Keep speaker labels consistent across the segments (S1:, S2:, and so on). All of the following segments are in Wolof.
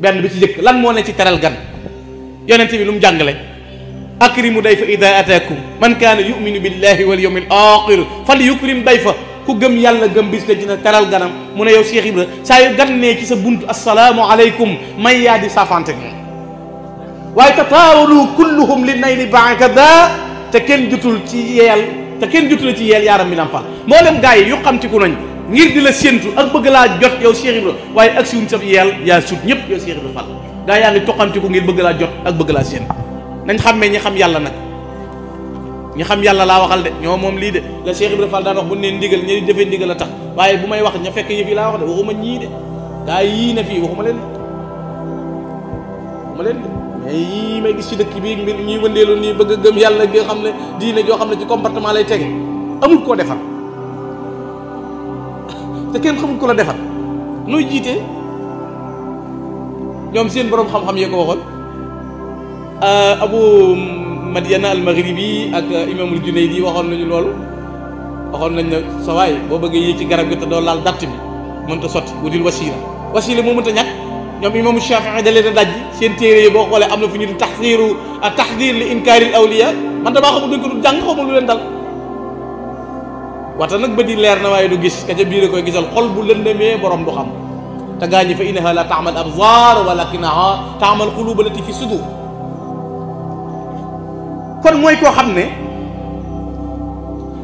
S1: benn bi ci jëkk lan moo ne ci teral gan yonent bi lu mu jàngale akrimu dayfa ida ataakum man kaana yuminu billahi wal yawmil axir fal ku gëm yàlla gëm bis te dina teral ganam mu ne yow Cheikh Ibra saa yu gan nee ci sa bunt asalaamu aleykum may yaa di saafante waaye tataawalu kulluhum li nay ni baakada te kenn jutul ci yeel te kenn jutul ci yeel yaaram bi nampal moo dem gars yi yu xamtiku nañ ngir di la séentu ak bëgg laa jot yow Cheikh Ibra waaye ak si wuñ sa yeel yaa sut ñëpp yow Cheikh Ibra Fall gaa yaa ngi toqante ko ngir bëgg laa jot ak bëgg laa séentu nañ ne ñi xam yàlla nag ñi xam yàlla laa waxal de ñoo moom lii de la Cheikh Ibra Fall daan wax bu neen ndigal ñi defee ndigal a tax waaye bu may wax ña fekk yëf yi laa wax de waxuma ñii de gaa yii na fii waxuma leen waxuma leen de mais yii may gis ci dëkk bi mbir ñuy wëndeelu nii bëgg a gëm yàlla gi xam ne diine joo xam ne ci comportement lay tege amul koo defar te kenn xamul ku la defar nooy jiite ñoom seen boroom xam-xam yee ko waxoon euh, abu madiana al maghribi ak euh, imaamul junayd yi waxoon nañu loolu waxoon nañ ne sa waay boo bëggee yéeg ci garab gi te doo laal datt bi mënta sotti wutil wasila wasila moo mënta ñàkk ñoom imaamu Shafii da leen a dajji seen téere yi boo xoolee am na fu ñu di taxdiru taxdir li inkaaril awliya man damaa xamul dañ ko du jàng xamul lu leen dal wata nag bët yi leer na waaye du gis ka ca biir a koy gisal xol bu lëndëmee borom du xam te gaa ñi fa innaha la taamal absar walakinaha taamal xuluba lati fi sudur kon mooy koo xam ne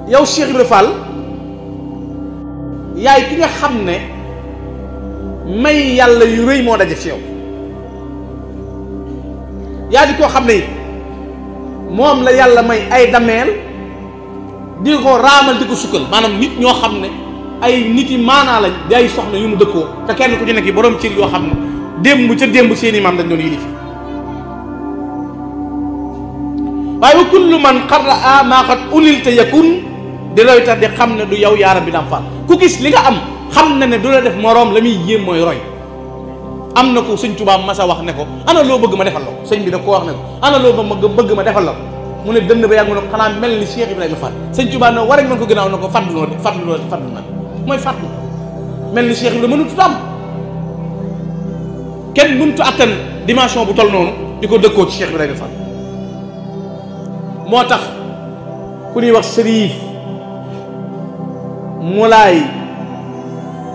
S1: yow Cheikh Ibra yaay ki nga xam ne may yàlla yu rëy moo daje ci yow yaa di koo xam ne moom la yàlla may ay dameel di ko raamal di ko sukkal maanaam nit ñoo xam ne ay nit yi maanaa lañ di ay soxna yu mu dëkkoo te kenn ku ci nekk yi borom cër yoo xam ne démb ca démb seeni maam dañ doon yilifi waaye wa kullu man qaraa maa qad unilta yakun di roy tax di xam ne du yow yaara bi dam faal ku gis li nga am xam na ne du la def moroom la muy yéem mooy roy am na ko sëñ ma masa wax ne ko ana loo bëgg ma defal la ko sëñ bi da ko wax ne ko ana loo bëgg ma defal la mu ne dënn ba yàgg mu ne xanaa mel ni Cheikh Ibrahima Fall sëñ Tuubaa no war ak man ko gënaaw na ko fàttlu noo fàttlu noo fàttlu na mooy fàttlu mel ni Cheikh Ibrahima mënut am dimension bu toll noonu di ko dëkkoo ci Cheikh Ibrahima Fall moo tax ku ñuy wax Sërif Mulaay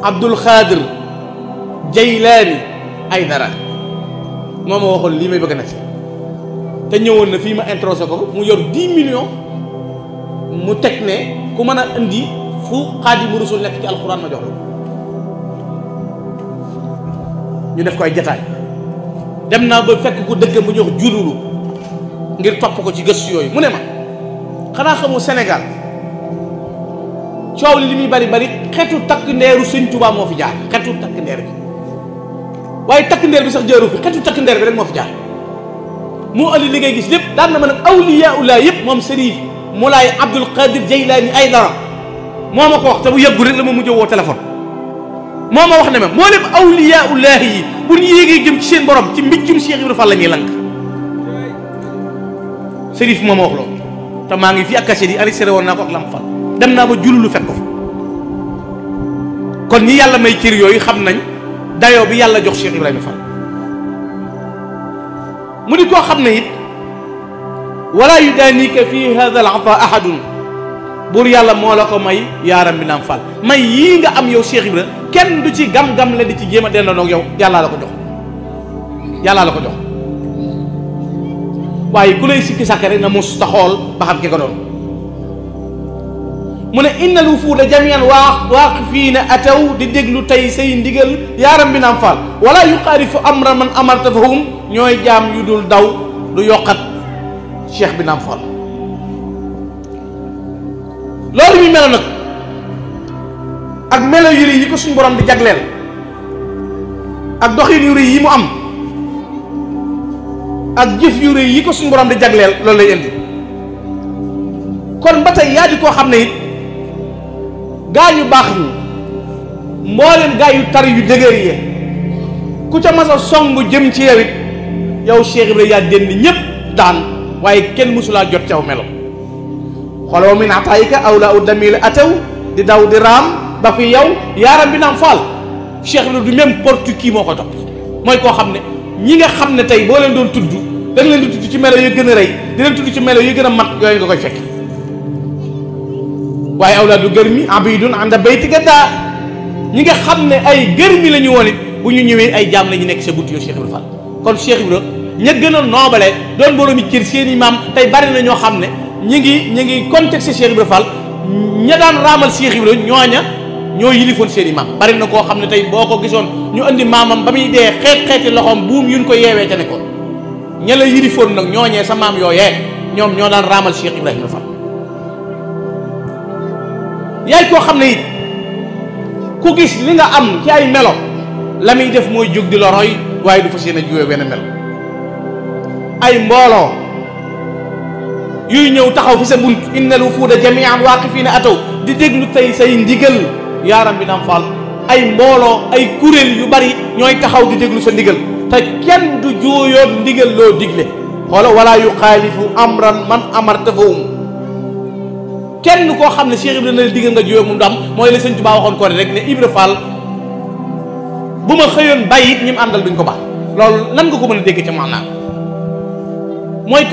S1: Abdul Xaadir Jaylaani ay dara moo ma waxoon lii may bëgg na ci te ñëwoon na fii ma introsé ko mu yor 10 millions mu teg ne ku mën a indi fu Xaadimu Rasuul nekk ci alxuraan ma jox la ñu def ko ay jataay dem naa ba fekk ku dëkk bu ñuy wax jululu ngir topp ko ci gëstu yooyu mu ne ma xanaa xamu senegal coow li li muy bari bari xetu takk ndeeru Sëñ Tuubaa moo fi jaar xetu takk ndeer bi waaye takk ndeer bi sax jaaru fi xetu takk ndeer bi rek moo fi jaar mo ali ligay gis lépp daan na man awliya awliyaa ulaa mom serif sëriñ Moulay Abdul Qadir jaylani ayda momako wax te bu yàggu rek la mo mujjo wo téléphone. momo wax ne ma mo lépp awliya ulaahi yi bu ni yegay gem ci sen borom ci mbiccum Cheikh ibrahim Fall ni lank serif momo wax lo te ma ngi fi ak cheikh yi arrêté woon naa ko ak Lam Fall dem na ba jullu lu fekk ko kon ñi yàlla may cër yoy xam nañ dayo bi yàlla jox Cheikh ibrahim Fall. mu di koo xam ne it wala yudanika fi hada al ata ahadun buur yàlla moo la ko may yaaram bi naam fal may yii nga am yow Cheikh Ibra kenn du ci gam-gam la di ci jéem a dendandoog yow yàllaa la ko jox yàllaa la ko jox waaye ku lay sikki sàkk rek na mus ta xool ba xam ki ko doon mu ne innal wufuuda jamian waa waaqifiina ataw di déglu tey say ndigal yaaram bi naam faal wala yuqaarifu amra man amarta fahum ñooy jaam yu dul daw du yokkat cheikh bi faal loolu mi melo nag ak melo yu rëy yi ko suñu borom di jagleel ak doxin yu yi mu am ak jëf yu yi ko suñ borom di jagleel loolu lay indi kon ba tey yaa di koo xam ne it gaa yu baax ñi mboolem gaa yu tari yu dëgër yi ku ca masa song jëm ci yow it yow Cheikh Ibrahima yaa dénd ñépp daan waaye kenn mësulaa jot caw melo xooloo min ataayika aw la aw damil ataw di daw di raam ba fi yow yaaram bi naan faal Cheikh Ibrahima du même porte kii moo ko topp mooy koo xam ne ñi nga xam ne tey boo leen doon tudd da nga leen di tudd ci melo yu gën a rey di leen tudd ci melo yu gën a mat yooyu nga koy fekk waaye awlaadu gërmi abidun anda bayti gadda ñi nga xamne ay gërmi lañu ñu bu ñu ñëwé ay jaam lañu nekk sa bout yow Cheikh Ibra Fall kon Cheikh Ibra ñe gëna nobalé doon borom cër seen imam tay bari na ño xamne ñi ngi ñi ngi contexte Cheikh Ibra Fall ña daan ramal Cheikh Ibra ñoña ño yilifon seen imam bari na ko xamne tay boko boo gisoon ñu andi mamam ba dé dee xeet loxom buum yuñ ko yéwé ca ne ko ñala yilifon nak nag sa mam yoyé ñom ño daan ramal Cheikh ibrahim Fall yaay koo xam ne it ku gis li nga am ci ay melo la def mooy jóg di la waaye du fas yéene jóge benn mel ay mbooloo yuy ñëw taxaw fi sa bunt innal wufuuda jamian waaqifina ataw di déglu tey say ndigal yaaram bi naam faal ay mbooloo ay kuréel yu bari ñooy taxaw di déglu sa ndigal te kenn du jooyoon ndigal loo digle xoola wala yuxaalifu amran man amartafahum kenn koo xam ne Cheikh Ibra na la nga jiwee moom du am mooy la sëñ Tuubaa waxoon ko rek ne Ibra Fall bu ma xëyoon bàyyi it àndal duñ ko baax loolu nan nga ko mën dégg ca maanaam mooy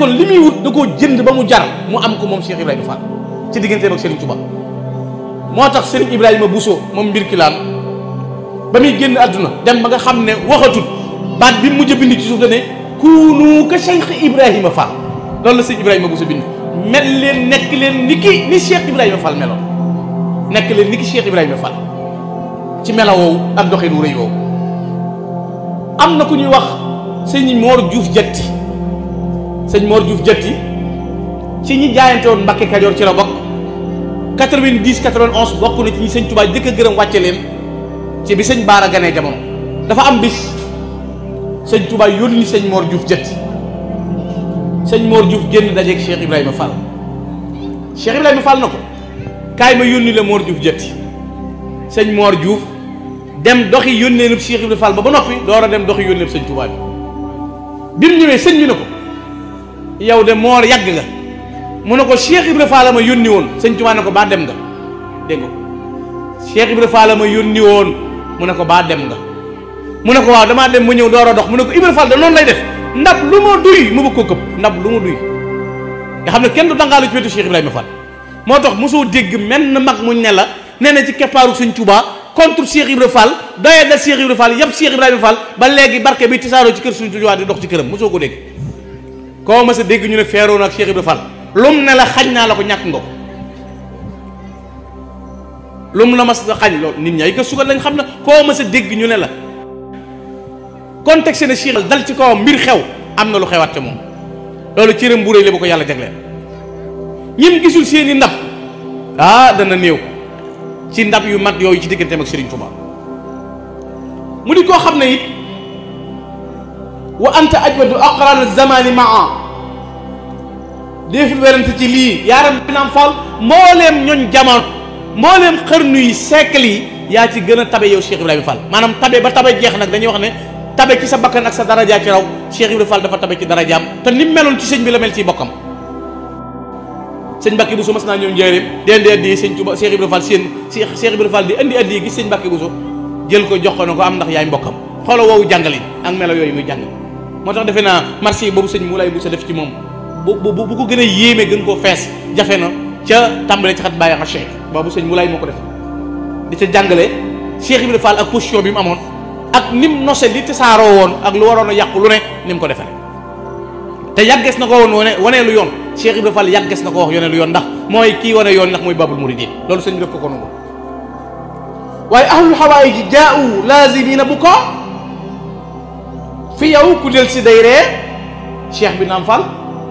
S1: da koo jënd ba mu jar mu am ko moom Cheikh Ibrahima Fall ci digganteem ak Serigne Touba moo tax Serigne Ibrahima Bousso moom mbir kilaan ba muy génn àdduna dem ba nga xam ne waxatul baat bi mu mujj bind ci suuf da ne kuunu ka Cheikh Ibrahima Fall loolu la Serigne Ibrahima Bousso bind mel leen nekk leen ni ki ni Cheikh Ibrahima Fall meloon nekk leen ni ki Cheikh Ibrahima Fall ci melo woowu ak doxin wu rëy woowu am na ku ñuy wax sëñ Mor Diouf Jatti sëñ Mor Diouf Jatti ci ñi jaayante woon Mbàkke Kajoor ci la bokk 90 91 bokk na ci ñi sëñ Tuubaa jëkk gërëm wàcce leen ci bi sëñ Baara ganee jamono dafa am bis sëñ Tuubaa yónni sëñ Mor Diouf Jatti sëñ Mor Diouf génn dajeeg Cheikh Ibrahima Fall Cheikh Ibrahima Fall na ko kaay ma yónni la Mor Diouf jëtti sëñ moor juuf dem doxi yónneenub Cheikh Ibrahima Fall ba ba noppi door a dem doxi yónneenub sëñ Touba bi bi ñëwee sëñ bi ne ko yow de Mor yàgg nga mu ne ko Cheikh Ibrahima Fall ma yónni woon sëñ Touba ne ko baa dem nga dégg nga Cheikh Ibrahima Fall ma yónni woon mu ne ko baa dem nga mu ne ko waaw damaa dem mu ñëw door a dox mu ne ko Ibrahima Fall da noon lay def. ndax lu ma duy mu bëgg ko këpp lu ma nga xam ne kenn du dangaalu ci wetu Cheikh Ibrahima Fall moo tax mosoo dégg na mag mu ne la nee na ci keppaaru Sëñ Tuubaa contre Cheikh Ibrahima Fall doyee dal Cheikh Ibrahima Fall yëpp Cheikh Ibrahima fal ba léegi barke bi tisaaroo ci kër suñu tujuwaat di dox ci këram mosoo ko dégg koo ma sa dégg ñu ne feeroo na ak Cheikh Ibrahima Fall lum ne la xañ naa la ko ñàkk nga ko lum la mas a xañ loolu nit ñay gëstu ko lañ xam ne koo ma sa dégg ñu ne la contexte na Cheikh dal ci ko mbir xew amna lu xewat ci mom lolou ci bu rëy le bu ko yàlla jagleel ñim gisul seeni ndab ah dana néew ci ndab yu mat yoy ci digganteem ak Serigne Touba mu di ko xamne ne wa anta ajmadu aqran az-zaman maa defu werante ci lii yaaram bi nam faal molem ñun jamon molem xërnu yi siècle yi ci gëna tabe yow Cheikh ibrahim Fall manam tabe ba tabe jeex nak dañuy wax ne tabe ci sa bakkan ak sa daraja ci raw Cheikh Ibrahima Fall dafa tabe ci darajaam te ni meloon ci sëñ bi la mel ci bokkam sëñ Mbàkke Bousso naa ñëw njëriñ di indi addi yi sëñ Tuuba Cheikh Ibrahima Fall seen Cheikh Ibrahima Fall di yi gis sëñ Mbàkke Bousso jël ko jox ko na ko am ndax yaay mbokkam xoola woowu jàngale ak melo yooyu muy jàng moo tax defe naa marché yi boobu sëñ Moulay Bousso def ci moom bu bu ko gën a yéeme gën koo fees jafe na ca tàmbale ci xat bàyyi Cheikh boobu sëñ Moulay moo ko def di ca jàngale Cheikh Ibrahima Fall ak position bi mu amoon ak nim nose li tasaaroo woon ak lu waroon a yàqu lu ne ni mu ko defee te yàggees na ko woon wane waneelu yoon Cheikh Ibrahima Fall yàggees na ko wax yoneelu yoon ndax mooy kii wane yoon ndax mooy babul muridin loolu sëñ bi def ko ko nangu waaye ahlul xawaay ji jaau laazimina bu ko fi yow ku del si day ree cheikh bi naam Fall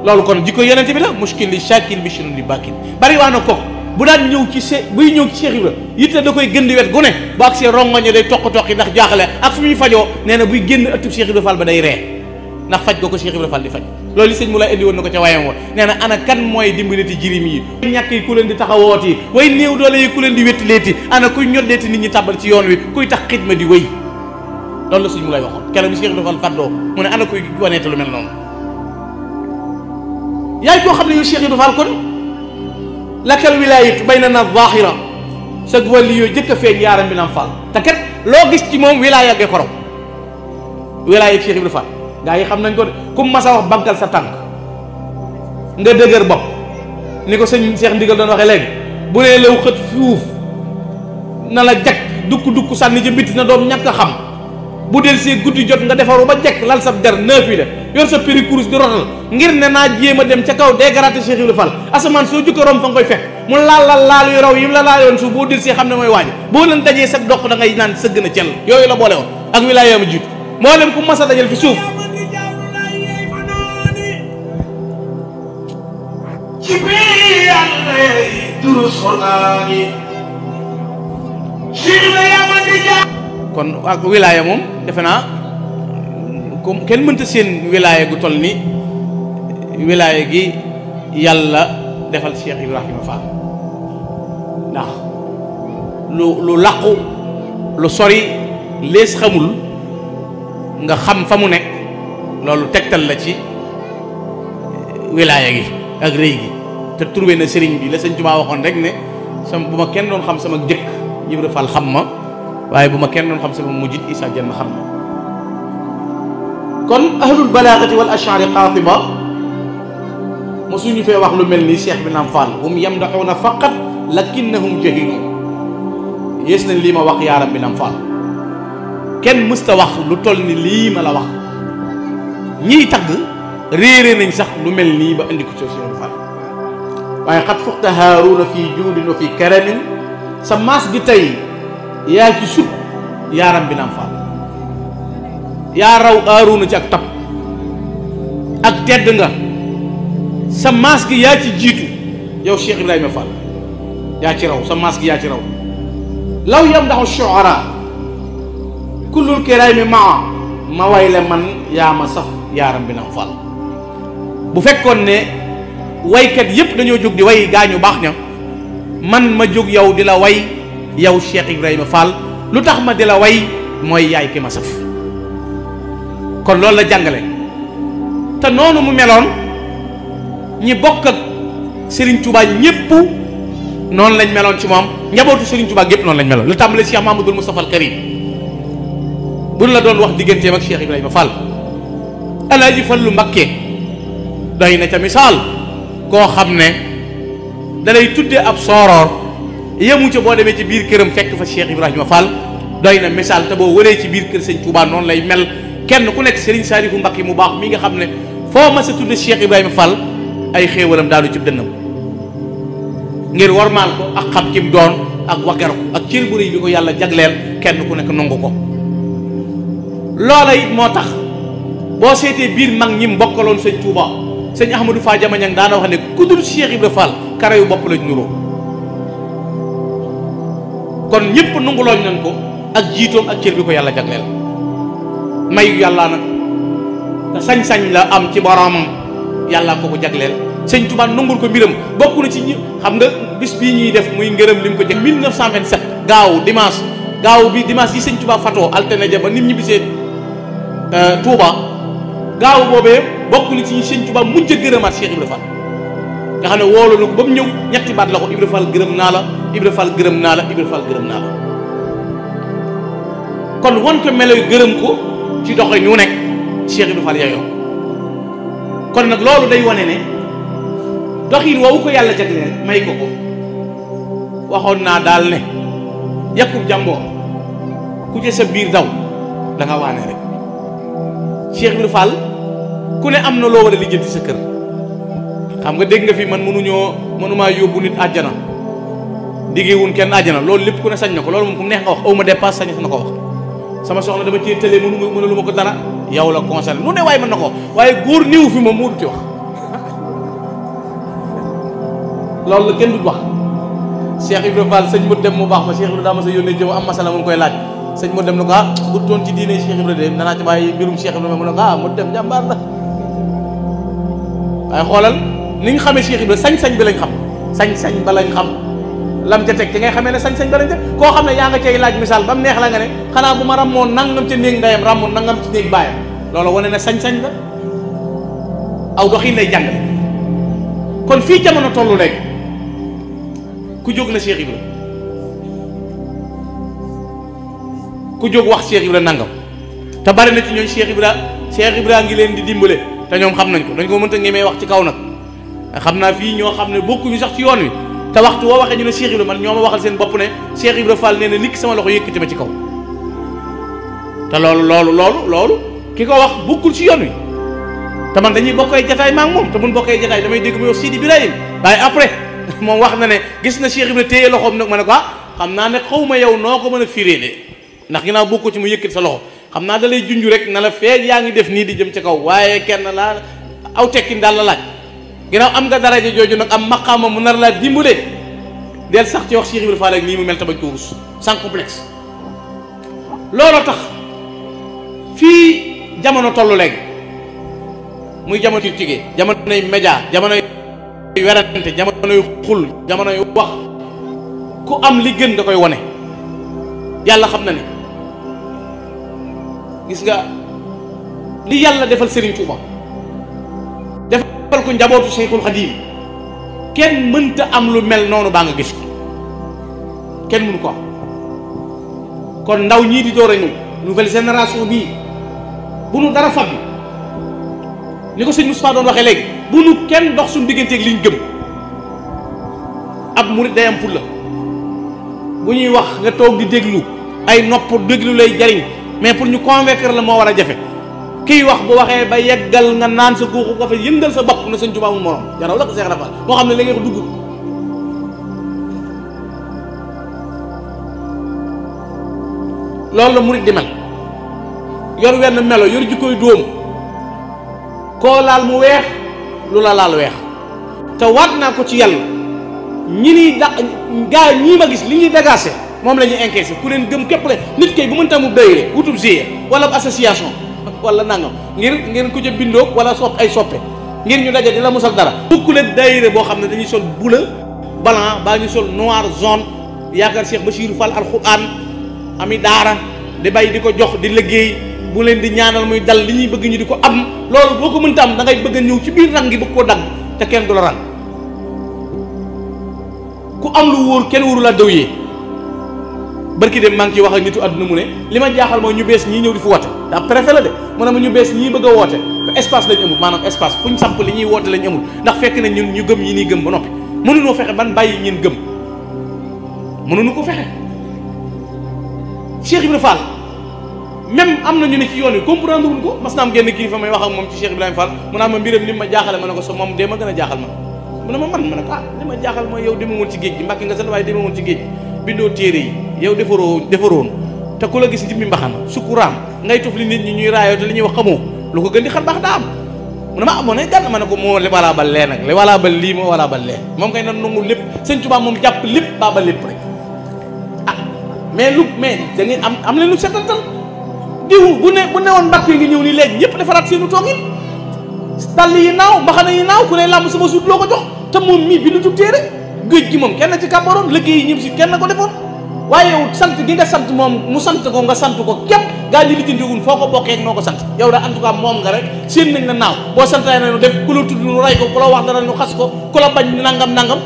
S1: loolu kon jikko ti bi la mushkil li shakil bi shirun li bakkin bari waa na ko bu daan ñëw ci se buy ñëw ci Cheikh Ibra da koy gën di wet gu ne bu ak see rongoñe day toq toqi ndax jaaxle ak fu muy fajoo nee na buy génn ëttub Cheikh Ibra Fall ba day ree ndax faj ko ko Cheikh Ibrahima Fall di faj loolu sëñ na ko ca wayam woon nee na ana kan mooy dimbalati jirim yi ñàkk yi ku leen di taxawoot yi way néew doole yi ku leen di wéttileeti ana kuy ñoddeeti nit ñi tàbbal ci yoon wi kuy tax di wéy loolu la sëñ mu lay waxoon keroog bi Cheikh Ibrahima Fall faddoo mu ne ana kuy waneete lu mel noonu yaay koo xam ne yow Cheikh Ibrahima Fall kon lakal wilaayatu bay na na zaahira sag wàlli yooyu jëkk a feeñ yaaram bi naam fall te kat loo gis ci moom wilaaya gee korom wilaaya ak Cheikh gaa yi xam nañ ko de ku mas a wax banqal sa tànk nga dëgër bopp ni ko sëñ Cheikh Ndigal doon waxee léegi bu nee law xët fuuf na la jag dukk dukk sànni ci bitti na doom ñàkk a xam bu del see guddi jot nga defaru ba jekk lal sab der naafi la yor sa péricouris di rotal ngir ne naa jéem a dem ca kaw dégraté Cheikh Ibra Fall asamaan soo jukka rom fa nga koy fekk mu laal la laal yu raw yi la laal yoon suuf boo del see xam ne mooy waaji boo leen dajee sa dox da naan sëgg na cell yooyu la boole woon ak wilaaya ma jiitu moo leen ku mas dajal fi suuf kon ak wilaaya moom defe naa comme kenn mënta seen wilaaya gu toll ni wilaaya gi yàlla defal Cheikh Ibrahima Fall ndax lu lu làqu lu sori lees xamul nga xam fa mu nekk loolu tegtal la ci wilaaya gi ak rëy gi te turwe na sëriñ bi la sëñ Tuubaa waxoon rek ne sama bu ma kenn doon xam sama jëkk Ibra Fall xam ma waaye bu ma kenn doon xam sama mujjit isa jenn xam na kon ahlul balaagati wal ashari qaatiba mosuñu fee wax lu mel nii cheikh bi naam fall hum yamdaxuuna faqat lakinnahum jahiluun yées nañ lii ma wax yaaram bi naam fall kenn mësta wax lu toll ni lii ma la wax ñiy tagg réere sax lu mel nii ba indi ko ci cheikh bi fall waaye xat fuqta haaruuna fii juudin wa fii karamin sa maas gi tey yaa ci sut yaaram bi naam faal yaa raw aaruna ci ak tab ak tedd nga sa maas gi yaa ci jiitu yow Cheikh Ibrahima Fall yaa ci raw sa maas gi yaa ci raw law yam daxu shuara kullul kiraami maa ma way le man yaa ma saf yaaram bi naam faal bu fekkoon ne waykat yépp dañoo jóg di way gaañu baax ña man ma jóg yow di la way yow Cheikh Ibrahima Fall lu tax ma di la way mooy yaay ki ma saf kon loolu la jàngale te noonu mu meloon ñi bokk ak Serigne Touba ñëpp noonu lañ meloon ci moom njabootu Serigne Touba gépp noonu lañ meloon lu tàmbale Cheikh Mamadou Moustapha Al Karim buñ la doon wax digganteem ak Cheikh Ibrahima Fall Alaaji Fallu Mbakke doy na ca misaal koo xam ne dalay tudde ab sooroor yemu ca boo demee ci biir këram fekk fa Cheikh Ibrahima fal doy na misaal te boo wëree ci biir kër sëñ Touba noonu lay mel kenn ku nekk Serigne Saliou Mbacké mu baax mi nga xam ne foo ma sa tudde Cheikh Ibrahima Fall ay xéewalam daanu cib dënnam ngir warmaal ko ak xam kim doon ak waggar ko ak cër bu rëy bi ko yàlla jagleel kenn ku nekk nangu ko loola it moo tax boo seetee biir mag ñi mbokkaloon sëñ Touba sëñ Ahmadou Fa Jamañang daana wax ne ku dul Cheikh Ibrahima Fall kare yu bopp lañ nuroo kon ñëpp nungulooñ nañ ko ak jiitoom ak cër bi ko yàlla jagleel mayu yàlla nag te sañ-sañ la am ci boromam yàlla ko ko jagleel sëñ Tuubaa nungul ko mbiram bokk ci ñi xam nga bis bii ñuy def muy ngërëm lim ko jeg 1927 gaaw dimanche gaaw bi dimanche yi sëñ Tuubaa fatoo alterné ja ba nim ñibbisee euh, Tuubaa gaaw boobee bokk na ci ñi sëñ Tuubaa mujj a gërëmaat Cheikh Ibrahima Fall nga xam ne woolu na ko ba ñetti baat la ko Ibra gërëm naa la Ibra Fall gërëm naa la Ibra Fall gërëm naa la kon wan ko melo gërëm ko ci doxe ñu nekk Cheikh Ibra Fall yayoo kon nag loolu day wane ne doxin woowu ko yàlla jagleel may ko waxoon naa daal ne yàqub jàmboo ku ci sa biir daw da nga waane rek Cheikh Ibra ku ne am na loo war a lijjanti sa kër xam nga dégg nga fi man mënuñoo mënumaa yóbbu nit àjjana diggewuñ kenn àjjana loolu lépp ku ne sañ na ko loolu moom ku neex nga wax aw ma dépasse sañ na ko wax sama soxna dama cee tëlee mënu mëna ma ko dara yow la concerné lu ne waaye mën na ko wax waaye góor néew fi moom moo duti wax loolu la kenn dut wax Cheikh Ibrahima Fall sëñ mu dem mu baax ma Cheikh Ibrahima daa ma sa yónnee jëw am masala mu koy laaj sëñ mu dem na ko ah bu doon ci diine Cheikh Ibrahima de danaa ci bàyyi ah, dem jàmbaar la waaye ni ñu xamee Cheikh Ibra sañ-sañ bi lañ xam sañ-sañ ba lañ xam lam ca teg ci ngay xame ne sañ-sañ ba lañ teg koo xam ne yaa nga cay laaj misaal ba neex la nga ne xanaa bu ma ràmmoon nangam ca néeg ndeyam ràmmoon nangam ci néeg baayam loolu wane na sañ-sañ la aw doxin lay jàng kon fii jamono tollu léegi ku jóg na Cheikh Ibra ku jóg wax Cheikh Ibra nangam te bari na ci ñooñ Cheikh Ibra Cheikh Ibra ngi leen di dimbale te ñoom xam nañ ko dañ ko mënta ñemee wax ci kaw nag xam naa fii ñoo xam ne bokkuñu sax ci yoon wi te waxtu woo waxee ne Cheikh Ibra man ñoo ma waxal seen bopp ne Cheikh Ibra Fall nee na nikk sama loxo yëkkati ma ci kaw te loolu loolu loolu loolu ki ko wax bokkul si yoon wi te man dañuy bokkee jataay maa moom te mun bokkee jataay damay dégg muy wax Sidi Ibrahim waaye après moom wax na ne gis na Cheikh Ibra téye loxoom nag ma ne ko ah xam naa ne xaw ma yow noo ko mën a fiire firéele ndax ginnaaw bokku ci mu yëkkati sa loxo xam naa da lay junj rek na la feeg yaa ngi def nii di jëm ci kaw waaye kenn laa aw tekkin la laaj ginnaaw am nga daraja jooju nag am maqaama mu nar laa dimbale del sax ci wax Cheikh Ibrahima Fall ak nii mu mel tabañ ko rus sans complexe looloo tax fii jamono tollu léegi muy jamono ci tigee jamonoy média jamonoy werante jamonoy xul jamonoy wax ku am li gën nga koy wone yàlla xam na ne gis nga li yàlla defal Serigne Touba bal ko njabootu Seyxul Xadiim kenn mënta am lu mel noonu baa nga gis ko kenn mënu ko kon ndaw ñii di doore ñu nouvelle génération bii bu nu dara fab ni ko si sëñ Moustapha doon waxee léegi bu nu kenn dox suñu digganteeg liñ gëm ab murit day am fulla bu ñuy wax nga toog di déglu ay nopp déglu lay jariñ mais pour ñu convaincre la moo war a jafe kiy wax bu waxee ba yeggal nga naan sa guuxu ko fa yëngal sa bopp na sëñ Tuubaa amul morom jaraw la ko Seex Rafal boo xam ne léegi ko dugg loolu la murit di mel yor wenn melo yor jikkoy dóom koo laal mu weex lu la laal weex te waat naa ko ci yàlla ñi niy da gaa ñii ma gis li ñuy dagaase moom la ñuy encaissé ku leen gëm képp la nit kay bu mën mu doyee wutub GIE wala association. wala nangam ngir ngeen ku ca bindoo wala sopp ay soppe ngir ñu daje di la musal dara bukkuleen daayira boo xam ne dañuy sol bula blanc baa ñu sol noir jaune yaakaar Cheikh Bachir Fall alxuraan ami daara di bay di ko jox di liggéey bu leen di ñaanal muy dal li ñuy bëgg ñu di ko am loolu boo ko mënta am da bëgg a ñëw ci biir rang gi bëgg koo dagg te kenn du la rang ku am lu wóor kenn wóoru la dëwyee barki dem mang ci wax ak nitu aduna mu ne lima jaaxal ñu bes ñi ñew di fu wote da préfet la de mo na ma ñu bes ñi bëgg wote woote espace lañ amul manam espace fuñ samp li ñi wote lañ amul ndax fekk na ñun ñu gëm yi ni gëm ba mënu ñu fexé ban bayyi ñin gëm ñu ko fexé Cheikh ibrahim Fall même am ñu ne ci yoon comprendre wuñ ko mas naa am genn fa may wax ak mom ci Cheikh ibrahim Fall mo na ma mbiram lima jahal jaaxale ma ne ko so mom jahal ma gëna a jaaxal ma mo na ma man ah, yow ci geej gi nga ci geej bindoo téere yi yow defaroo defaroon te ku la gis njimbi mbaxana sukkuraam ngay tuf li nit ñi ñuy raayoo te li ñuy wax xamoo lu ko gën di xam baax daa am mu ne ma amoon ah, nañ gànn ma ne ko moo li walaa lee nag li lii moo walaa bal moom kay na nangu lépp sëñ Tuubaa moom jàpp lépp baaba lépp rek ah mais lu mais da am am leen lu setantal diw bu ne bu newoon mbàkk yi ngi ñëw nii léegi ñëpp defaraat seenu toogin dàll yi naaw mbaxana yi naaw ku ne làmb sama suut loo ko jox te moom mii bi lu jub téere géej gi moom kenn ci kàmbaroon liggéey yi ñëm kenn ko defoon waaye yow sant gi nga sant moom mu sant ko nga sant ko képp gaa ñi lijjantiwuñ foo ko bokkee ak noo ko sant yow da en tout cas moom nga rek seen nañ la naaw boo ko ku la wax dara ñu xas ko ku la bañ nangam nangam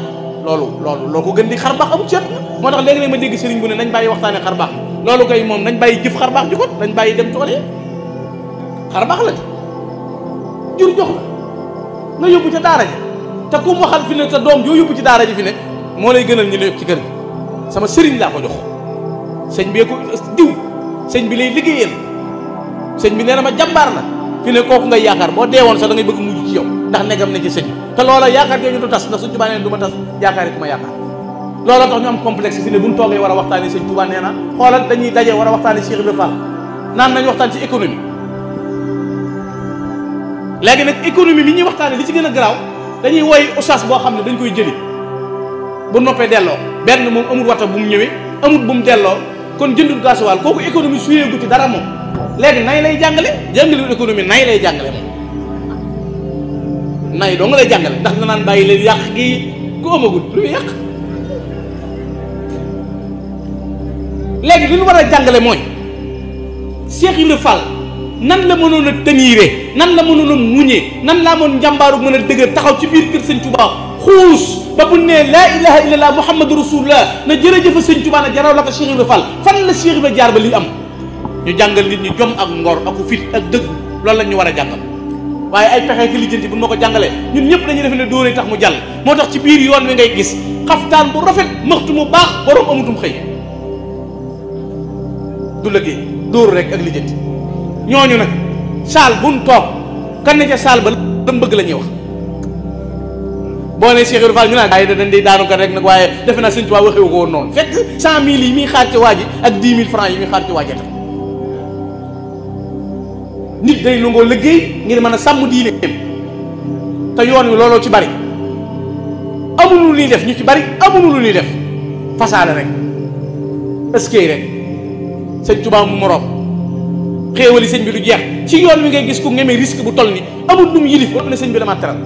S1: loolu loolu loo ko gën di xar baax amul seet moo tax léegi ma dégg sëriñ bu ne nañ bàyyi waxtaane xar loolu kay moom nañ bàyyi jëf xar baax nañ bàyyi dem tool yi xar baax jur jox la nga yóbbu ca daara ji ta ku waxal fi ne ta dom yo yóbbu ci daara ji fi ne mo lay gënal ñu lepp ci kër sama sëriñ la ko jox sëñ bi ko diw sëñ bi lay liggéeyal sëñ bi neena ma jambar la fi ne kooku nga yaakar bo deewoon sa da ngay bëgg muju ci yow ndax negam na ci sëñ ta loola yaakar jooju du tass ndax suñu tuba neena duma tass yaakar yaakaar it ma yaakaar loola tax ñu am complexe fi ne buñ toogee wara a waxtaane sëñ tubaa nee na dañuy dajé wara a Cheikh Ibra Fall naan nañ waxtaan ci économie légui nak économie mi ñi waxtaane li ci gëna graw dañuy woy oustaz boo xam ne dañu koy jëli bu noppee delloo benn moom amul wata bu mu ñëwee amul bu delloo kon jëndul gasoil kooku économie suyee ci dara moom léegi nay lay jàngale jàngale économie nay lay jàngale moom nay doo nga lay jàngale ndax na naan bàyyi leen yàq gi ku amagul lu muy yàq léegi li ñu war a jàngale mooy Cheikh Ibra fal nan la mënoon a tëniire nan la mënoon a muñee nan laa moon njàmbaaru mën a dëgër taxaw ci biir kër sëñ Tuubaa xuus ba bu ne laa ilaha illallah muhammadu rasulullah na jërëjëfa sëñ Tuubaa na jaraw la ko Cheikh Ibra Fall fan la Cheikh Ibra jaar ba li am ñu jàngal nit ñi jom ak ngor ak fit ak dëgg loolu la ñu war a jàngal waaye ay pexe ki lijjanti bu ma ko jàngalee ñun ñëpp dañuy defe ne dóoree tax mu jàll moo tax ci biir yoon wi ngay gis xaftaan bu rafet maxtu mu baax borom amutum xëy du lëggee dóor rek ak ñooñu nag saal buñ toog kan ne ca saal ba lam bëgg la ñuy wax boo ne Cheikh Ibrahima Fall ñu naan waaye dañ di daanu kat rek nag waaye defe naa Sëñ Tuubaa waxewu ko woon noonu fekk cent mille yi muy xaar waaj waa ak dix mille francs yi muy xaar ci waa tam nit day lu ngoo liggéey ngir mën a sàmm diineem te yoon wi looloo ci bari amuñu lu ñuy def ñu ci bari amuñu lu ñuy def fasaale rek ëskey rek Sëñ Tuubaa mu moroom xéewali sëñ bi du jeex ci yoon wi ngay gis ku ngemee risque bu toll ni amul lu mu yilif ba ne sëñ bi dama teral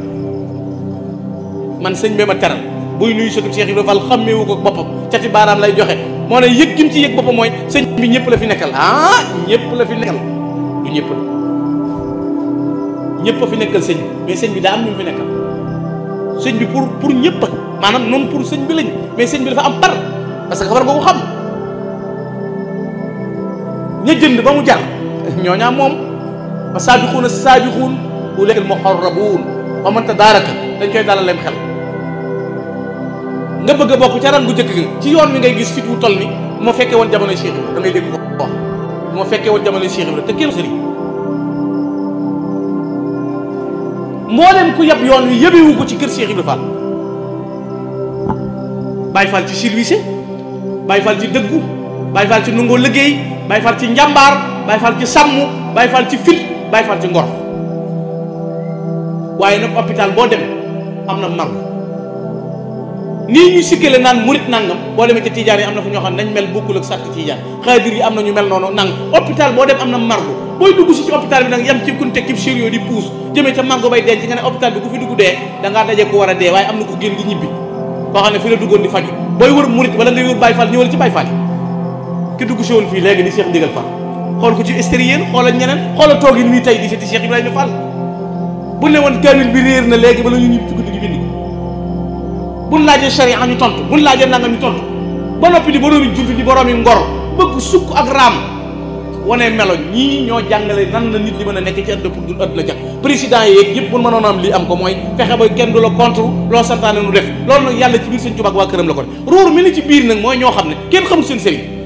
S1: man sëñ bi ma teral buy nuyu sëtu Cheikh Ibrahima Fall wu ko boppam cati baaraam lay joxe moo ne yëg gim ci yëg boppam mooy sëñ bi ñëpp la fi nekkal ah ñëpp la fi nekkal du ñëpp ñëpp fi nekkal sëñ bi mais sëñ bi daa am ñu fi nekkal sëñ bi pour pour ñëpp a maanaam noonu pour sëñ bi lañ mais sëñ bi dafa am par parce que xabar boobu xam ña ba mu jar ñoña mom fa sabiqun saabixuun ulaaika al wa man tadaraka dañ koy dalal leen xel nga bëgg bokk ci ran gu jëk gi ci yoon mi ngay gis fitu wu toll ni mo fekke won jamono Cheikh da ngay dégg ko wax bu ma fekkee jamono Cheikh la te kenn sëriñ mboolem ku yab yoon wi wu ko ci kër Cheikh ibou Fall bay Fall ci service bay Fall ci dëggu bay Fall ci nungo liggéey bay Fall ci njambar Baay Faal ci sàmm bay Faal ci fit bay Faal ci ngor waaye nag hôpital boo dem am na mar nii ñu sikkale naan murit nangam boo demee ci tiijaan yi am na fu ñoo xam ne nañ mel bokkul ak sàrt tiijaan xaadir yi am na ñu mel noonu nang hôpital boo dem am na margo booy dugg si ci hôpital bi nag yam ci kunte kib sérieux di puus jëmee ca margo bay denc nga ne hôpital bi ku fi dugg dee da ngaa daje ko war a dee waaye am na ko génn di ñibbi koo xam di faju booy wër murit wala ngay wër Baay Faal ñëwal ci Baay xool ko ci extérieur xoolal ñeneen xoolal toogin nii tey di seeti Cheikh Ibrahima Fall bu ne woon kaamil bi réer na léegi bala ñu ñibbi ci guddi gi bind buñ laajee charia ñu tontu buñ laajee nangam ñu tontu ba noppi di boroomi julli di boroomi ngor bëgg sukk ak raam wane melo ñii ñoo jàngale nan la nit ñi mën a nekk ci ëdd pour du ëdd la jag président yeeg yëpp bu mënoon am lii am ko mooy fexe ba kenn du la contre loo santaane nu def loolu yàlla ci ci biir nag mooy ñoo xam ne kenn xamul seen sëriñ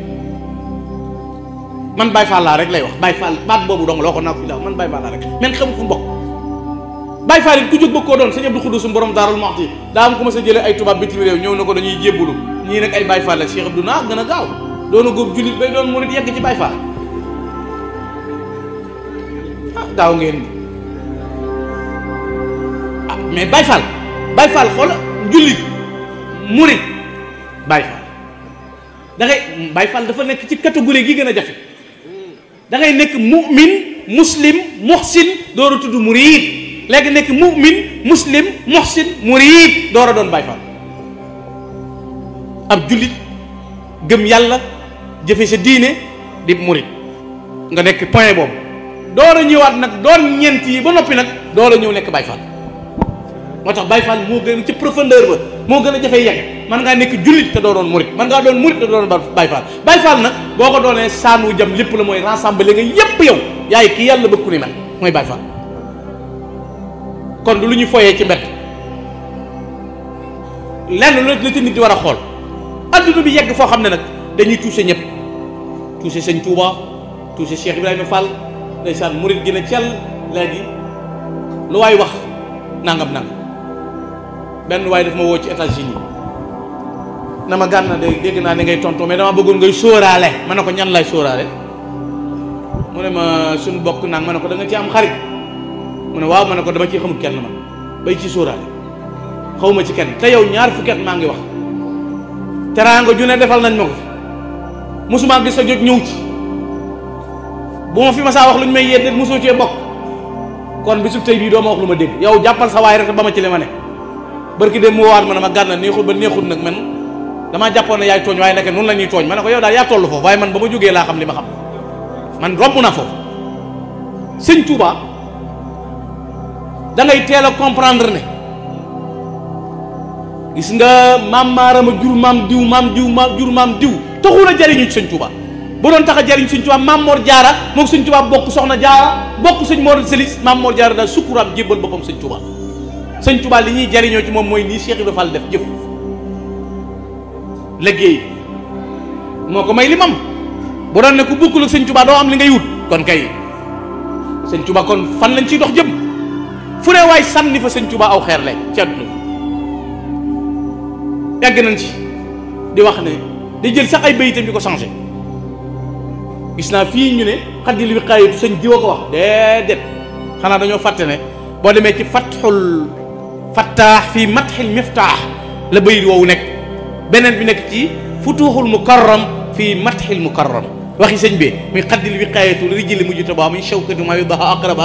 S1: man Baye Fall laa rek lay wax Baye Fall baat boobu dong la waxoon naa ko fi daaw man Baye Fall laa rek man xamu fu mu bokk Baye Fall it ku jóg ba koo doon sëñ Abdou Khoudous suñu borom daarul Muxti daa am ku sa jëlee ay tubaab bitim réew ñëw na ko dañuy jébbalu ñii nag ay Baye Fall la Cheikh Abdou naa gën a gaaw doon na góob jullit bay doon murit yegg ci Baye Fall ah gaaw ngeen ah mais Baye Fall Baye Fall xoola jullit murit Baye Fall da ngay Baye dafa nekk ci catégorie gi gën a jafe. da ngay nekk mu'min muslim muhsin door a tudd muriid lekk nekk mu'min muslim muhsin muriid door a doon Baay Faal ab jullit gëm yàlla jëfe sa diine di muriid nga nekk point boobu door a ñëwaat nag doon ñeent yi ba noppi nag door a ñëw nekk Baay Faal motax tax Baye Fall mo gën ci profondeur ba mo gën jafé yegg man nga nek julit te do doon murit man nga doon murit te do doon Baye Fall Baye Fall nak boko doone sanu saan wu jëm lépp la moy rassembler nga yépp yow yaay ki yalla bëgg ni man moy Baye Fall kon du luñu foyé ci mbett lenn lu la ci nit di wara xol addu bi yegg fo xam nak dañuy touché ñëpp touché señ Touba touché Cheikh ibrahim Fall ndaysan murit gi na ciel léegi lu way wax nangam nangam ben way dafa ma woo ci États-Unis nama ganna de deg na ni ngay tonto mais dama bëggul ngay sóoraale manako ñan lay sóoraale mune ma suñu bokk nak manako da nga ci am xarit mune waaw manako dama ci xamu kenn man bay ci sóoraale xawma ci kenn te yow ñaar fukkat ma ngi wax teranga ju ne defal nañ mako musuma gis sa jot ñew ci bu ma fi ma sa wax lu may yeddeet musu ci bokk kon bisu tey bi do ma wax luma deg yow jappal sa way rek ba ma ci li barki dem mu war ma ne ma gànna neexul ba neexul nak man dama jappone yaay togn waaye nak noonu lañuy togn tooñ ko yow da ya tollu foofu waaye man ba joge la xam lima xam man rombu na foofu seigne Touba da ngay téla comprendre ne gis nga jur mam diw mam diw maam jur mam diw taxul jariñu seigne Touba bu don taxa jariñ Touba mam Mor Jaara mok seigne Touba bokk soxna Jaara bokk seigne Mor Selis mam Mor Jaara da sukuram jébbal bopam seigne Touba sëñ Touba li ñuy jariñoo ci moom mooy nii Cheikh Ibrahima Fall def jëf liggéey moo ko may li mam bu doon ne ku bukkul ak sëñ Touba doo am li ngay wut kon kay sëñ Touba kon fan lañ ciy dox jëm fu ne waay sànni fa sëñ Touba aw xeer la ci àdduna yàgg nañ ci di wax ne di jël sax ay bayitam di ko changé gis naa fii ñu ne xaddil wiqaayatu sëñ diwa ko wax déedéet xanaa dañoo fàtte ne boo demee ci fatxul فتاح في مدح المفتاح لبي وونك بنن بنك تي فتوح المكرم في مدح المكرم واخي سيغن بي مي قد الوقايه رجل مجي تبا من شوكه ما يضها اقرب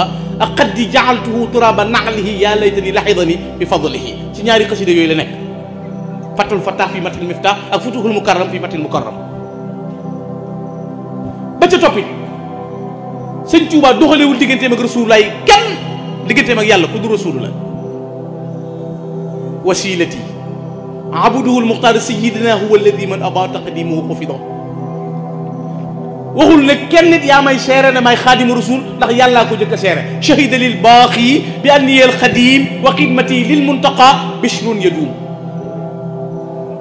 S1: اقد جعلته ترابا نعله يا ليتني لحظني بفضله سي نياري قصيده يوي لا نيك فتل فتاح في مدح المفتاح فتوح المكرم في مدح المكرم باتي توبي سيغن توبا دوخالي ول ديغنتي مك رسول الله كان ديغنتي مك يالا كودو رسول الله وسيلتي عبده المختار سيدنا هو الذي من ابى تقديمه وقفضه وقل لك كان يا ماي سير انا ماي خادم الرسول لا يلا كو جك سير شهيد للباقي باني القديم وقدمتي للمنتقى بشر يدوم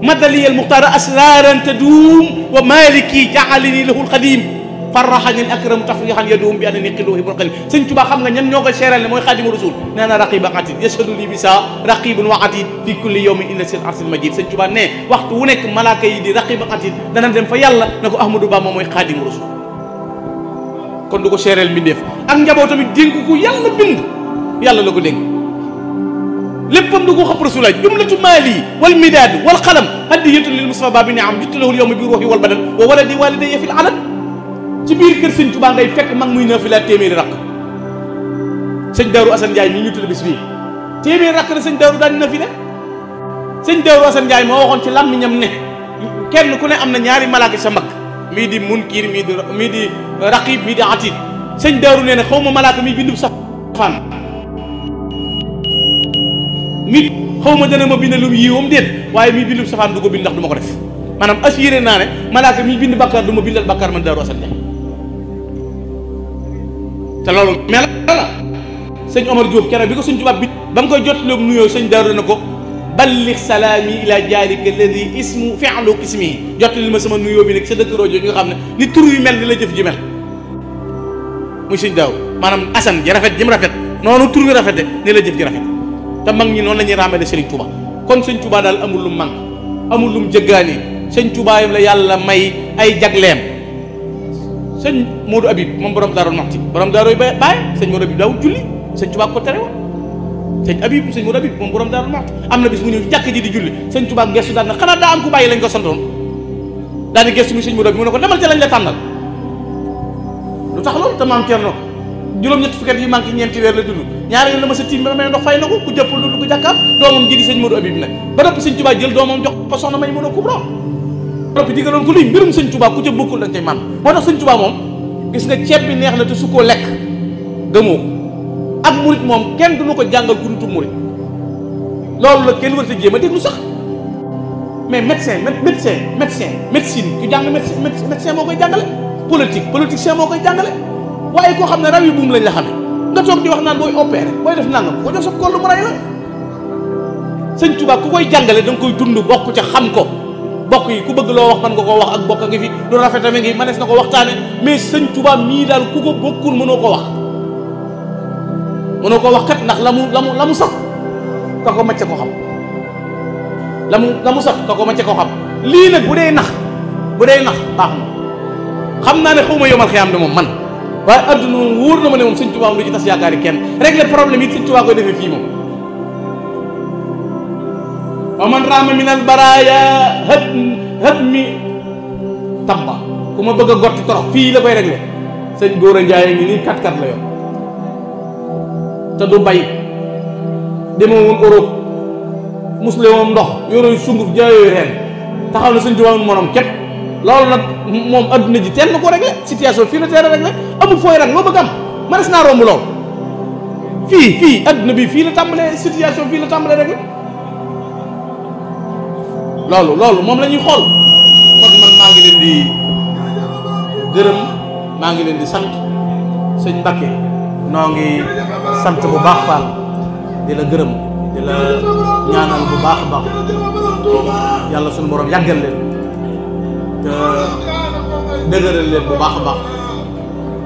S1: مدلي المختار اسرارا تدوم ومالكي جعلني له القديم farraxañen akram tafrixan yadohum bi ana ni xiloo ibul xadim sëñ Tuubaa xam nga ñan ñoo ko seeral ne mooy xaadimu rasul nee na raqiban atid li bisa raqibun wa atid fi kulli yawmin inna sil arsil majid sëñ Tuubaa ne waxtu wu nekk malaaka di raqiban atid dana dem fa yàlla na ko ahmadou ba moom mooy xaadimu rasul kon du ko seeral mbindeef ak njaboo tamit dénk ku yàlla bind yàlla la ko dénk léppam du ko xëpp jumlatu maali wal midaad wal xalam hadiyatun lil mustafa bi niam juttu lahul yawma bi ruuxi wal ci biir kër sëñ Tuubaa ngay fekk mag muy naafila téeméeri rakk sëñ Daaru Assane Ndiaye mi ñu tudd bis bii téeméeri rakk la sëñ Daaru daan naafila sëñ Daaru Assane Ndiaye moo waxoon ci làmmiñam ne kenn ku ne am na ñaari malaaka sa mag mii di Munkir mii di mii mii di Atid sëñ Daaru nee na xaw ma malaaka mi bindu safaan mi xaw ma dana ma bind lu yiwam waaye mi bindu safaan du ko ndax du ma ko def maanaam assuré naa ne malaaka mi bind bàkkaar du ma bindal bàkkaar te loolu mel la sëñ Omar Diop keroog bi ko sëñ tubaab bi ba mu koy jot loog nuyoo sëñ Daaru na ko ballig salaami ila jaarika alladi ismu fi'lu ismi jottali ma sama nuyoo bi nag sa dëkk rojo ñu nga xam ne ni tur yu mel ni la jëf ji mel muy sëñ daaw maanaam asan ji rafet jëm rafet noonu tur wi rafete ni la jëf ji rafet te mag ñi noonu la ñuy raamale sëriñ Touba kon sëñ Touba daal amul lu mu amul lu mu jëggaani sëñ Touba yam la yàlla may ay jagleem sëñ Modou Habib moom borom daaru maxti borom daaru bay baay julli sëñ Tuubaa ko tere woon sëñ Habib sëñ Modou Habib moom borom daaru maxti am na bis mu di julli sëñ Tuubaa gestu daan na ko santoon daani gestu ne ko demal ca lañ loolu na ko ku jëppul dund ko jàkkaam doomam ji di ko soxna may mën a kubra ba noppi digaloon ko luy mbirum sëñ Tuubaa ku ca bokkul dañ cay man boo tax sëñ Tuubaa moom gis nga ceeb bi neex la te su koo lekk gëmoo ak murit moom kenn duñu ko jàngal ku dutu murit loolu la kenn warta jéem a déglu sax mais médecin médecin médecin médecine ku jàng médecin moo koy jàngale politique politicien moo koy jàngale waaye koo xam ne raw yi buum lañ la xamee nga toog di wax naan booy opéré booy def nangam ko def sa kollu mu rey la sëñ Tuubaa ku koy jàngale da nga koy dund bokk ca xam ko bokk yi ku bëgg loo wax man nga ko wax ak bokk ngi fi lu rafetame ngi manes na ko waxtaane mais sëñ tuba mii daal ku ko bokkul mënoo ko wax mënoo ko wax kat ndax lamu lamu lamu sax ka ko macce ko xam lamu lamu sax ka ko macce ko xam lii nag bu dee nax bu dee nax baax na xam naa ne xawma yomal xiyam de moom man waaye adduna moom wóor na ma ne moom sëñ tuba lu ci tas yaakaari kenn régler problème yi sëñ tuba koy defee fii moom wa man raama min al baraaya hët hët mi tabba ku ma bëgg a torox fii la koy réglé sëñ góor a njaay ngi nii kat kat la yoon te du bay demoo woon Europe musle ndox yoroy sunguf jaayooyu reen taxaw na sëñ Tuubaa monom képp loolu nag moom adduna ji teel na ko réglé situation fii la teel a réglé amul fooy rek loo bëgg am manes naa romb lool fii fii adduna bi fii la tàmbalee situation fii la tàmbalee réglé loolu loolu moom lañuy xool kon man maa ngi leen di gërëm maa ngi leen di sant sëñ Mbacke noo ngi sant bu baax Fall di la gërëm di la bu baax a baax yàlla suñu borom yàggal leen te dëgëral leen bu baax a baax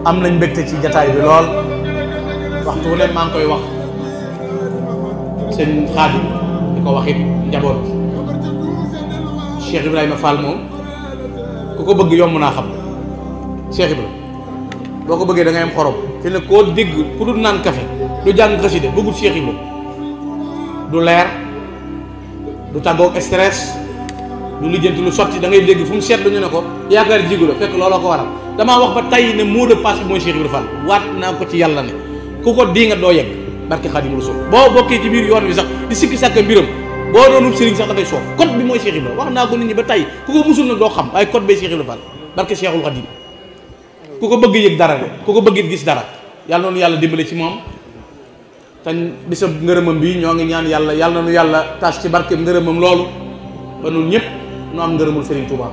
S1: am nañ mbégte ci jataay bi lool waxtu wu leen maa ngi koy wax sëñ Xaadim di ko wax it njaboot bi Cheikh Ibrahima Fall mom kuko bëgg yom na xam Cheikh Ibrahima boko bëgge da ngay am xorom fi ne ko dégg ku dul nan café du jang xaside bëggul Cheikh Ibrahima du lèr du tàggoog stress du lijjanti lu sotti da ngay dégg fu mu seetlu ñu ne ko yaakaar jigu la fekk looloo ko waral dama wax ba tay ne mot de passe bi Cheikh Ibrahima Fall wat na ko ci yalla ne kuko di nga do yegg barki khadim rasul bo bokki ci bir yoon bi sax di sikki sàkk biram boo doonub sëriñ sax dafay soof code bi mooy Cheikh Ibra wax naa ko nit ñi ba tey ku ko musul nag doo xam waaye code bee Cheikh Ibra Fall barke Cheikhul Khadim ku ko bëgg yëg dara de ku ko bëggee gis dara yàlla noonu yàlla dimbale ci moom tañ bisab ngërëmam bi ñoo ngi ñaan yàlla yàlla nañu yàlla taas ci barke ngërëmam loolu ba nun ñëpp nu am ngërëmul Serigne Touba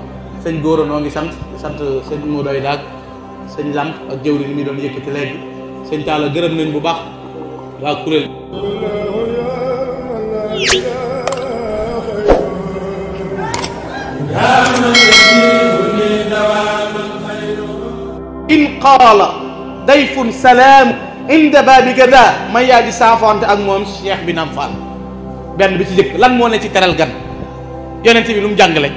S1: sëñ Gora noo ngi sant sant sëñ moo doy daag sëñ Lamp ak jëwri ni muy doon yëkkati léegi sëñ Talla gërëm nañ bu baax waa إن قال ضيف سلام إن باب كذا ما يجي سافانت أعمام شيخ بن أمفال بأن بتجيك لن مو نتي ترى الجن يعني بلوم جنجلة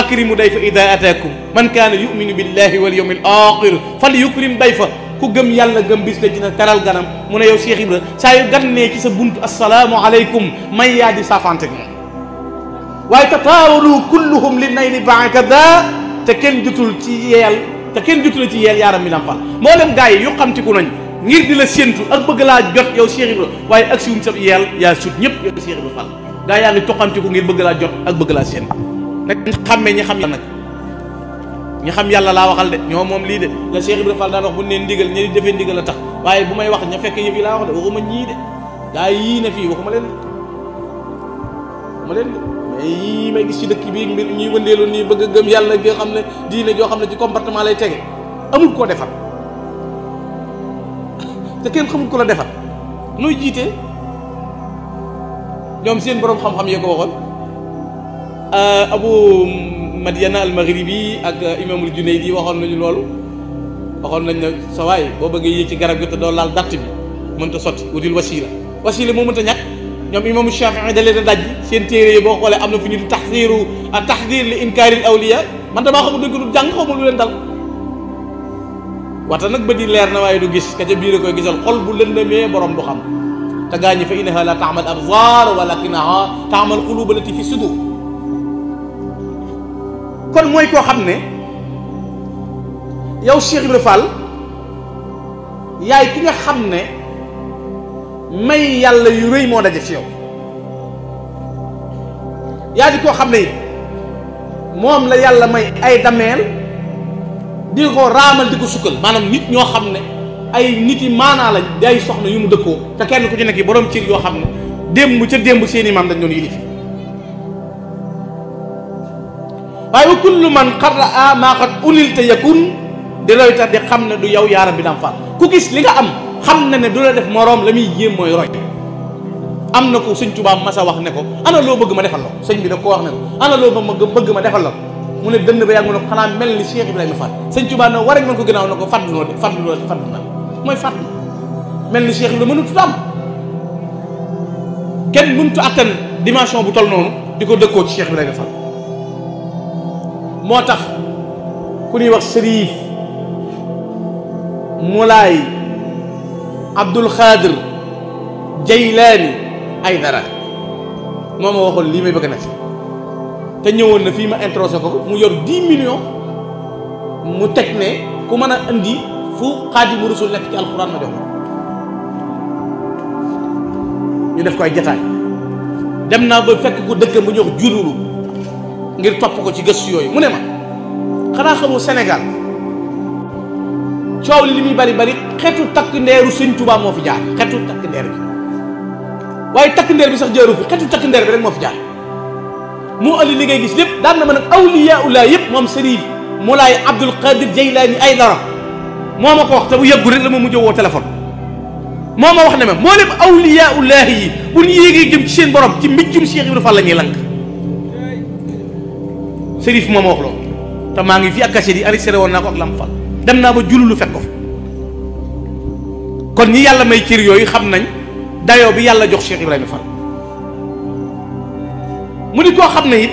S1: أكرم ضيف إذا أتاكم من كان يؤمن بالله واليوم الآخر فليكرم ضيفه ku gëm yalla gëm bis na dina teral ganam mu ne yow cheikh ibra sa yu gan ne ci waaye tataawalu kulluhum li nay ni bankada te kenn jutul ci yeel te kenn jutul ci yeel yaaram mi nam fal moo leen gars yi yu xamtiku nañ ngir di la séentu ak bëgg laa jot yow Cheikh Ibra waaye ak siwuñ sa yeel yaa sut ñëpp yow Cheikh Ibra Fall gaa yaa ngi ngir bëgg laa jot ak bëgg laa séentu nag xammee ñi xam nag ñi xam yàlla laa waxal de ñoo moom lii de la Cheikh Ibra Fall daan bu neen ndigal ñi defee ndigal la tax waaye bu wax ña fekk yëf yi laa wax de waxuma ñii de gaa yii na fii waxuma leen de waxuma leen de yii may gis ci dëkk bi mbir ñuy wëndeelu nii bëgg a gëm yàlla gi xam ne diine joo xam ne ci comportement lay tege amul koo defar te kenn xamul ko la defar nooy jiite ñoom seen boroom xam-xam yee ko waxoon euh, abu madiana al maghribi ak euh, imamul junaydi waxoon nañu loolu waxoon nañ ne sa waay boo bëggee yéeg ci garab gi te doo laal dàtt bi mënta sotti wutil wasila wasila moo mënta ñàkk ñoom imaamu Shafii da leen a daj seen téere yi boo xoolee am na fu ñu tax di taxdiru a taxdir li inkaaril awliya man damaa xamul dañ ko du jàng xamul lu leen dal waxta nag bët yi leer na waaye du gis ka ca biir koy xol bu lëndëmee borom du xam te gaañi fa innaha la taamal absar walakinaha taamal quluba lati fi sudur kon mooy koo xam ne yow Cheikh Ibra Fall yaay ki nga xam ne may yàlla yu rëy moo daje ci yow yaa di koo xam ne moom la yàlla may ay dameel di ko raamal di ko sukkal maanaam nit ñoo xam ne ay nit yi maanaa la day soxna yu mu dëkkoo te kenn ku ci nekk yi boroom cër yoo xam ne démb ca démb seeni maam dañ doon yilif waaye wa kullu man xarraa maa qad unil te yakun di roy di xam ne du yow yaaram bi dam faat ku gis li nga am xam na ne du la def moroom la muy yéem mooy roy am na ko sëñ ma masa wax ne ko ana loo bëgg ma defal la sëñ bi da ko wax ne ko ana loo bëgg ma defal la mu ne dënn ba yàgg na xanaa mel ni Cheikh Ibrahima Fall sëñ Tuubaa ne war ak man ko gënaaw na ko fàttali noo fàttali noo fàttali na mooy fàttali mel ni Cheikh Ibrahima mënut dimension bu toll noonu di ko dëkkoo ci Cheikh Ibrahima Fall moo tax ku ñuy wax Sëriif Mulaay Abdul Xaadir Jaylaani ay dara moo ma waxoon lii may bëgg na ci te ñëwoon na fii ma introsé ko mu yor 10 millions mu teg ne ku mën a indi fu Xaadimu Rasuul nekk ci alxuraan ma jox ñu def ko ay jataay dem naa ba fekk ku dëkk bu ñuy wax jululu ngir topp ko ci gëstu yooyu mu ne ma xanaa xamul Sénégal. coow li li muy bari bari xetu takk ndeeru sëñ Tuubaa moo fi jaar xetu takk ndeer bi waaye takk ndeer bi sax jaaru fi xetu takk ndeer bi rek moo fi jaar moo ëlli li ngay gis lépp daan na ma nag awliyaa ulaa yëpp moom sëriñ Moulaay Abdul Qadir Jaylaani ay dara moo ma ko wax te bu yàggu rek la ma mujjee woo téléphone moo ma wax ne ma moo lépp awliyaa ulaahi yi bu ñu yéegee jëm ci seen borom ci mbëccum Cheikh Ibrahima Fall la ñuy lank sëriñ moo ma wax loolu te maa ngi fi ak cachet yi arrêté woon naa ko ak Lam Fall dem naa ba jululu fekk ko fa kon ñi yàlla may cër yooyu xam nañ dayo bi yàlla jox Cheikh Ibrahima Fall mu ni koo xam ne it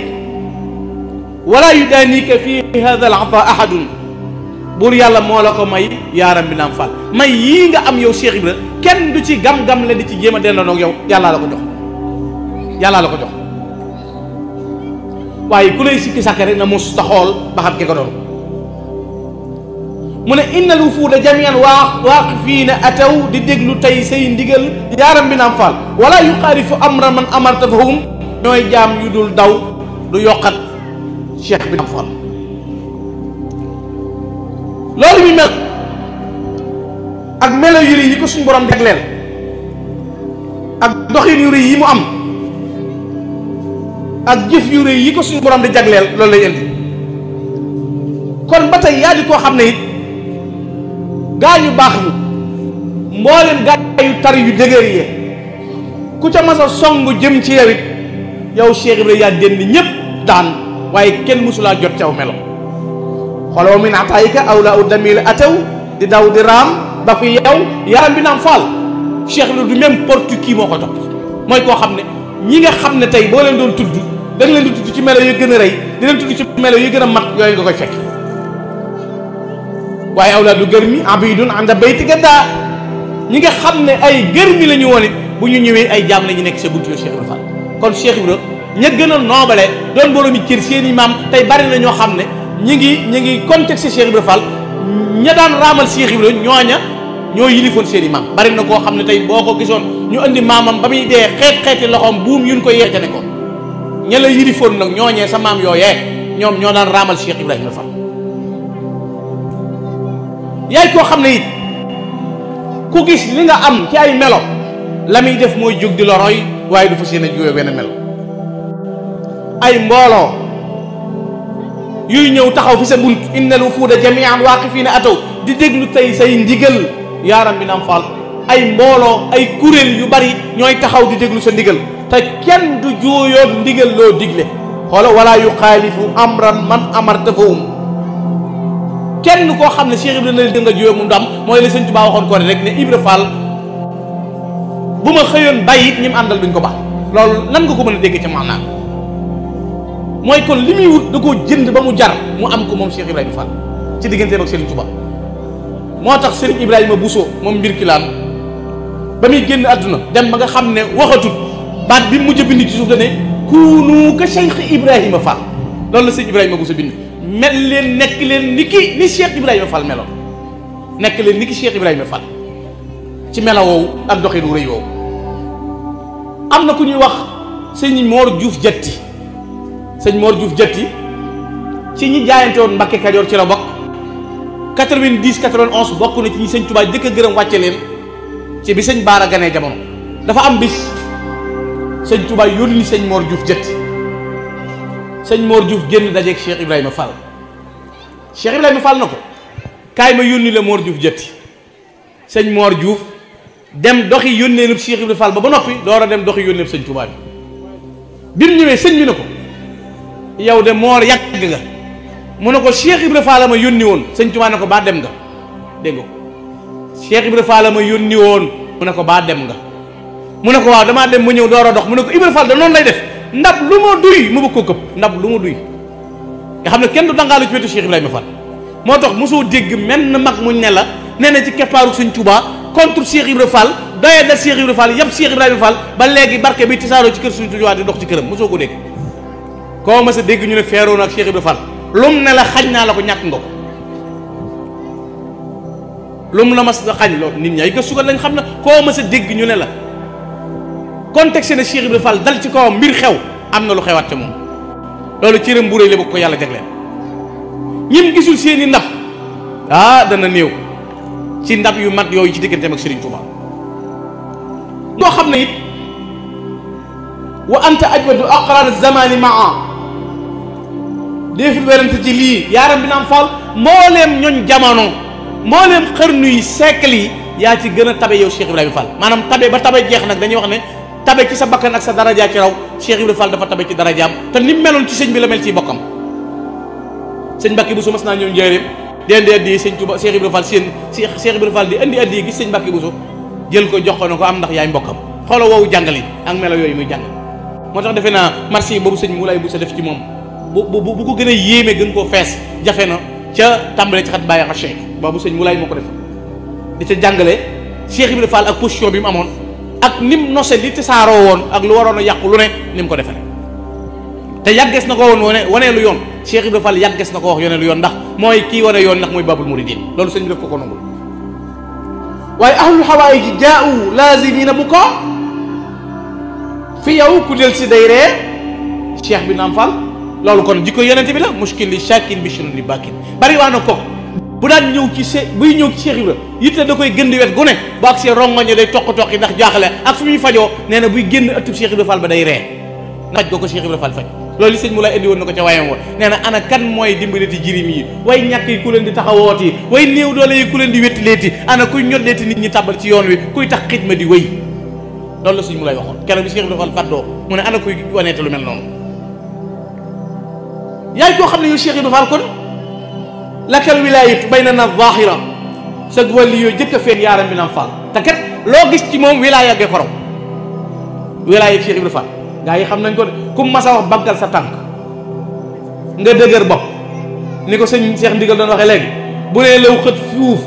S1: wala yudanika fi hada al buur yàlla moo la ko may yaaram bi naam Fall may yii nga am yow Cheikh Ibra kenn du ci gam-gam la di ci jéem a dendoon ak yow yàllaa la ko jox yàllaa la ko jox waaye ku lay sikki sàkke na mos ta xool ba xam ki doon mu ne innal wufuuda jamian fii waaqifiina ataw di déglu tey say ndigal yaaram bi naam faal wala yuxaalifu amra man amarta fahum ñooy jaam yu dul daw du yokkat cheikh bi naam loolu mi mel ak melo yu yi ko suñu borom jagleel ak doxin yu yi mu am ak jëf yu yi ko suñu borom di jagleel loolu lay indi kon ba tey yaa di koo xam ne it gaa yu baax yi mboolem gaa yu tar yu dëgër yi ku ca mas a song jëm ci yow it yow Cheikh Ibrahima yaa dénd ñépp daan waaye kenn mësulaa jot caw melo xooloo min ataayika aw la aw damil ataw di daw di raam ba fi yow yaram bi naam faal Cheikh lu du même porte kii moo ko topp mooy koo xam ne ñi nga xam ne tey boo leen doon tudd da nga leen di tudd ci melo yu gën a rëy di leen tudd ci melo yu gën a mat yooyu nga koy fekk waaye awlaadu gërmi abidun ànda bayti gaddaa ñi nga xam ne ay gërmi la ñu woon it bu ñu ñëwee ay jaam la ñu nekk sa buntu yoo Cheikh Ibra Fall kon Cheikh Ibra ña gën a noobale doon boroomi cër seen i maam tey bari na ñoo xam ne ñi ngi ñi ngi contexte Cheikh Ibra Fall ña daan raamal Cheikh Ibra ñooña ñoo yilifoon seen i maam bari na koo xam ne boo ko gisoon ñu andi maamam ba muy dee xeet xeeti loxoom buum yun ko yeete ne ko ña la yilifoon nag ñooñee sa maam yooyee ñoom ñoo daan raamal Cheikh Ibrahima Fall yaay koo xam ne it ku gis li nga am ci ay melo la muy def mooy jóg di la roy waaye du fas yéene jóge benn melo ay mbooloo yuy ñëw taxaw fi sa bunt inna lu fuuda jamian waaqifina ataw di déglu tey say ndigal yaaram bi naam faal ay mbooloo ay kuréel yu bari ñooy taxaw di déglu sa ndigal te kenn du jooyoon ndigal loo digle xoola wala yuxaalifu amran man amartafahum kenn koo xam ne Cheikh Ibrahima dina nga jiwee mu ndam mooy la sëñ Tuubaa waxoon ko rek ne Ibra Fall bu ma xëyoon bàyyi àndal duñ ko baax loolu nan nga ko mën a dégg ca mooy kon li muy wut da koo jënd ba mu jar mu am ko moom Cheikh Ibrahima Fall ci digganteem ak Serigne Touba moo tax Serigne Ibrahima Bousso moom mbir kilaan ba génn àdduna dem ba nga xam ne waxatut baat bi mujj a bind ci suuf da ne kuunu ka Cheikh Ibrahima Fall loolu la Serigne Ibrahima sa bind. mel leen nekk leen ni ki ni Cheikh Ibrahima Fall meloon nekk leen ni ki Cheikh Ibrahima Fall ci melo woowu ak doxin wu rëy woowu am na ku ñuy wax sëñ moor juuf Jatti sëñ Mor Diouf Jatti ci ñi jaayante woon Mbakke Kajoor ci la bokk 90 91 bokk na ci ñi sëñ Tuubaa jëkk gërëm wàcce leen ci bi sëñ Baara ganee jamono dafa am bis sëñ Tuubaa yónni sëñ Mor juuf Jatti sëñ moor Diouf génn dajeeg Cheikh Ibrahima Fall Cheikh Ibrahima Fall na ko kaay ma yónni la moor Diouf jëtti sëñ Mor juuf dem doxi yónneelub Cheikh Ibrahima Fall ba ba noppi door a dem doxi yónnee sëñ Touba bi bi ñëwee sëñ bi na ko yow de moor yàgg nga mu ne ko Cheikh Ibrahima Fall ma yónni woon sëñ Touba ne ko baa dem nga dégg nga Cheikh Ibrahima Fall ma yónni woon mu ne ko baa dem nga mu ne ko waaw damaa dem ma ñëw door a dox mu ne ko Ibrahima Fall da noonu lay def. ndax lu ma duy mu bëgg ko këpp ndab lu ma duy nga xam ne kenn du dangaalu ci wetu Cheikh Ibrahima Fall moo tax mosoo dégg na mag mu ne la nee na ci keppaaru Sëñ Tuubaa contre Cheikh Ibrahima Fall doyee da Cheikh Ibrahima Fall yëpp Cheikh Ibrahima Fall ba léegi barke bi tasaaroo ci kër Sëñ Tuubaa di dox ci këram mosoo ko dégg koo mas a dégg ñu ne feeroo na ak Cheikh Ibrahima ne la xañ naa la ko ñàkk nga ko lum la mas a xañ loolu nit ñi ay gëstu lañ xam ne koo mas a dégg ñu ne la contexte na Cheikh Ibra Fall dal ci kawam mbir xew am na lu xewaat ca moom loolu cëram bu rëy la bu ko yàlla jagleel ñim gisul seeni ndab ah dana néew ci ndab yu mat yooyu ci digganteem ak Serigne Touba loo xam ne it wa anta ajwadu aqrar zamani maa déeful werante ci lii yaaram bi naam Fall mbooleem ñoñ jamono mbooleem xërnu yi siècle yi yaa ci gën a tabe yow Cheikh Ibrahima Fall maanaam tabe ba tabe jeex nag dañuy wax ne tabe ci sa bakkan ak sa daraja ci raw Cheikh Ibrahima Fall dafa tabe ci darajaam te ni mu meloon ci sëñ bi la mel ciy bokkam sëñ Mbàkke Buso mas naa ñëw njëriñ deen di addi yi sëñ Tuuba Cheikh Ibrahima Fall seen Cheikh Ibrahima Fall di indi addi yi gis sëñ Mbàkke Buso jël ko jox ko na ko am ndax yaay mbokkam xolo woowu jàngali ak melo yooyu muy jàngal moo tax defe naa marché boobu sëñ Moulay bu sa def ci moom bu bu ko gën a yéeme gën koo fees jafe na ca tàmbale ci xat bàyyi xa Cheikh boobu sëñ Moulay moo ko def di ca jàngale Cheikh Ibrahima Fall ak position bi mu amoon ak nim nose li tasaaroo woon ak lu waroon a yàqu lu ne ni ko defee te yàggees na ko woon wane wanee lu yoon Cheikh Ibrahima Fall yàggees na ko wax yonee lu yoon ndax mooy kii wane yoon ndax mooy babul muridin loolu sëñ bi def ko ko nangul waaye ahlul xawaayiji jaau laazimina bu ko fi yow ku del si day ree cheikh bi naam Fall loolu kon jikko yonente bi la mushkil li shakin bishrin li bakin bari waa na ko bu daan ñëw ci se buy ñëw ci Cheikh Ibra yitte da koy gën di wet gu ne bu ak see rongoñe day toq toqi ndax jaaxle ak fu muy fajoo nee buy génn ëttub Cheikh Ibra ba day ree faj goo ko Cheikh Ibra Fall faj loolu sëñ mu lay indi woon na ko ca wayam wa nee na ana kan mooy dimbalati jirim yi way ñàkk yi ku leen di taxawoot yi way néew doole yi ku leen di wettileeti ana kuy ñoddeeti nit ñi tàbbal ci yoon wi kuy tax xidma di wéy loolu la sëñ mu lay waxoon keroog bi Cheikh Ibra Fall fàddoo mu ne ana kuy waneete lu mel noonu yaay koo xam ne yow Cheikh Ibra Fall kon lakal wilaayatu bay na na zaahira sag wàlli yooyu jëkk a feeñ yaaram bi naam fall te kat loo gis ci moom wilaaya ge korom wilaaya Cheikh Ibra gaa yi xam nañ ko de ku masa wax baggal sa tànk nga dëgër bopp ni ko sëñ seex Ndigal doon waxee léegi bu nee law xët fuuf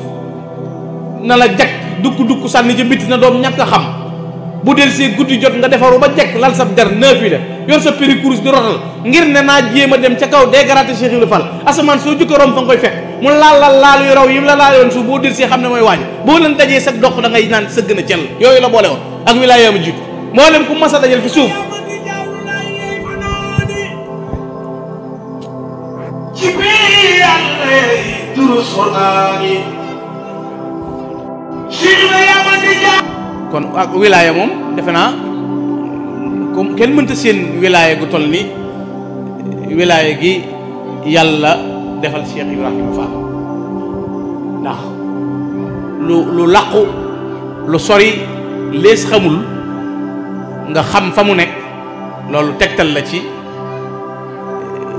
S1: na la jak dukk dukk sànni ci bitti na doom ñàkk a xam bu del see guddi jot nga defaru ba jekk lal sab der neuf yi la yor sa péricouris di rotal ngir ne naa jéem a dem ca kaw dégraté Cheikh Ibra Fall asamaan soo jukka rom fa nga koy fekk mu laal la laal raw yi mu la laal yoon suuf boo del see xam ne mooy waañ boo leen dajee sa dox da ngay naan sëgg na cell yooyu la boole woon ak wilaayaama jiitu moo ku mas a dajal fi suuf kon ak wilaaya moom defe naa comme kenn mënta seen wilaaya gu toll ni wilaaya gi yàlla defal Cheikh Ibrahima Fall ndax lu lu làqu lu sori lees xamul nga xam fa mu nekk loolu tegtal la ci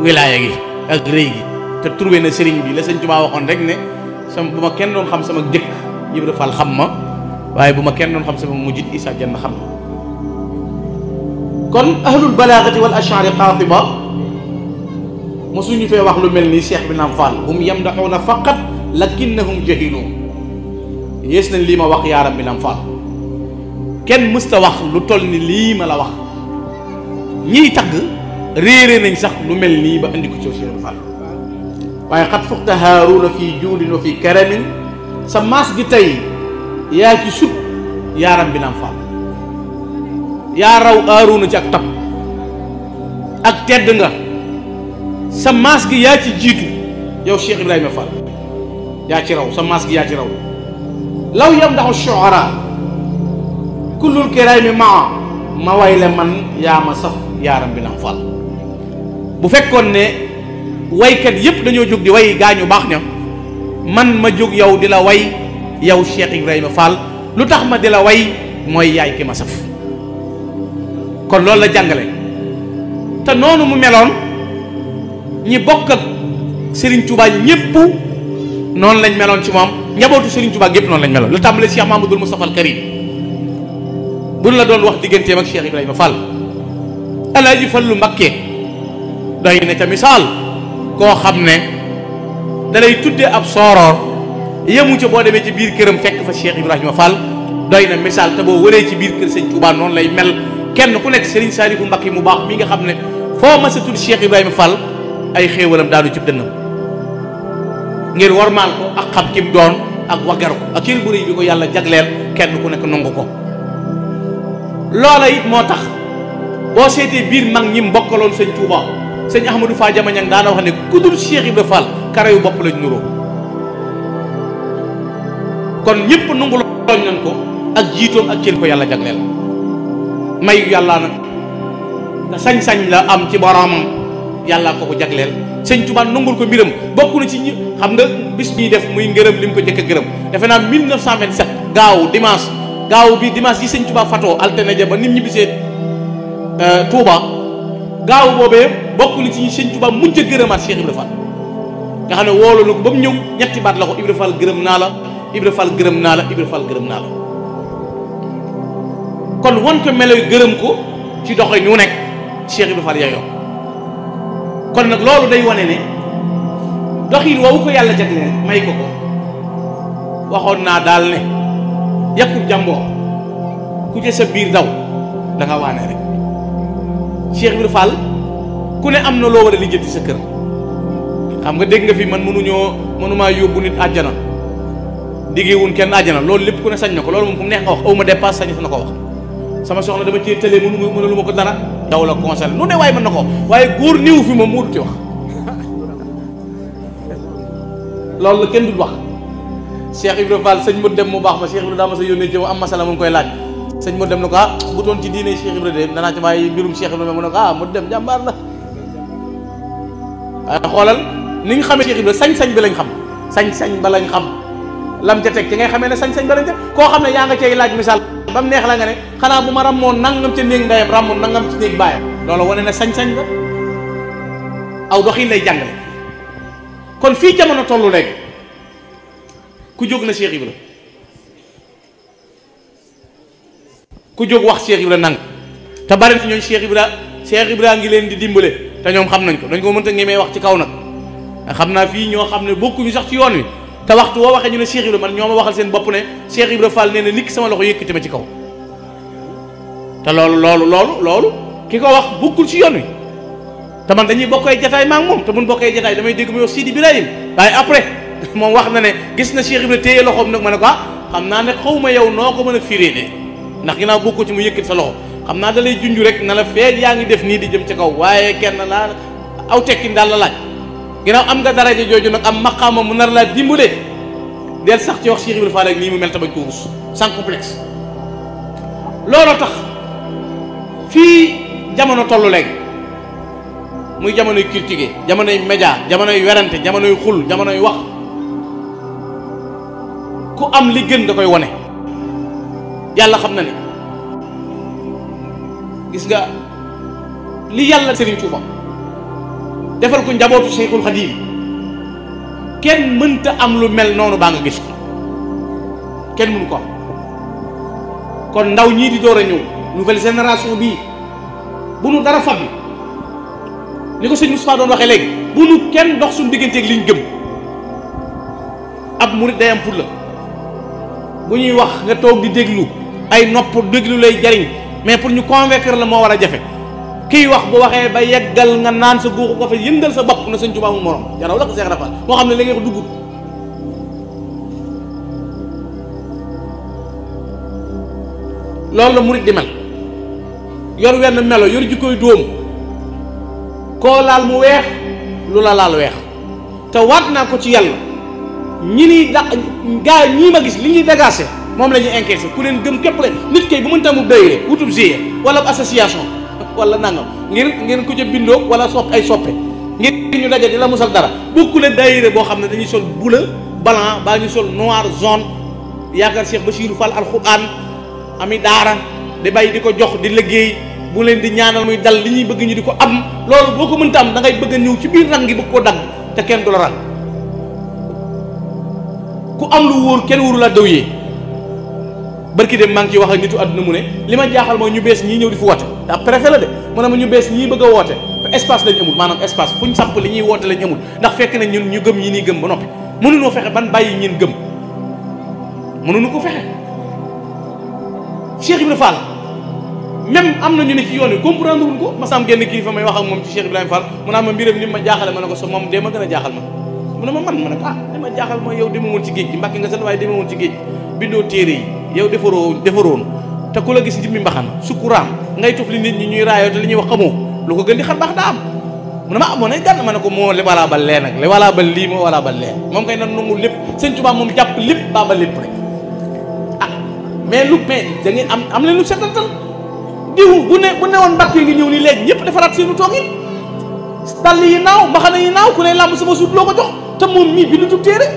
S1: wilaaya gi ak rëy gi te trouvé na sëriñ bi la sëñ Tuubaa waxoon rek ne sama bu ma kenn doon xam sama jëkk Ibra Fall xam ma waye buma kenn non xam sama mujjit isa jenn xam kon ahlul balaghati wal ashari qatiba musuñu fe wax lu melni cheikh bin amfal fall hum yamdaxuuna faqat lakinnahum jahilun yes nañ lii ma wax ya rabbi naam fall kenn mësta wax lu toll ni lii ma la wax ñi tag réere nañ sax lu melni ba andi ko ci cheikh bin amfal waye xat fuqta harun fi juudin wa fi karamin sa mas gi tay yaa ci sut yaaram bi naam yaa raw aaruuna ci ak tab ak tedd nga sa maas gi yaa ci jiitu yow Cheikh Ibrahima Fall yaa ci raw sa maas gi yaa ci raw law yam ndaxa shuara kullul kiraami maa ma way le man yaa ma saf yaaram bi faal bu fekkoon ne waykat yépp dañoo jóg di way gaañu baax ña man ma jóg yow di la way yow Cheikh Ibrahima Fall lu tax ma di la way mooy yaay ki ma saf kon loolu la jàngale te noonu mu meloon ñi bokk ak Serigne Touba ñëpp noonu lañ meloon ci moom njabootu Serigne Touba yëpp noonu lañ meloon lu tàmbalee Cheikh Mamadou Moustapha al Karim bu la doon wax digganteem ak Cheikh Ibrahima Fall Alaaji Fallu Mbakke doy na ca misaal koo xam ne dalay tudde ab sooroor yemu ca boo demee ci biir këram fekk fa Cheikh Ibrahima Fall doy na misaal te boo wëree ci biir kër sëñ Touba noonu lay mel kenn ku nekk Serigne Saliou mbakki mu baax mi nga xam ne foo mas a tudd Cheikh Ibrahima Fall ay xéewalam daanu cib dënnam ngir wormaal ko ak xam kim doon ak waggar ko ak cër bu rëy bi ko yàlla jagleel kenn ku nekk nangu ko loola it moo tax boo seetee biir mag ñi mbokkaloon sëñ Touba sëñ Ahmadou Fa Jamañang daana wax ne ku dul Cheikh Ibrahima Fall karayu bopp lañ nuroo kon ñëpp nangu tooñ nañ ko ak jiitoom ak cër ko yàlla jagleel may yàlla na te sañ-sañ la am ci boromam yàlla ko ko jagleel sëñ Tuubaa nangul ko mbiram bokk ci ñi xam nga bis bi def muy ngërëm li ko jëkk gërëm defe naa 1927 gaaw dimanche gaaw bi dimanche yi sëñ Tuubaa fatoo alterné ja ba nit ñi bisee euh, Touba gaaw boobee bokk ci ñi sëñ Tuubaa mujj a gërëmaat Cheikh Ibra Fall nga xam ne woolu ko ba mu ñëw ñetti baat la ko Ibra Fall gërëm naa la Ibra Fall gërëm naa la Ibra Fall gërëm naa la kon won ko melo gërëm ko ci doxee ñu nekk Cheikh Ibra Fall yaayoo kon nag loolu day wane ne doxin woowu ko yàlla jagleel may ko ko waxoon naa daal ne yàqu jàmboo ku ci sa biir daw da nga waane rek Cheikh Ibra Fall ku ne am na loo war a lijjanti sa kër xam nga dégg nga fi man mënuñoo mënumaa yóbbu nit àjjana liggéeyuwun kenn àjjana loolu lépp ku ne sañ na ko loolu moom ku neex nga wax aw ma dépasse sañ ko sama soxna dama cee tëlee mënu mënu lu ma ko dara daw la conseil nu ne waaye mën na ko waaye góor niw fi moom moo duti wax kenn dul wax Cheikh Ibrahima Fall sëñ mu dem mu baax ma Cheikh Ibrahima daa ma sa yónnee ci am masala mu ngi koy laaj sëñ mu dem na ko ah bu ci diine Cheikh danaa ci waaye mbirum Cheikh Ibrahima mu ne ko ah mu dem jàmbaar la waaye ni sañ-sañ bi lañ xam sañ-sañ ba lañ xam lam ca teg ci ngay xamee ne sañ-sañ ba lañ ca koo xam ne yaa nga cay laaj misaal ba neex la nga ne xanaa bu ma ràmmoon nangam ca néeg ndeyam ràmmoon nangam ci néeg bàyyam loolu wane na sañ-sañ ba aw doxin lay jàngale kon fii jamono tollu léegi ku jóg na Cheikh Ibra ku jóg wax Cheikh Ibra nang te bari ci ñooñ Cheikh Ibra Cheikh Ibra ngi leen di dimbale te ñoom xam nañ ko dañ ko mënta ñemee wax ci kaw nag xam naa fii ñoo xam ne bokkuñu sax ci yoon wi te waxtu woo waxee ñu ne Cheikh man ñoo ma waxal seen bopp ne Cheikh Ibra Fall nee na nikk sama loxo yëkkati ma ci kaw te loolu loolu loolu loolu ki ko wax bukkul ci yoon wi te man dañuy bokkee jataay maa moom te mun bokkee jataay damay dégg muy wax Sidi Birahim waaye après moom wax na ne gis na Cheikh Ibra téye loxoom nag ma ne ko ah, xam naa ne xaw ma yow noo ko mën a firee de ndax ginnaaw bokkul ci mu yëkkati sa loxo xam naa dalay lay rek na la feeg yaa ngi def nii di jëm ci kaw waaye kenn laa aw tekkin daal la laaj ginnaaw am nga daraja jooju nag am maqaama mu nar laa de del sax ci wax Cheikh Ibrahima Fall ak nii mu mel tabañ ko rus looloo tax fii jamono tollu léegi muy jamonoy critique jamonoy média jamonoy werante jamonoy xul jamonoy wax ku am li gën da koy wone yàlla xam na ne gis nga li yàlla Serigne Touba defal ko njabootu Cheikhul Khadim kenn mënta am lu mel noonu baa nga gis ko kenn mënu ko kon ndaw ñii di door a ñëw nouvelle génération bii bu nu dara fab ni ko sëñ Moustapha doon waxee léegi bu nu kenn dox suñu digganteeg liñ gëm ab murit day am pour la bu ñuy wax nga toog di déglu ay nopp déglu lay jariñ mais pour ñu convaincre la moo war a jafe kii wax bu waxee ba yeggal nga naan sa guuxu ko fa yëngal sa bopp na sëñ Tuubaa mu morom jaraw la ko Seex Rafal moo xam ne li ngay duggut loolu la murit di mel yor wenn melo yor jikkoy dóom koo laal mu weex lu la laal weex te waat naa ko ci yàlla ñi ni da gaa ñii ma gis li ñuy dagaase moom la ñuy encaissé ku leen gëm képp leen nit kay bu mënta mu béy rek wutub GIE wala association. wala nangam ngir ngeen ku ca bindoo wala sopp ay soppe ngir ñu daje di la musal dara bokku leen daayira boo xam ne dañuy sol bula blanc baa ñu sol noir jaune yaakaar Cheikh Bachirou Fall alxuraan ami daara di bàyyi di ko jox di liggéey bu leen di ñaanal muy dal li ñuy bëgg ñu di ko am loolu boo ko mënta am da ngay bëgg a ñëw ci biir rang gi bëgg koo dagg te kenn du la rang ku am lu wóor kenn wóoru la dëwyee barki dem mang ci wax ak nitu aduna mu ne lima ma jaaxal mooy ñu bes ñi ñew di fu wote da préfet la de mo na ñu bes ñi bëgg wote espace lañ amul manam espace fuñ samp li ñi wote lañ amul ndax fekk na ñun ñu gëm yi ni gëm ba nopi mënu ñu fexé ban bayyi ñin gëm mënu ñu ko fexé Cheikh ibrahim Fall même amna ñu ne ci yoonu comprendre wuñ ko ma sam genn ki fa may wax ak mom ci Cheikh ibrahim Fall mo na ma mbiram li ma jaaxale ma ne ko so mom dee ma gëna a jaaxal ma mo na ma man ma ne ko ah ma jaaxal mooy yow dema won ci geej gi mbàkki nga seen waaye dema won ci geej bindoo téere yi yow defaroo defaroon te ku la gis njimmi mbaxan sukkuraam ngay tuf li ñi ñuy raayoo te li ñuy wax xamoo lu ko gën di xam baax na am mu ne ma amoon nañ gànn ma ne ko moo li walaa lee nag li walaa bal lii moo walaa bal lee moom kay nan nangu lépp sëñ Tuubaa moom jàpp lépp baa ba lépp ah, mais lu mais da ngeen am am leen lu setantal diwu bu ne bu ne woon mbàkk yi ngi ñëw nii léegi ñëpp defaraat seenu toogin dàll yi naaw mbaxana yi naaw ku ne làmb sama suut loo ko jox te moom mii bi lu jub téere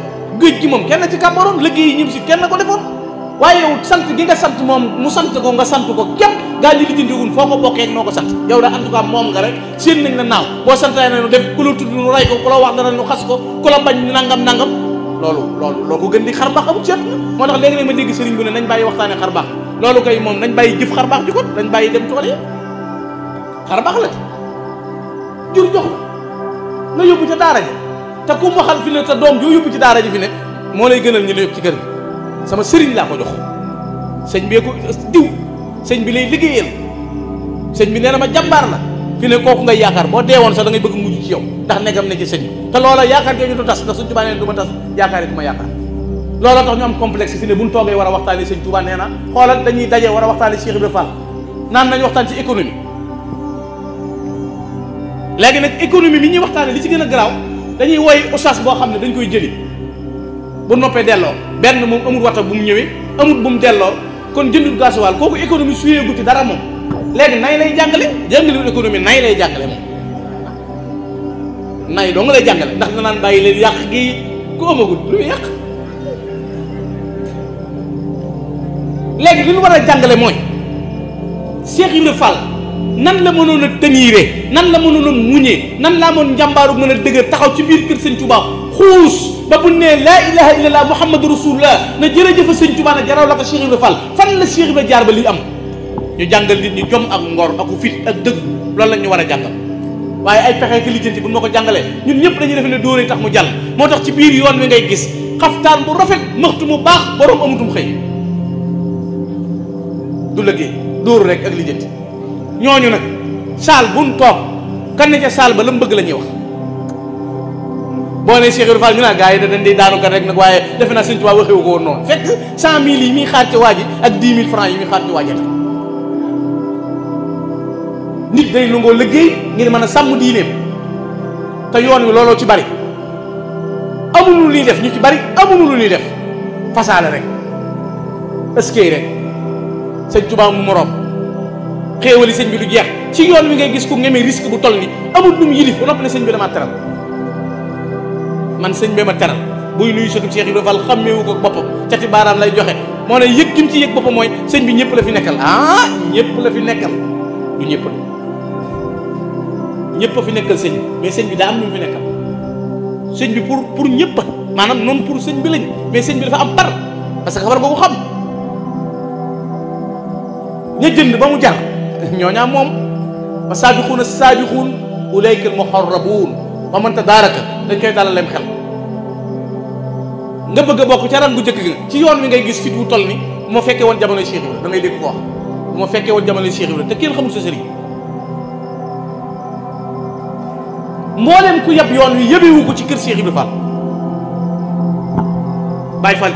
S1: géej gi moom kenn ci kàmbaroon liggéey yi ñim si kenn ko defoon waaye yow sant gi nga sant moom mu sant ko nga sant ko képp gaa ñi li jëndiwun foo ko bokkee ak noo ko sant yow da en tout cas moom nga rek seen nañ la naaw boo santaay na nu def ku la tudd nu ray ko ku la wax dana nu xas ko ku la bañ nangam nangam loolu loolu loolu ko gën di xar baax amut ci àdduna moo tax léegi-léeg ma dégg sëriñ bu ne nañ bàyyi waxtaane xar baax loolu kay moom nañ bàyyi jëf xar baax ji ko nañ bàyyi dem tool yi xar baax la jur jox la nga yóbbu ca daara ji te ku mu waxal fi ne te doom joo yóbbu ci daara ji fi ne moo lay gënal ñu la yóbbu ci kër gi sama sëriñ laa ko jox sëñ bee ko diw sëñ bi lay liggéeyal sëñ bi nee na ma jàmbaar la fi ne kooku ngay yaakaar boo deewoon sax da ngay bëgg mujj ci yow ndax nekkam ne ci sëñ bi te loola yaakaar jooju du tas ndax suñ tubaa nee na du ma tas yaakaar yi du ma yaakaar loola tax ñu am complexe fi ne buñ toogee war a waxtaani sëñ tubaa nee na xoolal dañuy daje war a waxtaani Cheikh Ibrahima Fall naan nañ waxtaan ci économie léegi nag économie bi ñuy waxtaane li ci gën a garaaw dañuy woy oustaz boo xam ne dañ koy jëli ba noppee delloo benn moom amul wata bu mu ñëwee amul bu mu delloo kon jëndul gasoil kooku économie suyee gu ci dara moom léegi nay lay jàngale jàngalewul économie nay lay jàngale moom nay doo nga lay jàngale ndax danaan bàyyi leen yàq gi ku amagul lu muy yàq léegi li ñu war a jàngale mooy yi Ibra fal nan la mënoon a tëniire nan la mënoon a muñee nan laa moon njàmbaaru mën a dëgër taxaw ci biir kër Sëñ Tuubaa xuus ba bu ne laa ilaha illallah muhammadu rasulullah na jërëjëfa sëñ Tuubaa na jaraw la ko Cheikh Ibra fal fan la Cheikh Ibra jaar ba lii am ñu jàngal nit ñi jom ak ngor ak fit ak dëgg loolu la ñu war a jàngal waaye ay pexe ki lijjanti bu ñu ma ko jàngalee ñun ñëpp dañuy def ne dóoree tax mu jàll moo tax ci biir yoon wi ngay gis xaftaan bu rafet mëxtu mu baax borom amutum xëy du lëggee dóoru rek ak lijjanti ñooñu nag saal buñ toog kan ca saal ba la mu bëgg la ñuy boo nee Cheikh Ibra Fall ñu naan gars yi dañ di daanu kat rek nag waaye defe naa Sëñ Tuubaa waxewu ko woon noonu fekk cent mille yi muy xaar ci waa ji ak dix mille francs yi muy xaar ci waa ji nit day lungoo liggéey ngir mën a sàmm diineem te yoon wi looloo ci bari amuñu lu ñuy def ñu ci bari amuñu lu ñuy def fasaale rek ëskey rek Sëñ Tuubaa mu moroom xéewali sëñ bi du jeex ci yoon wi ngay gis ku ngemee risque bu toll ni amul lu mu yilif ba noppi ne sëñ bi dama teral man sëñ bee ma teral buy nuyu sëtu Cheikh Ibra Fall xàmmeewu ko boppam cati baaraam lay joxe moo ne yëg gi mu ci yëg mooy sëñ bi ñëpp la fi nekkal ah ñëpp la fi nekkal du fi nekkal sëñ bi mais sëñ bi daa am lu mu sëñ bi pour pour ñëpp maanaam noonu sëñ bi la mais sëñ bi dafa am par parce que xabar nga ko xam ña jënd ba mu jar ñooñaa moom wa saabixuuna saabixuun ulayka al muxarrabuun wa man tadaaraka dañ koy dalal leen xel nga bëgg a bokk ca ran gu njëkk ga ci yoon wi ngay gis fit wu toll ni bu ma fekkee woon jamono Cheikh Ibra da ngay dégg ko wax bu ma fekkee woon jamono Cheikh Ibra te kenn xamul sa sëriñ mbooleem ku yab yoon wi yëbewu ci kër Cheikh Ibra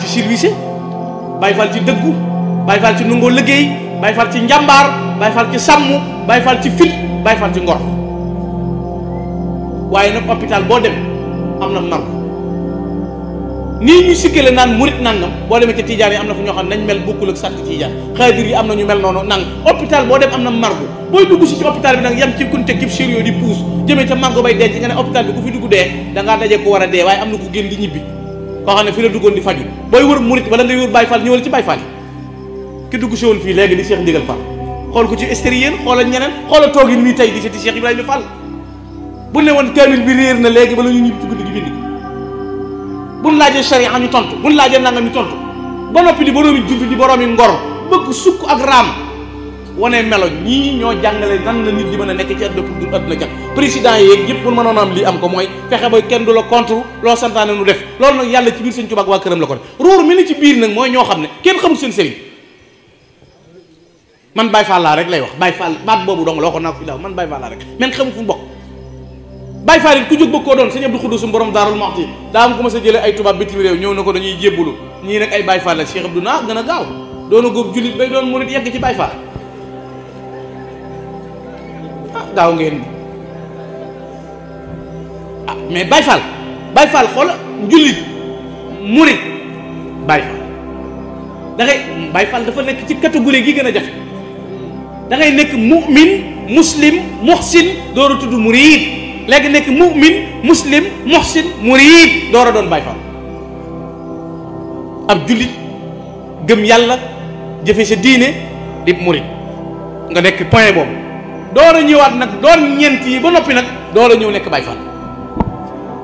S1: ci service Baye ci dëggu Baye Fall ci nungoo liggéey Baye Fall ci njàmbaar Baye Fall ci sàmm Baye Fall ci fit Baye Fall ci ngor waaye nag hôpital boo dem am na mar nii ñuy sikkale naan murit nangam boo demee ci tijaan yi am na fu ñoo xam nañ mel bokkul ak sàkk tijaan xaadir yi am na ñu mel noonu nang hôpital boo dem am na margo booy dugg si ci hôpital bi nag yam ci kunte kib sérieux di puus jëmee ca margo bay denc nga ne hôpital bi ku fi dugg dee da ngaa daje war a dee waaye am na ku génn di ñibbi koo xam ne fi la duggoon di faju booy wër murit wala ngay wër Baay Faal ñëwal ci Baay Faal ki dugg siwul xool ko ci extérieur xoolal ñeneen xoolal toogin mii buñ laajee charia ñu tontu buñ laajee nangam ñu tontu ba noppi di boroomi jub di boroomi ngor bëgg sukk ak raam wane melo ñii ñoo jàngale nan la nit di mën a nekk ci àdduna pour dund àdduna jag président yeeg yëpp bu mënoon am lii am ko mooy fexe ba kenn du la contre loo santaane nu def loolu nag yàlla ci biir sëñ Tuubaa ak waa këram la ko def ruur mi ne ci biir nag mooy ñoo xam ne kenn xamul seen sëriñ man Baay Faal laa rek lay wax Baay Faal baat boobu dong la waxoon naa ko fi daaw Baye Fall it ku jóg bëgg koo doon sëñ Abdou Khoudous borom Daarul Muxti daa ku ma sa jëlee ay tubaab bitim réew ñëw na ko dañuy jébbalu ñii nag ay Baye Fall la Cheikh Abdou naa gën a gaaw doona góob jullit bay doon murit yegg ci Baye Fall ah gaaw ngeen ah, mais Baye Fall xool jullit murit Baye Fall da dafa nekk ci catégorie gi gën a jafe da ngay nekk mu'min muslim muhsin dooru tudd murit léegi nekk mu'min muslim muhsin murid door a doon Baay Faal ab jullit gëm yàlla jëfe sa diine di murid nga nekk point boobu door a ñëwaat nag doon ñeent yi ba noppi nag door a ñëw nekk Baay Faal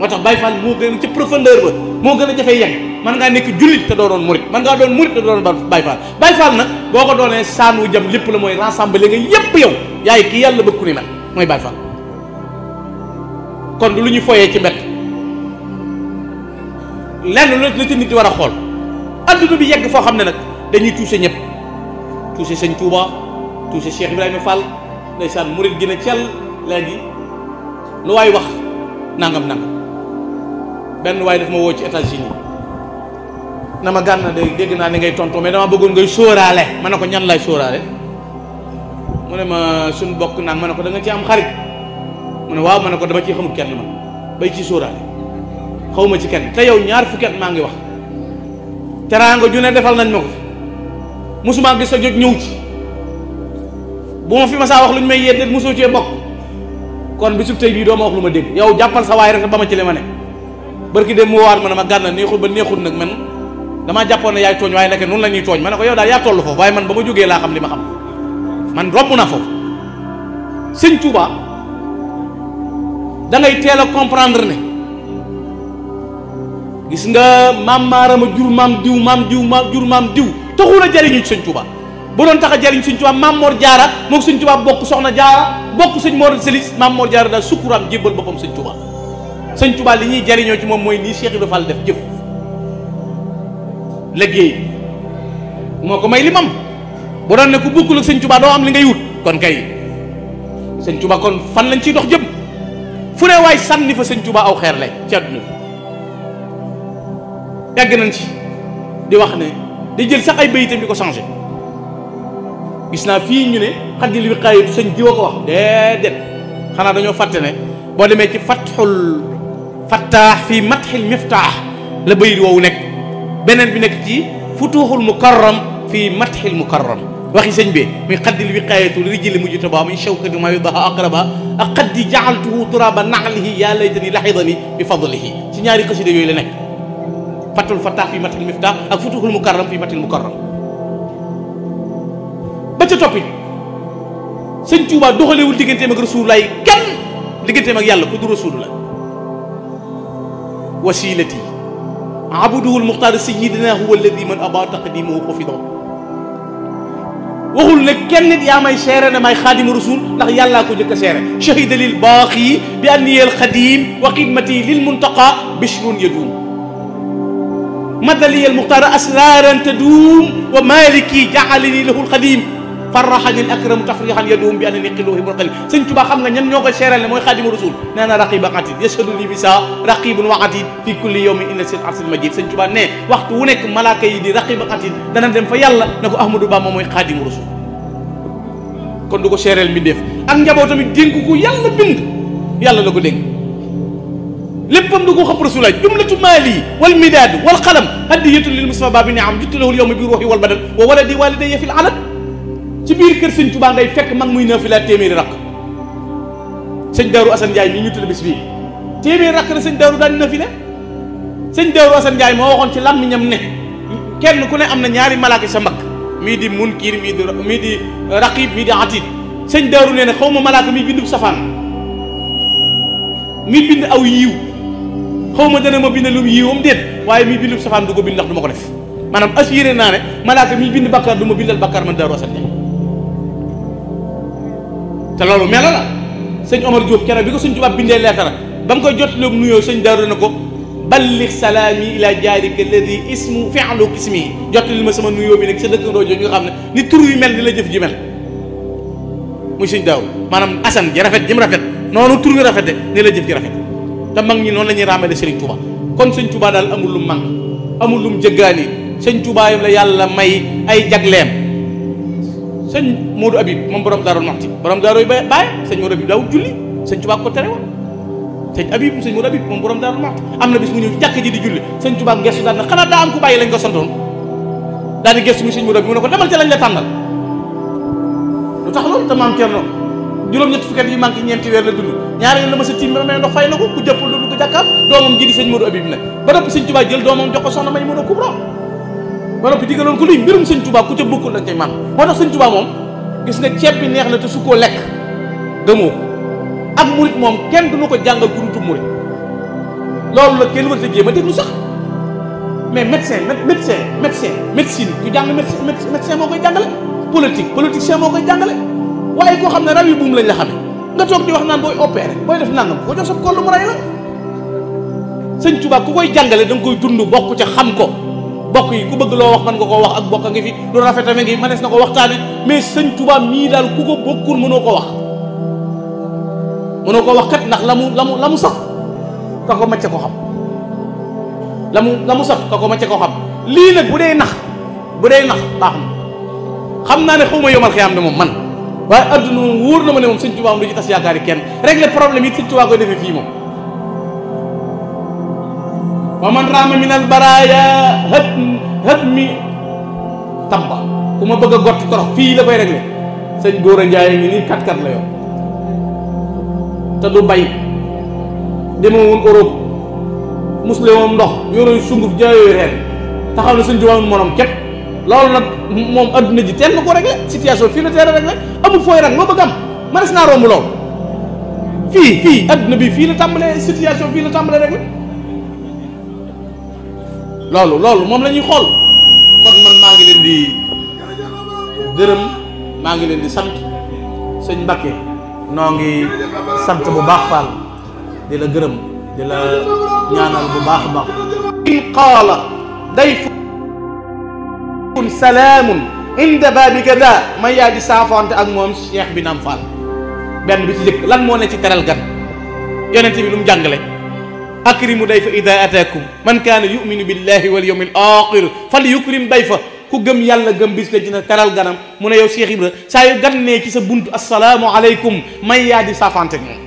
S1: moo tax Baay Faal moo gën a ca profondeur moo gën a jafe yegg man ngaa nekk jullit te doo doon murit man ngaa doon murit te doo doon Baay Faal Baay Faal nag boo ko doonee saanu jam lépp la mooy rassembler nga yépp yow yaay ki yàlla bëgg ku ni mel mooy Baay Faal kon lu ñu foyé ci mbett lén lu ci nit di war a xool bi yegg fo xamné nak dañuy tuuse ñep tuuse sëñ Touba tuuse Cheikh Ibrahima Fall ndeysaan mourid gi na cell léegi lu way wax nangam nangam ben way daf ma wo ci États-Unis nama gan na de dégg naa ni ngay tonto mais dama bëggoon ngay soralé ma ko ñan lay soralé mu ne ma suñ bokk naag ma ko da nga ci am xarit mu waaw ma ne ko dama ciy xamul kenn man bay ci sóoraale xaw ma ci kenn te yow ñaar fukki at maa ngi wax teraanga ju ne defal nañ ma ko fi gis sa jot ñëw ci bu ma fi ma saa wax lu ñu may yeddeet mosoo cee bokk kon bisub tey bii doo ma wax lu ma dégg yow jàppal sa waay rek ba ma ci li ma ne barki dem moo waar ma ne ma gànna neexul ba neexul nag man damaa jàppoon ne yaay tooñ waaye nekk noonu la ñuy tooñ ma ne ko yow daal yaa toll foofu waaye man ba ma jógee li ma xam man romb naa da ngay téla comprendre né gis nga maam maarama jur mam diw mam diw mam jur mam diw taxul a jariñu señ touba bu don taxa a jariñ sëñ Tuuba maam Mor Jaara mo señ touba bokk soxna Jaara bokk señ Mor Selis mam Mor Jaara da sukuram jébbal bopam señ touba señ touba li ñi jariño ci mom moy ni Cheikh Ibra Fall def jëf liggéey moko may limam bu don ne ku bukkul ak sëñ Tuuba doo am li ngay wut kon kay señ touba kon fan lañ ci dox jëm fu ne waaye sànni fa sëñ Tuubaa aw xeer la ci àdduna bi yàgg nañ ci di wax ne di jël sax ay bayitam di ko changé gis naa fii ñu ne xaddil wiqaayatu sëñ diwa ko wax déedéet xanaa dañoo fàtte ne boo demee ci fatxul fattaax fii matxil miftaax la bayit woowu nekk beneen bi nekk ci futuuxul mukarram fii matxil mukarram waxi sëñ bi muy xaddi wiqaayatu rijli mujtabaa muy shawkati ma yudaha aqraba ak xaddi jaaltuhu turaba naxlihi yaa laytani laxidani bi fadlihi ci ñaari xasida yooyu la nekk fatul fatah fi matil miftah ak futuhul mukarram fi matil mukarram ba ca toppi sëñ Tuubaa doxalewul digganteem ak rasulullaay kenn digganteem ak yàlla ku du rasulullah wasilati abduhu almuxtaar sayidina huwa alladi man aba taqdimuhu xufidahu waxul ne kenn nit yaa may seere ne may xaadimu rasul ndax yàllaa ko njëkk a seere shahida lil baaxi bi anniya al xadim wa xidmati lil muntaqa bishrun yaduum madaliya al muxtaara asraaran taduum wa maliki jaalini lahu al xadim فرحا الاكرم تفريحا يدوم بان نقلوه بالقل سن توبا خمغا نيان نيوكا سيرال موي خادم الرسول نانا رقيب عتيد يشهد لي بسا رقيب وعتيد في كل يوم ان سيد عبد المجيد سن توبا ني وقت وو نيك ملائكه يي دي رقيب عتيد دا نان ديم فا يالا نكو احمد با موي خادم الرسول كون دوكو سيرال مي ديف اك نجابو تامي دينكو كو يالا بند يالا لاكو دينك leppam du ko xam rasul allah jumlatu mali wal midad wal qalam hadiyatun lil musaba bi ni'am jitu lahu al yawm ci biir kër sëñ Tuubaa ngay fekk mag muy neuf la téeméeri rakk sëñ Daaru Assane Ndiaye mii ñu tudd bis bii téeméeri rakk la sëñ Daaru daan neuf la sëñ Daaru Assane Ndiaye moo waxoon ci làmmiñam ne kenn ku ne am na ñaari malaaka sa mbagg mii di Munkir mii di mii di Raqib mii xaw ma malaaka mi bindu safaan mi bind aw yiiw xaw ma dana ma bind lum yiiwam déet waaye mi bindu safaan du ko bind ndax du ma ko def maanaam assuré naa ne malaaka mi bind bàkkaar du ma bindal te loolu melo la sëñ Omar Diop keroog bi ko sëñ Tuubaa bindee leetara ba mu koy jot lu nuyoo sëñ Daaru na ko ballig salaami ila jaarika alladi ismu fi'lu ismi jottali ma sama nuyoo bi nag sa dëkkandoo jooju ñu xam ne ni tur yu mel ni la jëf ji mel muy sëñ daaw maanaam asan ji rafet ji rafet noonu tur yu rafete ni la jëf ji rafet te mag ñi noonu la ñuy ràmmale sëriñ Tuubaa kon sëñ Tuubaa daal amul lu man manque amul lu mu jëggaani sëñ Tuubaa yam la yàlla may ay jagleem sëñ Modou Habib moom borom Daarul Muxti borom Daarul Baye sëñ Modou Habib daawul julli sëñ Tuubaa ko tere woon sëñ Habib moom borom Daarul Muxti am na bis mu ñëw ci jàkk ji di julli sëñ Tuubaa gestu daan na xanaa daa am ku bàyyi lañ ko santoon daal di gestu mu sëñ Modou Habib demal ca lañ la lu tax loolu te maam Thierno juróom-ñetti fukki at yi ñeenti weer la dund ñaari yoon la ma sa tiim may ndox fay na ko ku jëppul dund ko jàkkaam doomam ji di sëñ Modou Habib nag ba dëpp sëñ jël doomam jox ko soxna may mën a ba noppi digaloon ko luy mbirum sëñ Tuubaa ku ca bokkul da nga cay moo tax sëñ Tuubaa moom gis nga ceeb bi neex na te su koo lekk gëmoo ko ak murit moom kenn duma ko jàngal gurutu murit loolu la kenn ko a jéem a déglu sax mais médecin médecin médecin médecine ku jàng médecin médecin moo koy jàngale politique politicien moo koy jàngale waaye koo xam ne raw yi buum lañ la xame nga toog di wax naan booy opéré booy def nangam ko jox sa kollu mu rey la sëñ Tuubaa ku koy jàngale da nga koy bokk ca xam ko mbokk ku bëgg lo wax man nga ko wax ak bokka a fi lu rafet ngi manes na wax waxtaane mais sëñ Tuubaa mi dal ku ko bokkul mëno ko wax mëno ko wax kat nak lamu lamu lamu sax ka ko macce ko xam lamu lamu sax ka ko macce ko xam li nak bu dee nax bu dee nax baax na xam ne xawma yomal xiyam ne man waye aduna wuur na ma ne mom sëñ Tuubaa mu ci tass yaakaari kenn régler problème yi sëñ Tuubaa ko defee fi mom wa man rahma min al hët mi tamba ku ma bëgg a gott torox fii la koy réglé sëñ góor a njaay ngi nii kat kat la yoon te du bay demewoon Europe musle ndox yoroy sunguf jaayooyu reen taxaw na sëñ jumaa morom képp loolu nag moom adduna ji teel na ko réglé situation fii la teel a réglé amul fooy rek loo bëgg am manes naa romb loolu fii fii adduna bi fii la tàmbalee situation fii la tàmbalee réglé loolu loolu moom lañuy xool kon man maa ngi leen di gërëm maa ngi leen di sant sëñ Mbacke noo ngi sant bu baax Fall di la gërëm di la ñaanal bu baax a baax in qaala dayfun salaamun inda baabi kada may yaa di saafoonte ak moom Cheikh bi naam Fall benn bi ci jëkk lan moo ne ci teral gan yonent bi lu mu jàngale akrimu dayfa ida ataakum man kaana yuminu billahi wal yawmil aaxir fal fa dayfa ku gëm yàlla gëm bis la dina teral ganam mu ne yow Cheikh Ibra sa yu gan ci sa buntu asalaamualeykum may yaa di saafanteeg moom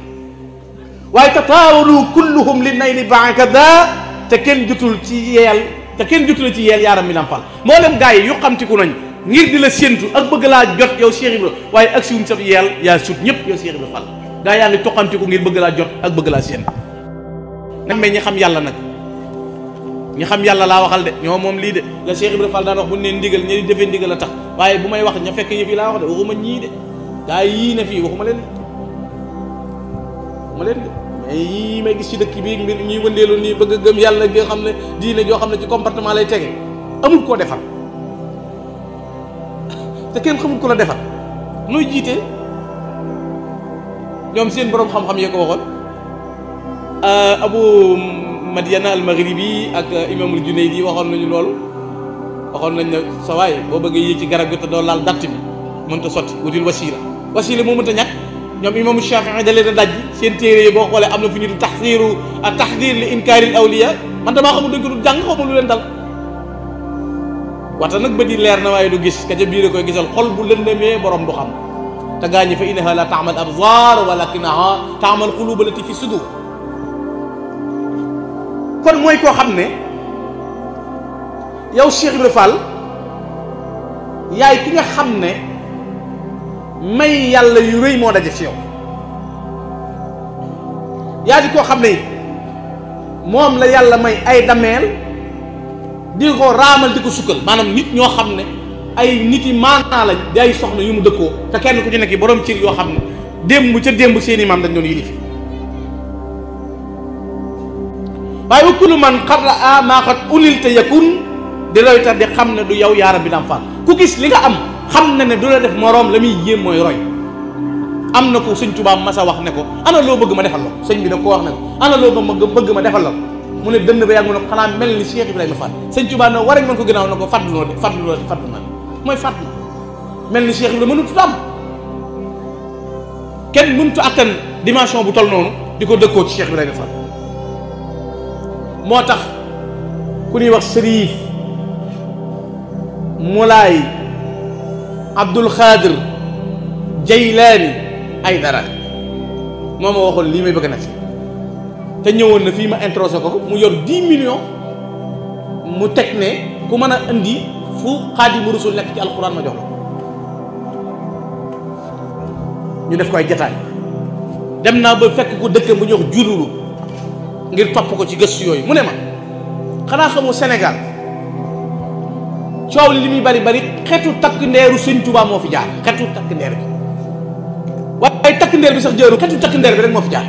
S1: waaye tataawalu kulluhum li nay ni baakada te kenn jutul ci yeel te kenn jutul ci yeel yaaram mi lampal mboolem gars yi yu xamtiku nañ ngir di la séentu ak bëgg laa jot yow Cheikh Ibra waaye agsi wuñ sa yeel yaa sut ñëpp yow Cheikh Ibra Fall gars yaa ngi toqamtiku ngir bëgg laa jot ak bëgg laa séentu mais ñi xam yàlla nag ñi xam yàlla laa waxal de ñoo moom lii de la Cheikh Ibrahima Fall daan wax bu neen ndigal ñi defee ndigal a tax waaye bu may wax ña fekk yëf yi laa wax de waxuma ñii de gaa yii na fii waxuma leen waxuma de mais yii may gis ci dëkk bi mbir ñuy wëndeelu nii bëgg gëm yàlla gi xam ne diine joo xam ne ci comportement lay tege amul koo defar te kenn xamul ko la defar nooy jiitee ñoom seen boroom xam-xam yee ko waxoon Euh, Abu Madiana al-Maghribi ak euh, Imamul Junaydi waxoon nañu loolu waxoon nañ ne sa waay boo bëggee yéeg ci garab gi te doo laal datt bi mënta sotti wutil wasila wasila moo mënta ñàkk ñoom Imaamu Shafii da leen a dajji seen téere yi boo xoolee am na fu ñu di taxdiru a taxdir li inkaaril awliya man damaa xamul dëgg du jàng xamul lu leen dal wata nag bët yi leer na waaye du gis ka ca biir koy gisal xol bu lëndëmee borom du xam te gaañi fa innaha la taamal absar walakinaha taamal quluba lati fi sudur kon mooy koo xam ne yow Cheikh Ibra yaay ki nga xam ne may yàlla yu rëy moo daje si yow yaa di koo xam ne moom la yàlla may ay dameel di ko raamal di ko sukkal maanaam nit ñoo xam ne ay nit yi maanaa la day soxna yu mu dëkkoo te kenn ku ci nekk yi borom cër yoo xam ne démb ca démb seen i maam dañ doon yilifi waaye wa kullu man xarraa maa xat unil te yakun di roy tax di xam ne du yow yaa bi dam faal ku gis li nga am xam na ne du la def moroom la muy yéem mooy roy am na ko sëñ ma masa wax ne ko ana loo bëgg ma defal la sëñ bi da ko wax ne ko ana loo bëgg ma defal la mu ne dënn ba yàgg mu ne xanaa mel ni Cheikh Ibrahima Fall sëñ Tuubaa ne war a mën ko gënaaw na ko fàddunoo de fàddunoo de fàddu na mooy fàddu mel ni Cheikh Ibrahima mënut am kenn mënut attan dimension bu tol noonu di ko dëkkoo ci Cheikh Ibrahima Fall moo tax ku ñuy wax Sharif Mulaay Abdul Xaadir Jaylaani ay dara moo ma waxoon lii may bëgg na ci te ñëwoon na fii ma introsé ko mu yor 10 millions mu teg ne ku mën a indi fu Xaadimu Rasul nekk ci alxuraan ma jox la ñu def ko ay jataay dem naa ba fekk ku dëkk bu ñuy wax jululu ngir topp ko ci gëstu yooyu mu ne ma xanaa xamu senegal coow li li muy bari bari xetu takk ndeeru Sëñ Tuubaa moo fi jaar xetu takk ndeer bi waaye takk ndeer bi sax jëru xetu takk ndeer bi rek moo fi jaar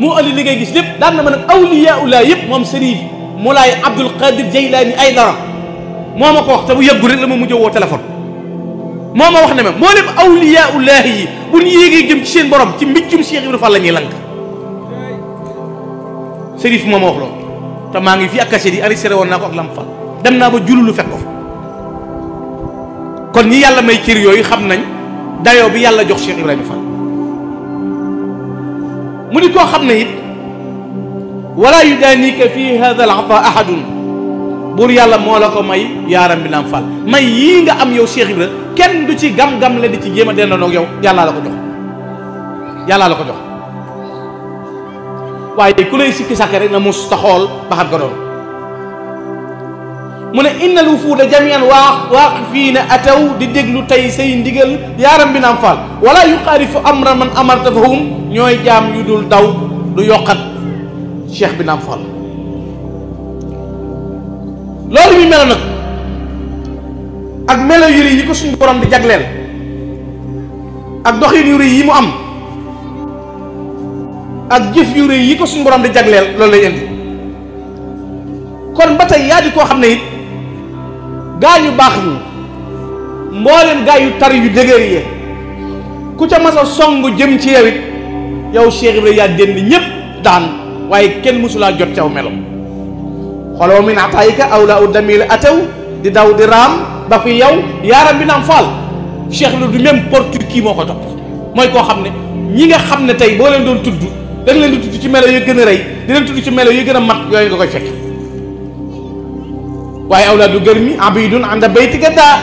S1: moo ëlli li ngay gis lépp daan na ma nag awliyaa ulaa yëpp moom Sëriif Moulaay Abdul Qadir Jaylaani ay dara moo ma ko wax te bu yëggu rek la mu mujj woo téléphone moo ma wax ne ma moo lépp awliyaa ulaahi yi bu ñu yéegee jëm ci seen borom ci mbiccum Cheikh Ibrahima Fall la ñuy lank sérif moom wax loolu te maa ngi fi ak cachet yi enregistré woon naa ko ak lam fal dem naa ba jululu fekk ko fa kon ñi yàlla may cër yooyu xam nañ dayoo bi yàlla jox Cheikh Ibrahima Fall mu di koo xam ne it wala yudanika fi hada al ata ahadun buur yàlla moo la ko may yaaram bi naam Fall may yii nga am yow Cheikh Ibra kenn du ci gam-gam la di ci jéem a dendandoo ak yow yàllaa la ko jox yàllaa la ko jox waaye ku lay sikki sàkk rek na mus ta xool ba xam ko doon mu ne innal wufuuda jamian waa waaqifiina ataw di déglu tey say ndigal yaaram bi naam faal wala yuqaarifu amra man amarta fahum ñooy jaam yu dul daw du yokkat cheikh bi naam loolu mi melo nag ak melo yu yi ko suñu borom di jagleel ak doxin yu yi mu am ak jëf yu rëy yi ko suñu borom di jagleel loolu lay indi kon ba tey yaa di koo xam ne it gaa ñu baax ñu mboolem gaa yu tar yu dëgër yi ku ca mas a song jëm ci yow it yow Cheikh Ibrahima yaa dénd ñépp daan waaye kenn mësulaa jot caw melo xooloo min aw laa u damil atew di daw di raam ba fi yow yaaram bi naam faal Cheikh lu du même porte kii moo ko topp mooy koo xam ne ñi nga xam ne tey boo leen doon tudd dañ leen di tuddu ci melo yu gëna reey di leen tuddu ci melo yu gëna mat yoy nga ko fekk waye awladu gërmi abidun anda bayti gaddaa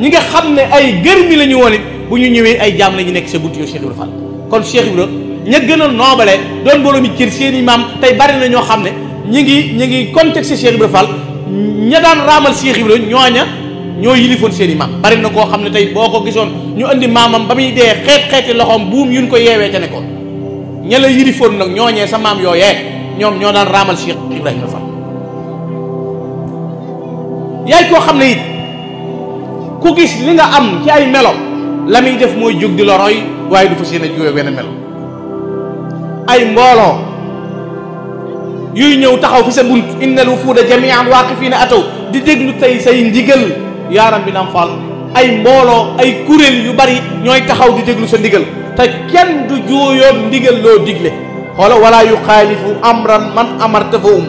S1: ñi nga xamne ay gërmi lañu ñu bu ñu ñëwé ay jamm lañu nekk sa buntu yow Cheikh Ibra Fall kon Cheikh ibrahim ña gënal nobalé noobale doon boroomi cër seen imam tay bari na ño xamne ñi ngi ñi ngi contexte Cheikh ibrahim Fall ña daan ramal Cheikh ibrahim ñoña ñoo yilifon seen imam bari na ko xamne tay boko gisoon ñu andi mamam bamuy dé dee xeet xeeti loxoom buum yuñ ko yeewee ca nekkoon ña la yirifoon nag ñooñee sa maam yooyee ñoom ñoo daan raamal Cheikh Ibrahima Fall yaay koo xam ne it ku gis li nga am ci ay melo la muy def mooy jóg di la roy waaye du fas yéene jóge benn melo ay mbooloo yuy ñëw taxaw fi sa bunt innal wufuuda jamian waaqifiina ataw di déglu tey say ndigal yaaram bi naam Fall ay mbooloo ay kuréel yu bari ñooy taxaw di déglu sa ndigal te kenn du juuyoon ndigal digle xoola wala yu xaalifu amran man amarta fa um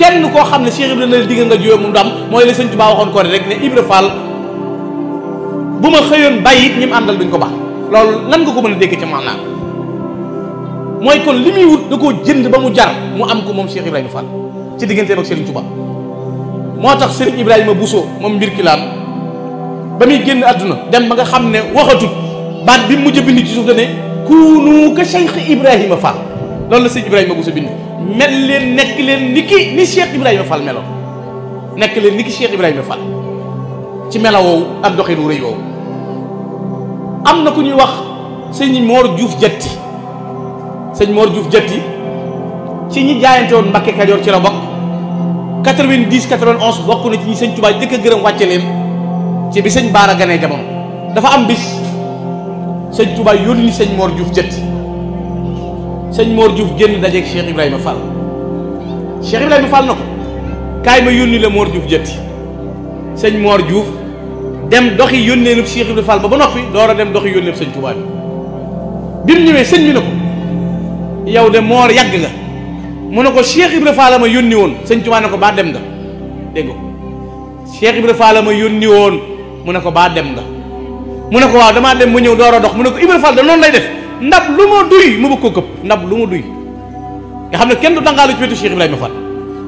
S1: kenn koo xam ne Cheikh Ibra na la digal nga juyoo mu du mooy la sëñ Tuubaa waxoon ko rek ne Ibra Fall bu ma xëyoon bàyyi it ñi àndal duñ ko baax lool nan nga ko mën a dégg ci maanaam mooy kon li muy wut da koo jënd ba mu jar mu am ko moom Cheikh Ibrahima Fall ci digganteem ak Serigne Touba moo tax Serigne Ibrahima Bousso moom mbir kilaan ba muy génn àdduna dem ba nga xam ne waxatut baat bi mujj a bind ci suuf da ne kuunu ka Cheikh Ibrahima Fall loolu la sëñ Ibrahima Bousso bind mel leen nekk leen ni ki ni Cheikh Ibrahima Fall meloon nekk leen ni ki Cheikh Ibrahima Fall ci melawoowu ak doxinu rëy woowu am na ku ñuy wax sëñ Mor Diouf Jatti sëñ Mor Diouf Jatti ci ñi jaayante woon Mbakke Kajoor ci la bokk 90 91 bokk na ci ñi sëñ Tuubaa jëkk gërëm wàcce leen ci bi sëñ Baara ganee jamono dafa am bis sëñ Touba yónni sëñ Mor Diouf jëtti sëñ Mor Diouf génn dajeeg Cheikh Ibrahima Fall Cheikh Ibrahima na ko kaay ma yónni la Mor Diouf jëtti sëñ Mor Diouf dem doxi yónneenub Cheikh Ibrahima Fall ba ba noppi door a dem doxi yónneenub sëñ Touba bi bi mu ñëwee sëñ bi ne ko yow de moor yàgg nga mu ne ko Cheikh Ibrahima Fall ma yónni woon sëñ Touba ne ko baa dem nga dégg nga Cheikh Ibrahima ma yónni woon mu ne ko baa dem nga. mu ne ko waaw damaa dem mu ñëw door a dox mu ne ko Ibra Fall da noonu lay def ndab lu ma duy mu bëgg koo këpp ndab lu ma duy nga xam ne kenn du dangaalu ci wetu Cheikh Ibrahima Fall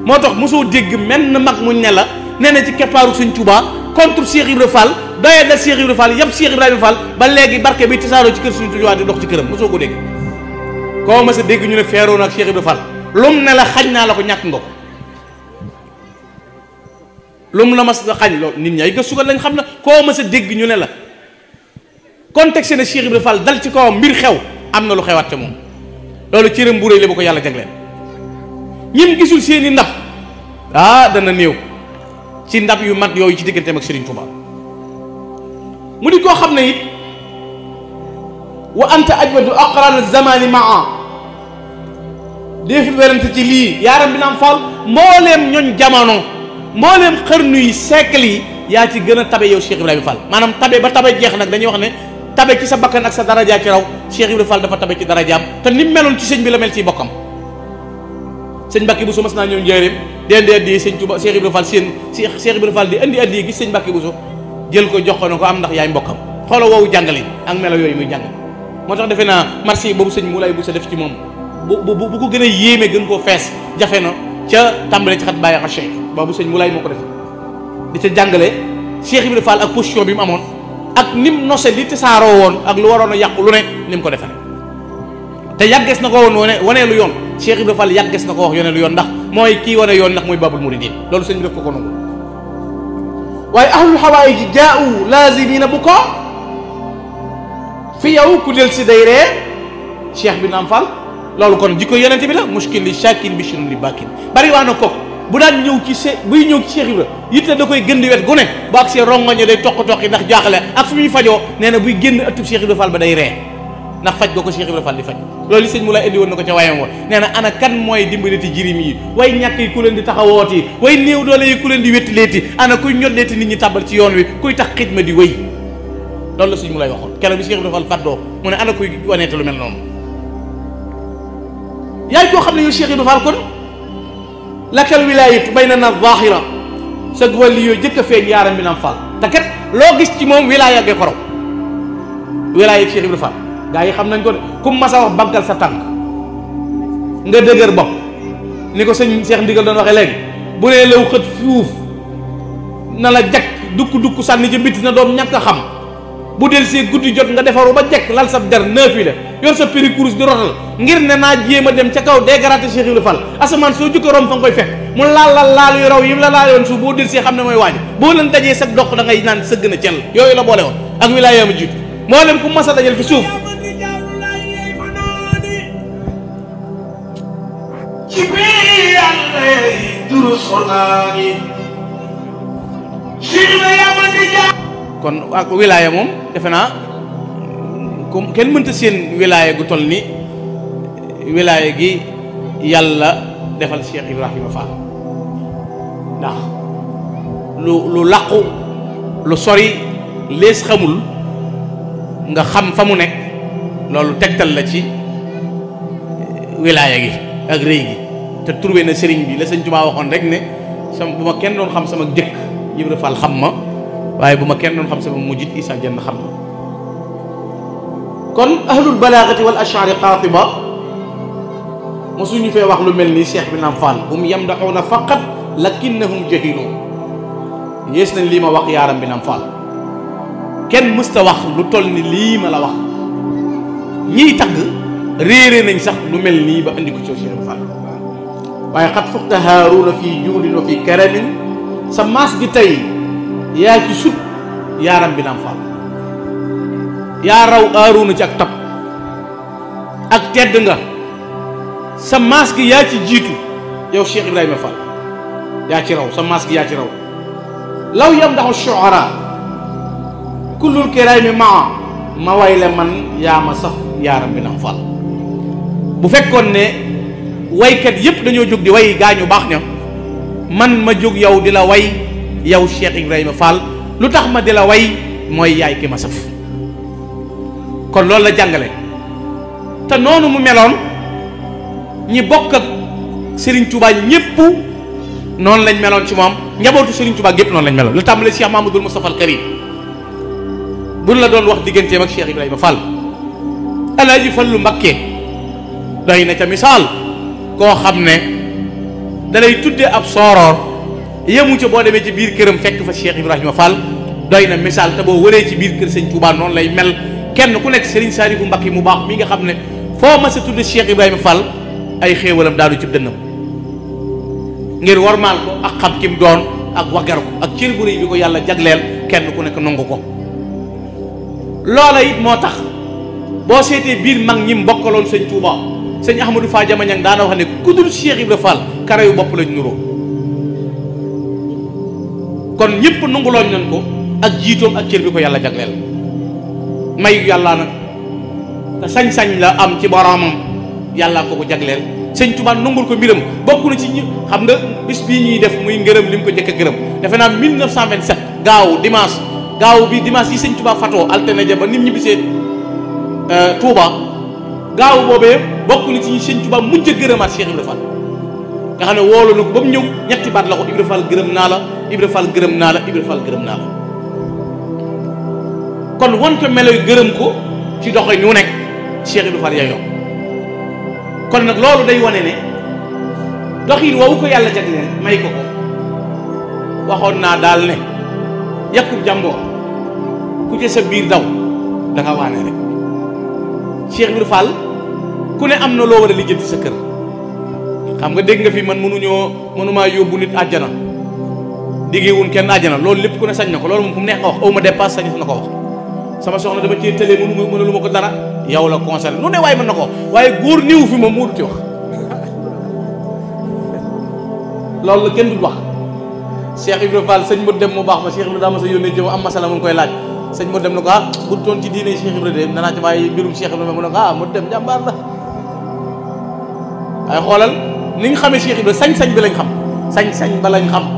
S1: moo tax mosoo dégg menn mag mu ne la nee na ci keppaaru Sëñ Tuubaa contre Cheikh Ibrahima Fall doyee da Cheikh Ibrahima Fall yëpp Cheikh Ibrahima Fall ba léegi barke bi tasaaroo ci kër Sëñ Tuubaa di dox ci këram mosoo ko dégg koo ma sa dégg ñu ne feeroo nag Cheikh Ibrahima Fall lum ne la xañ naa la ko ñàkk nga ko lum la mas nit ñi ay gëstu lañ xam ne koo ma sa dégg ñu ne la contexte ne Cheikh Ibrahima Fall dal ci ko mbir xew amna lu xewat ci mom lolou ci reum rëy le bu ko yàlla jagleen ñim gisul seeni i ndab ah dana new ci ndab yu mat yoy ci digganteem mak Serigne Touba mu di ko xamne ne wa anta ajmadu aqran az-zaman maa def werante ci li yaaram bi nam Fall mbooleem ñun jamono mbooleem xërnu yi siècle yi ci gëna tabe yow Cheikh ibrahim Fall manam tabe ba tabe jeex nak dañuy wax ne tabe ci sa bakkan ak sa darajaa ci raw Cheikh Ibrahima Fall dafa tabe ci darajaam te ni mu meloon ci sëñ bi la mel ciy bokkam sëñ Mbàkke Buso mas naa ñëw njëriñ dend addi sëñ Tuuba Cheikh Ibrahima Fall seen Cheikh di indi addi gis sëñ Mbàkke Buso jël ko jox ko na ko am ndax yaay mbokkam xoola woowu jàngale ak melo yooyu muy jàng moo tax defe naa marché boobu sëñ Moulay bu sa def ci moom bu bu ko gën a yéeme gën koo fees jafe na ca tàmbale ci xat bàyyi xa Cheikh boobu sëñ Moulay moo ko def di ca jàngale Cheikh Ibrahima Fall ak position bi mu amoon ak nim nose li tasaaroo woon ak lu waroon a yàqu lu ne ni mu ko defare te yàggees na ko woon wonee wanee lu yoon Cheikh Ibrahima Fall yàggees na ko wax yone yoon ndax mooy kii wane yoon ndax mooy babul muridin loolu sëñ bi def ko ko nangu waaye ahlul xawaayij jaa'u laazimina bu ko fi yow ku del si day ree cheikh bi naam Fall loolu kon jikko yonent bi la mushkil li shakin bi li bakin bari waa na kooku bu daan ñëw ci se buy ñëw ci Cheikh Ibra da koy gën di wet gu boo bu ak see rongoño day toq-toqi ndax jaaxle ak su muy fajoo nee na buy génn ëttub Cheikh Ibra Fall ba day ree ndax faj goo ko Cheikh Ibra Fall di faj loolu li mu la indi woon na ko ca wayam wa nee na ana kan mooy dimbaliti jirim yi way ñàkk yi ku leen di taxawooti way néew doole yi ku leen di wettileeti ana kuy ñoddeeti nit ñi tàbbal ci yoon wi kuy tax xidma di wéy loolu la sëñ mu lay waxoon keroog bi Cheikh Ibra Fall faddoo mu ne ana kuy waneete lu mel noonu yaay koo xam ne yow Cheikh Ibra Fall kon lakal wilaayatu bay na na zaahira sag wàlli yooyu jëkk a feeñ yaaram bi naam fall te kat loo gis ci moom wilaaya gee korow wilaaya Cheikh Ibra Fall gaa yi xam nañ ko de ku mas a sa tànk nga dëgër bopp ni ko sëñ Cheikh Ndigal doon waxee léegi bu nee law xët fuuf na la jakk dukk dukk sànni ci mbitti na doom ñàkk a xam bu del see guddi jot nga defaru ba jekk lal sab der neuf yi la yor sa péricouris di rotal ngir ne naa jéem a dem ca kaw dégraté Cheikh Ibra Fall asamaan soo jukka rom fa nga koy fekk mu laal la laal yu raw yi la laal yoon suuf boo dil see xam ne mooy waaj boo leen dajee sa dox da naan sëgg na cell yooyu la boole woon moo leen ku a dajal fi suuf kon ak wilaaya moom defe naa comme kenn mënta seen wilaaya gu toll ni wilaaya gi yàlla defal Cheikh Ibrahima Fall ndax lu lu làqu lu sori lees xamul nga xam fa mu nekk loolu tegtal la ci eh, wilaaya gi ak rëy gi te trouvé na sëriñ bi la sëñ Tuubaa waxoon rek ne sama bu ma kenn doon xam sama jëkk Ibra Fall xam ma waaye bu ma kenn doon xam sama mujjit Isaa Jenn xam na kon ahlul balaagati wal ashari qaatiba mosuñu fee wax lu mel ni Cheikh bi naam Fall hum yamdaxuuna faqat lakinnahum jahiluun yées nañ lii ma wax yaaram bi naam Fall kenn mësta wax lu toll ni lii ma la wax ñiy tagg réere sax lu mel nii ba andi ko ci Cheikh bi Fall waaye xat fuqta haaruuna fii juudin wa fii karamin sa maas gi tey yaa ci sut yaaram bi naam Fall yaa raw aaruuna ci ak tab ak tedd nga sa masque yaa ci jiitu yow Cheikh Ibrahima Fall yaa ci raw sa masque yaa ci raw law yam daxa shuara kullul kiraami maa ma way le man yaa ma saf yaaram bi nam Fall bu fekkoon ne waykat yépp dañoo jóg di way gaañu baax ña man ma jóg yow di la way yow Cheikh Ibrahima Fall lu tax ma di la way mooy yaay ki ma saf kon loolu la jàngale te noonu mu meloon ñi bokk ak Serigne Touba ñëpp noonu lañ meloon ci moom njabootu Serigne Touba gépp noonu lañ meloon lu tàmbalee Cheikh Mamadou Moustapha al Karim buñ la doon wax digganteem ak Cheikh Ibrahima Fall Alaaji Fallu Mbakke doy na ca misaal koo xam ne danay tuddee ab sooroor yemu ca boo demee ci biir këram fekk fa Cheikh Ibrahima Fall doy na misaal te boo wëree ci biir kër Sëñ Touba noonu lay mel. kenn ku nekk Serigne Saliou Mbacké mu baax mi nga xam ne foo ma sa tudd Cheikh Ibrahima Fall ay xéewalam daanu cib dënnam ngir warmaal ko ak xam kim doon ak waggar ak cër bu rëy bi ko yàlla jagleel kenn ku nekk nangu ko loola it moo tax boo seetee biir mag ñi mbokkaloon sëñ Touba sëñ Ahmadou Fa Jamañang daana wax ne ku dul Cheikh Ibrahima Fall kare yu bopp lañ nuroo kon ñëpp nangulooñ nañ ko ak jiitoom ak cër bi ko yàlla jagleel mayu yàlla nag te sañ-sañ la am ci boromam yàlla ko ko jagleel sëñ Tuubaa nangul ko mbiram bokk na ci ñi xam nga bis bii ñuy def muy ngërëm li ko njëkk gërëm defe naa 1927 gaaw dimanche gaaw bi dimanche yi sëñ Tuubaa fatoo alterné ja ba nit ñi bisee euh, Touba gaaw boobee bokk na ci ñi sëñ Tuubaa mujj a gërëmaat Cheikh Ibrahima Fall nga xam ne woolu na ko ba mu ñëw ñetti baat la ko Ibrahima gërëm naa la Ibrahima Fall gërëm naa la Ibrahima gërëm naa la kon won ko gërëm ko ci doxo ñu nekk Cheikh Ibra Fall yaayoo kon nag loolu day wane ne doxin woowu ko yàlla jagleel may ko ko waxoon naa daal ne yàqub jàmbur ku ci sa biir daw da nga waane rek Cheikh Ibra Fall ku ne am na loo war a lijjanti sa kër xam nga dégg nga fi man mënuñoo mënumaa yóbbu nit àjjana diggee wuñ kenn àjjana loolu lépp ku ne sañ na ko loolu moom ku mu neex ko wax aw ma dépasse sañ na ko sama soxna dama cee tëlee mënu mënu lu ma ko dara yow la concerné lu ne waay mën na ko waaye góor niwu fi moom moo duti wax loolu la kenn du wax Cheikh Ibrahima Fall sëñ mu dem mu baax ma seex Ibrahima daa ma sa yónnee jëm am masala mu koy laaj sëñ mu dem na ko ah bu toon ci diine Cheikh Ibrahima dem danaa ci waaye mbirum Cheikh Ibrahima mu ne ko ah xoolal ni nga xamee Cheikh sañ-sañ bi lañ xam sañ-sañ ba lañ xam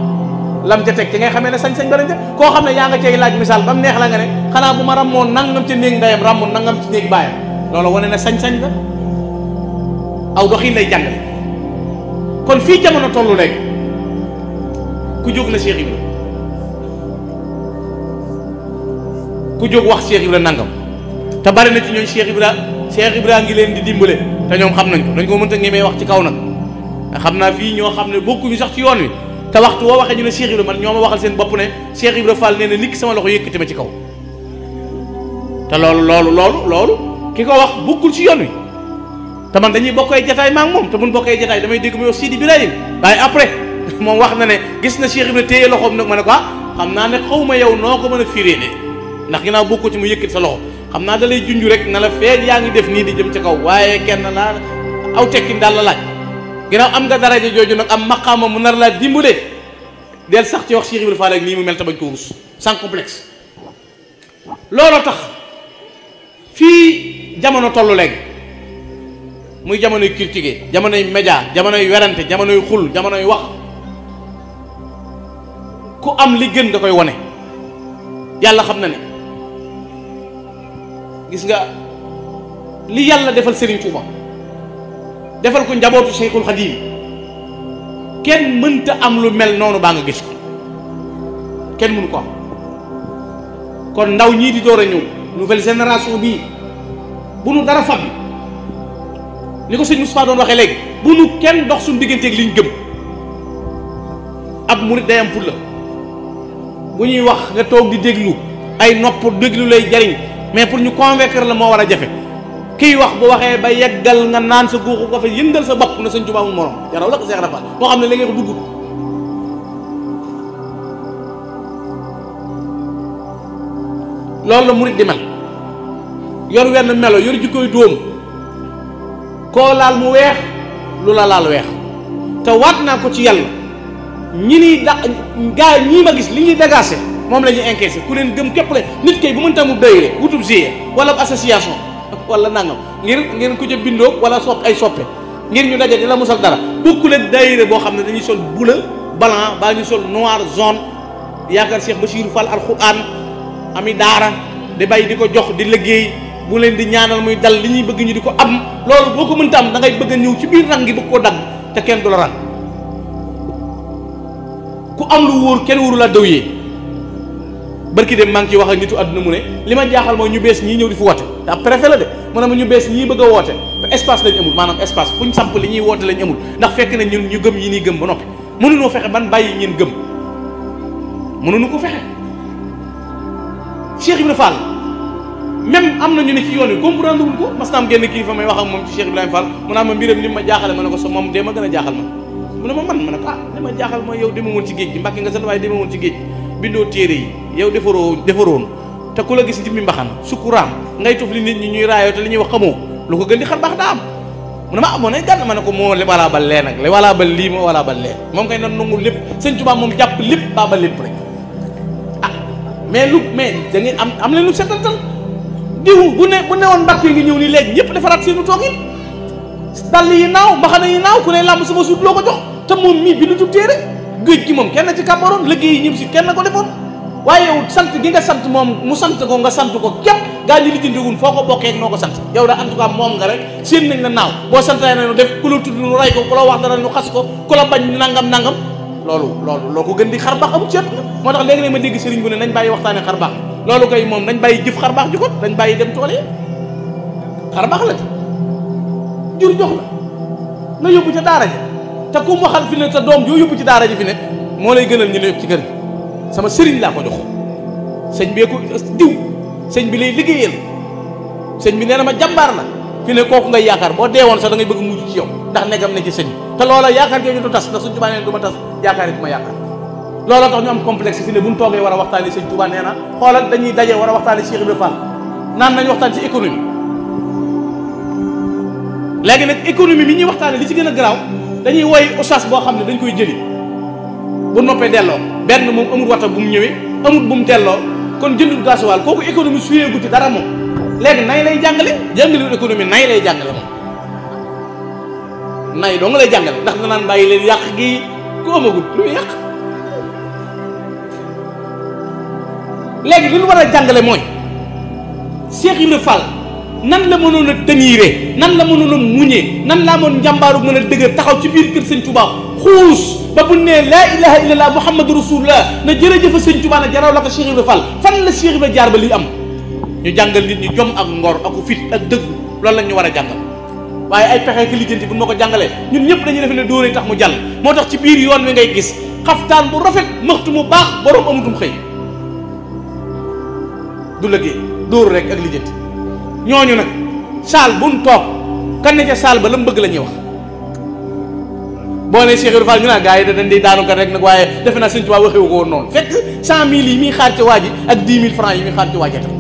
S1: lam ca tek ci nga xamé ne sañ-sañ bari ca ko xamné ya nga cay laaj misal bam neex la nga ne xanaa bu ma mo nangam ci néeg ndayam rammu nangam ci néeg baye lolo woné na sañ-sañ la aw doxin lay jang kon fi jamono tollu rek ku jog na Cheikh Ibra ku jog wax Cheikh Ibra nangam ta bari na ci ñoon Cheikh ibrahim Cheikh ibrahim gi leen di dimbalé ta ñom xam ko dañ ko mënta ñemee wax ci kaw nag xamna fi ñoo xam ne sax ci yoon wi te waxtu woo waxee ñu ne Cheikh Ibra man ñoo ma waxal seen bopp ne Cheikh Ibra Fall nee na nikk sama loxo yëkkati ma ci kaw te loolu loolu loolu loolu ki ko wax bukkul ci yoon wi te man dañuy bokkee jataay maa moom te mun bokkee jataay damay dégg mu yow Sidi Birahim waaye après moom wax na ne gis na Cheikh Ibra téye loxoom nag ma ne ko ah xam naa ne xaw ma yow noo ko mën a firéene ndax ginnaaw bokku ci mu yëkkati sa loxo xam naa da lay junj rek na la feeñ yaa def nii di jëm ci kaw waaye kenn laa aw tekkin daal la laaj ginnaaw am nga daraja jooju nag am maqaama mu nar laa dimbale del sax ci wax Cheikh Ibrahima Fall ak nii mu mel te bañ ko rus sans complexe looloo tax fii jamono tollu léegi muy jamonoy critiquer jamonoy média jamonoy werante jamonoy xul jamonoy wax ku am li gën da koy wone yàlla xam na ne gis nga li yàlla defal Serigne Touba defal ko njabootu si Cheikhul Khadim kenn mënta am lu mel noonu baa nga gis ko kenn mënu ko am kon ndaw ñii di door a ñëw nouvelle génération bii bu nu dara fab ni ko sëñ Moustapha doon waxee léegi bu nu kenn dox suñu digganteeg liñ gëm ab murit day am la bu ñuy wax nga toog di déglu ay nopp déglu lay jariñ mais pour ñu convaincre la moo war a jafe kiy wax bu waxee ba yeggal nga naan sa guuxu ko fa yëngal sa bopp na sëñ Tuubaa mu morom yaraw la ko Seex Rafal moo xam ne léegi ko dugg loolu la murit di mel yor wenn melo yor jikkoy dóom koo laal mu weex lu la laal weex te waat naa ko ci yàlla ñi ni da gaa ñii ma gis li ñuy dagaase moom la ñuy encaissé ku leen gëm képp la nit kay bu mënta mu doyle wutub GIE wala association wala nanga ngir ngeen ku ca bindoo wala sopp ay soppe ngir ñu daje di la musal dara bokkul ak daayira boo xam ne dañuy sol bula blanc baa ñu sol noir zone yaakaar Cheikh Bachirou Fall alquran ami daara di bay di ko jox di liggéey bu leen di ñaanal muy dal li ñuy bëgg ñu di ko am loolu boo ko mënta am da bëgg a ñëw ci biir ran gi bëgg koo dagg te kenn du la rang ku am lu wóor kenn wóoru la dëwyee barki dem mang ci wax nitu aduna mu ne lima ma jaaxal mooy ñu bes ñi ñew di fu wote da ab la de mo na ma ñu bes ñi bëgg wote espace lañ amul manam espace fuñ samp li ñi wote lañ amul ndax fekk na ñun ñu gëm yi ni gëm ba nopi mënu ñu fexé ban bayyi ñeen gëm mënu ñu ko fexé Cheikh Ibrahima Fall même amna ñu ne ci yoonu comprendre wuñ ko mas naa am genn ki fa may wax ak moom ci Cheikh ibrahim Fall mo na ma mbiram li ma jaaxale ma ne ko so mom dee ma gëna a jaaxal ma mo na ma man ma ne ko ah li ma jaaxal mooy yow dema woon ci geej gi mbàkke nga sant waaye dema woon ci geej gi bindoo téere yi yow defaroo defaroon te ku la gis njimbi mbaxan sukkuraam ngay tuf li nit ñi ñuy raayoo te li ñuy wax xamoo lu ko gën di xar baax daa am mu ne ma amoon nañ gànn ma ne ko moo walaa bal lee nag li walaa bal lii moo walaa bal lee moom kay nan nungul lépp sëñ Tuubaa moom jàpp lépp baa ba lépp rek ah mais lu mais da ngeen am am leen lu setantal diw bu ne bu ne woon mbàkk yi ngi ñëw nii léegi ñëpp defaraat seenu toogin dàll yi naaw mbaxana yi naaw ku ne làmb sama suut loo ko jox te moom mii bi lu téere geej gi mom kenn ci kàmbaroon liggey ñim ci kenn ko defoon waye yow sant gi nga sant mom mu sant ko nga sant ko kep gaa ñi lijjantiwun foo foko bokke ak noko sant yow da en tout cas mom nga rek seen nañ la naaw sant ay nañu def ku la tudd nu ray ko ku la wax dara nu xass ko ku la bañ nangam nangam lolu lolu loko gën di xar baax amul seet moo tax léegi ma deg serigne bu ne nañ bayyi waxtane xar baax loolu kay mom nañ bayyi jëf xar baax ji ko dañ bàyyi dem tole yi ya. xar baax la jur jox la nga yóbbu ca daara ja te ku mu waxal fi ne sa doom joo yóbbu ci daara ji fi moo lay gënal ñu ne yóbbu ci kër gi sama sëriñ laa ko jox sëñ bee ko diw sëñ bi lay liggéeyal sëñ bi nee na ma jàmbaar la fi ne kooku ngay yaakaar boo deewoon sax da ngay bëgg mujj ci yow ndax nekkam ne ci sëñ te loola yaakaar jooju du tas ndax suñ tubaa nee na du complexe fi ne buñ toogee war a waxtaane sëñ tubaa nee na xoolal dañuy daje war a waxtaane Cheikh Ibrahima Fall naan nañ waxtaan ci économie léegi nag économie bi ñuy waxtaane li ci gën a garaaw dañuy woy ustaas boo xam ne dañ koy jëli bu noppee delloo benn moom amul wata bu mu ñëwee amul bu mu delloo kon jëndul gasoil kooku économie suyee gu ci dara moom léegi nay lay jàngale jàngale économie nay lay jàngale moom nay doo nga lay jàngale ndax danaan bàyyi leen yàq gi ku amagul luy yàq léegi li ñu war a jàngale mooy Cheikh Ibra Fall nan la mënoon a tenir nan la mënoon a muñee nan laa moon njàmbaaru mën a dëgër taxaw ci biir kër sëñ Tuubaa xuus ba bu ne laa ilaha illallah muhammadu rasulullah na jërëjëf sëñ Tuubaa na jaraw la ko Cheikh Ibra Fall fan la Cheikh Ibra jaar ba li am ñu jàngal nit ñi jom ak ngor ak fit ak dëggu loolu lañ ñu war a jàngal waaye ay pexe ki lijjanti bu ma ko jàngalee ñun ñëpp dañu defe ne dóoree tax mu jàll moo tax ci biir yoon wi ngay gis xaftaan bu rafet maxtu mu baax borom amutum xëy du lëggee dóor rek ak ñooñu nag saal mu toog kan ne ca saal ba la mu bëgg la ñuy wax boo ne Cheikh Ibra Fall ñu gaa gars yi dañ di daanu kat rek nag waaye defe naa sëñ Tuubaa waxewu ko woon noonu fekk cent mille yi muy xaar ci waa ji ak dix mille francs yi muy xaar ci waa ji tam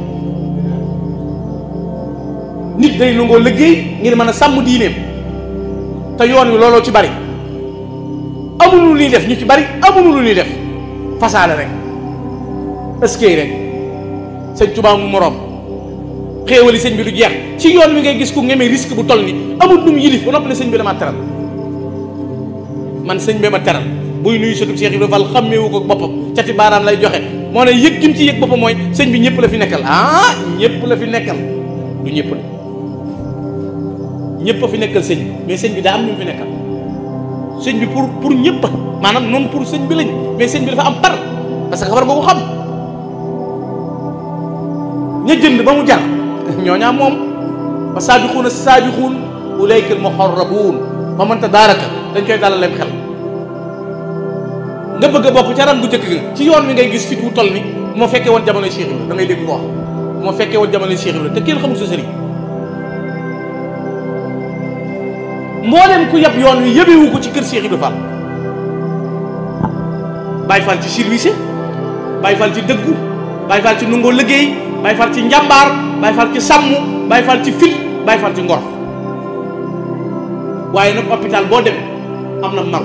S1: nit day nangoo liggéey ngir mën a sàmm diineem te yoon wi looloo ci bari amuñu lu def ñu ci bari amuñu lu def fasaale rek ëskey rek sëñ Tuubaa mu moroom xéewali sëñ bi du jeex ci yoon wi ngay gis ku ngemee risque bu toll ni amul num yilif ba noppi ne sëñ bi dama teral man sëñ bee ma teral buy nuyu sëtub Cheikh Ibrahima Fall xàmmeewu ko boppam cati baaraam lay joxe moo ne yëg gim ci yëg boppam mooy sëñ bi ñëpp la fi nekkal ah ñëpp la fi nekkal du fi nekkal sëñ bi mais sëñ bi daa am sëñ bi pour pour ñëpp maanaam noonu pour sëñ bi lañ mais sëñ bi dafa am par parce que war boobu ko xam ña jënd ba mu jar ñoña mom ba saabixuuna sabiqun ulayka al muxarrabuun ma mënta daaraka dañ koy dalale xel nga bëgg a ci ram bu jëk ga ci yoon wi ngay gis fit wu toll ni moo fekkee woon jamono Cheikh Ibra da ngay dégg wax mo fekke won jamono Cheikh Ibra te kenn xamu su seri mbolem ku yab yoon wi yëbewu ko ci kër Cheikh Ibra Fall bay Fall ci service bay Fall ci dëggu bay Fall ci nungo liggéey Baay fal ci njàmbaar Baay Faal ci sàmm Baay Faal ci fit Baay Faal ci ngor waaye nag hôpital boo demee am na mal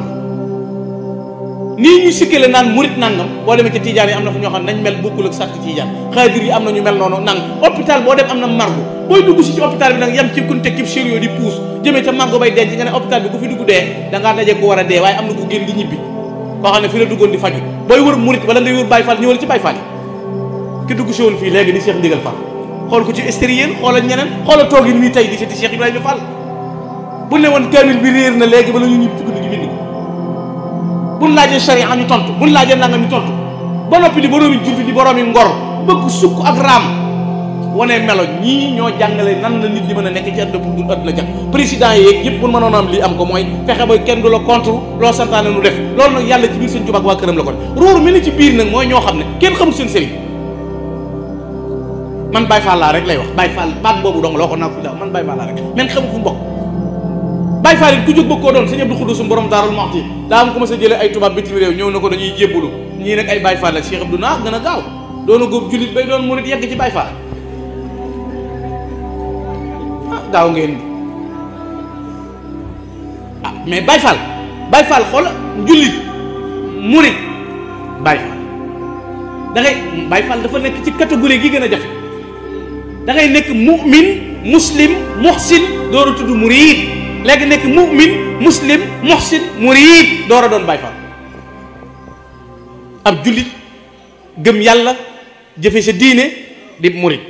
S1: nii ñuy sikkale naan murit nangam boo demee ci tiijaan yi am na fu ñoo xam ne nañ mel bokkul ak sàrt tiijaan xaadir yi am na ñu mel noonu nang hôpital boo dem am na margo booy dugg si ci hôpital bi nag yem ci kunte kib sérieux di puus jëmee ca margo bay denc nga ne bi ku fi dugg dee da daje ko war a dee waaye am na ku génn di ñibbi ne fi la di faju booy wër murit wala ngay ci Baay ki dugg si fii léegi di seex Ndigal Fall xool ko ci extérieur a ñeneen xoolal toogin wi tey di seeti Cheikh Ibrahima Fall bu ne woon kaamil bi réer na léegi bala ñu ñibbi ci guddi laajee charia ñu tontu bu ñu laajee nangam ñu tontu ba noppi di boroomi jur di boroomi ngor bëgg sukk ak raam ñii ñoo a nekk ci àdduna bu dul àdduna jag président yeeg am lii am ko mooy fexe ba kenn du la contre loo santaane nu def loolu nag yàlla ci biir seen jub waa këram la kon ruur mi ni ci biir nag mooy ñoo xam ne kenn xamul seen sëriñ man bay Fall laa rek lay wax bay Fall baat bobu dong la waxoon naa ko man bay Fall laa rek men xam ku mbok bay Baye Fall ku jog bokko don doon sëñ Abdou Khoudous su borom darul maxti da am sa jele ay tuba bitim rew ñew nako dañuy jebulu ñi nak ay bay Fall la Cheikh Abdou nak gëna gaaw doona gop julit bay doon mourid yegg ci bay Fall daaw ngeen ah mais bay Fall bay Fall xol julit mourid bay Fall da ngay Baye Fall dafa nek ci catégorie gi gëna jafé da ngay nekk mu'min muslim muhsin door a tudd murid léegi nekk mu'min muslim muhsin murid door a doon Baay Faal ab jullit gëm yàlla jëfe sa diine di murid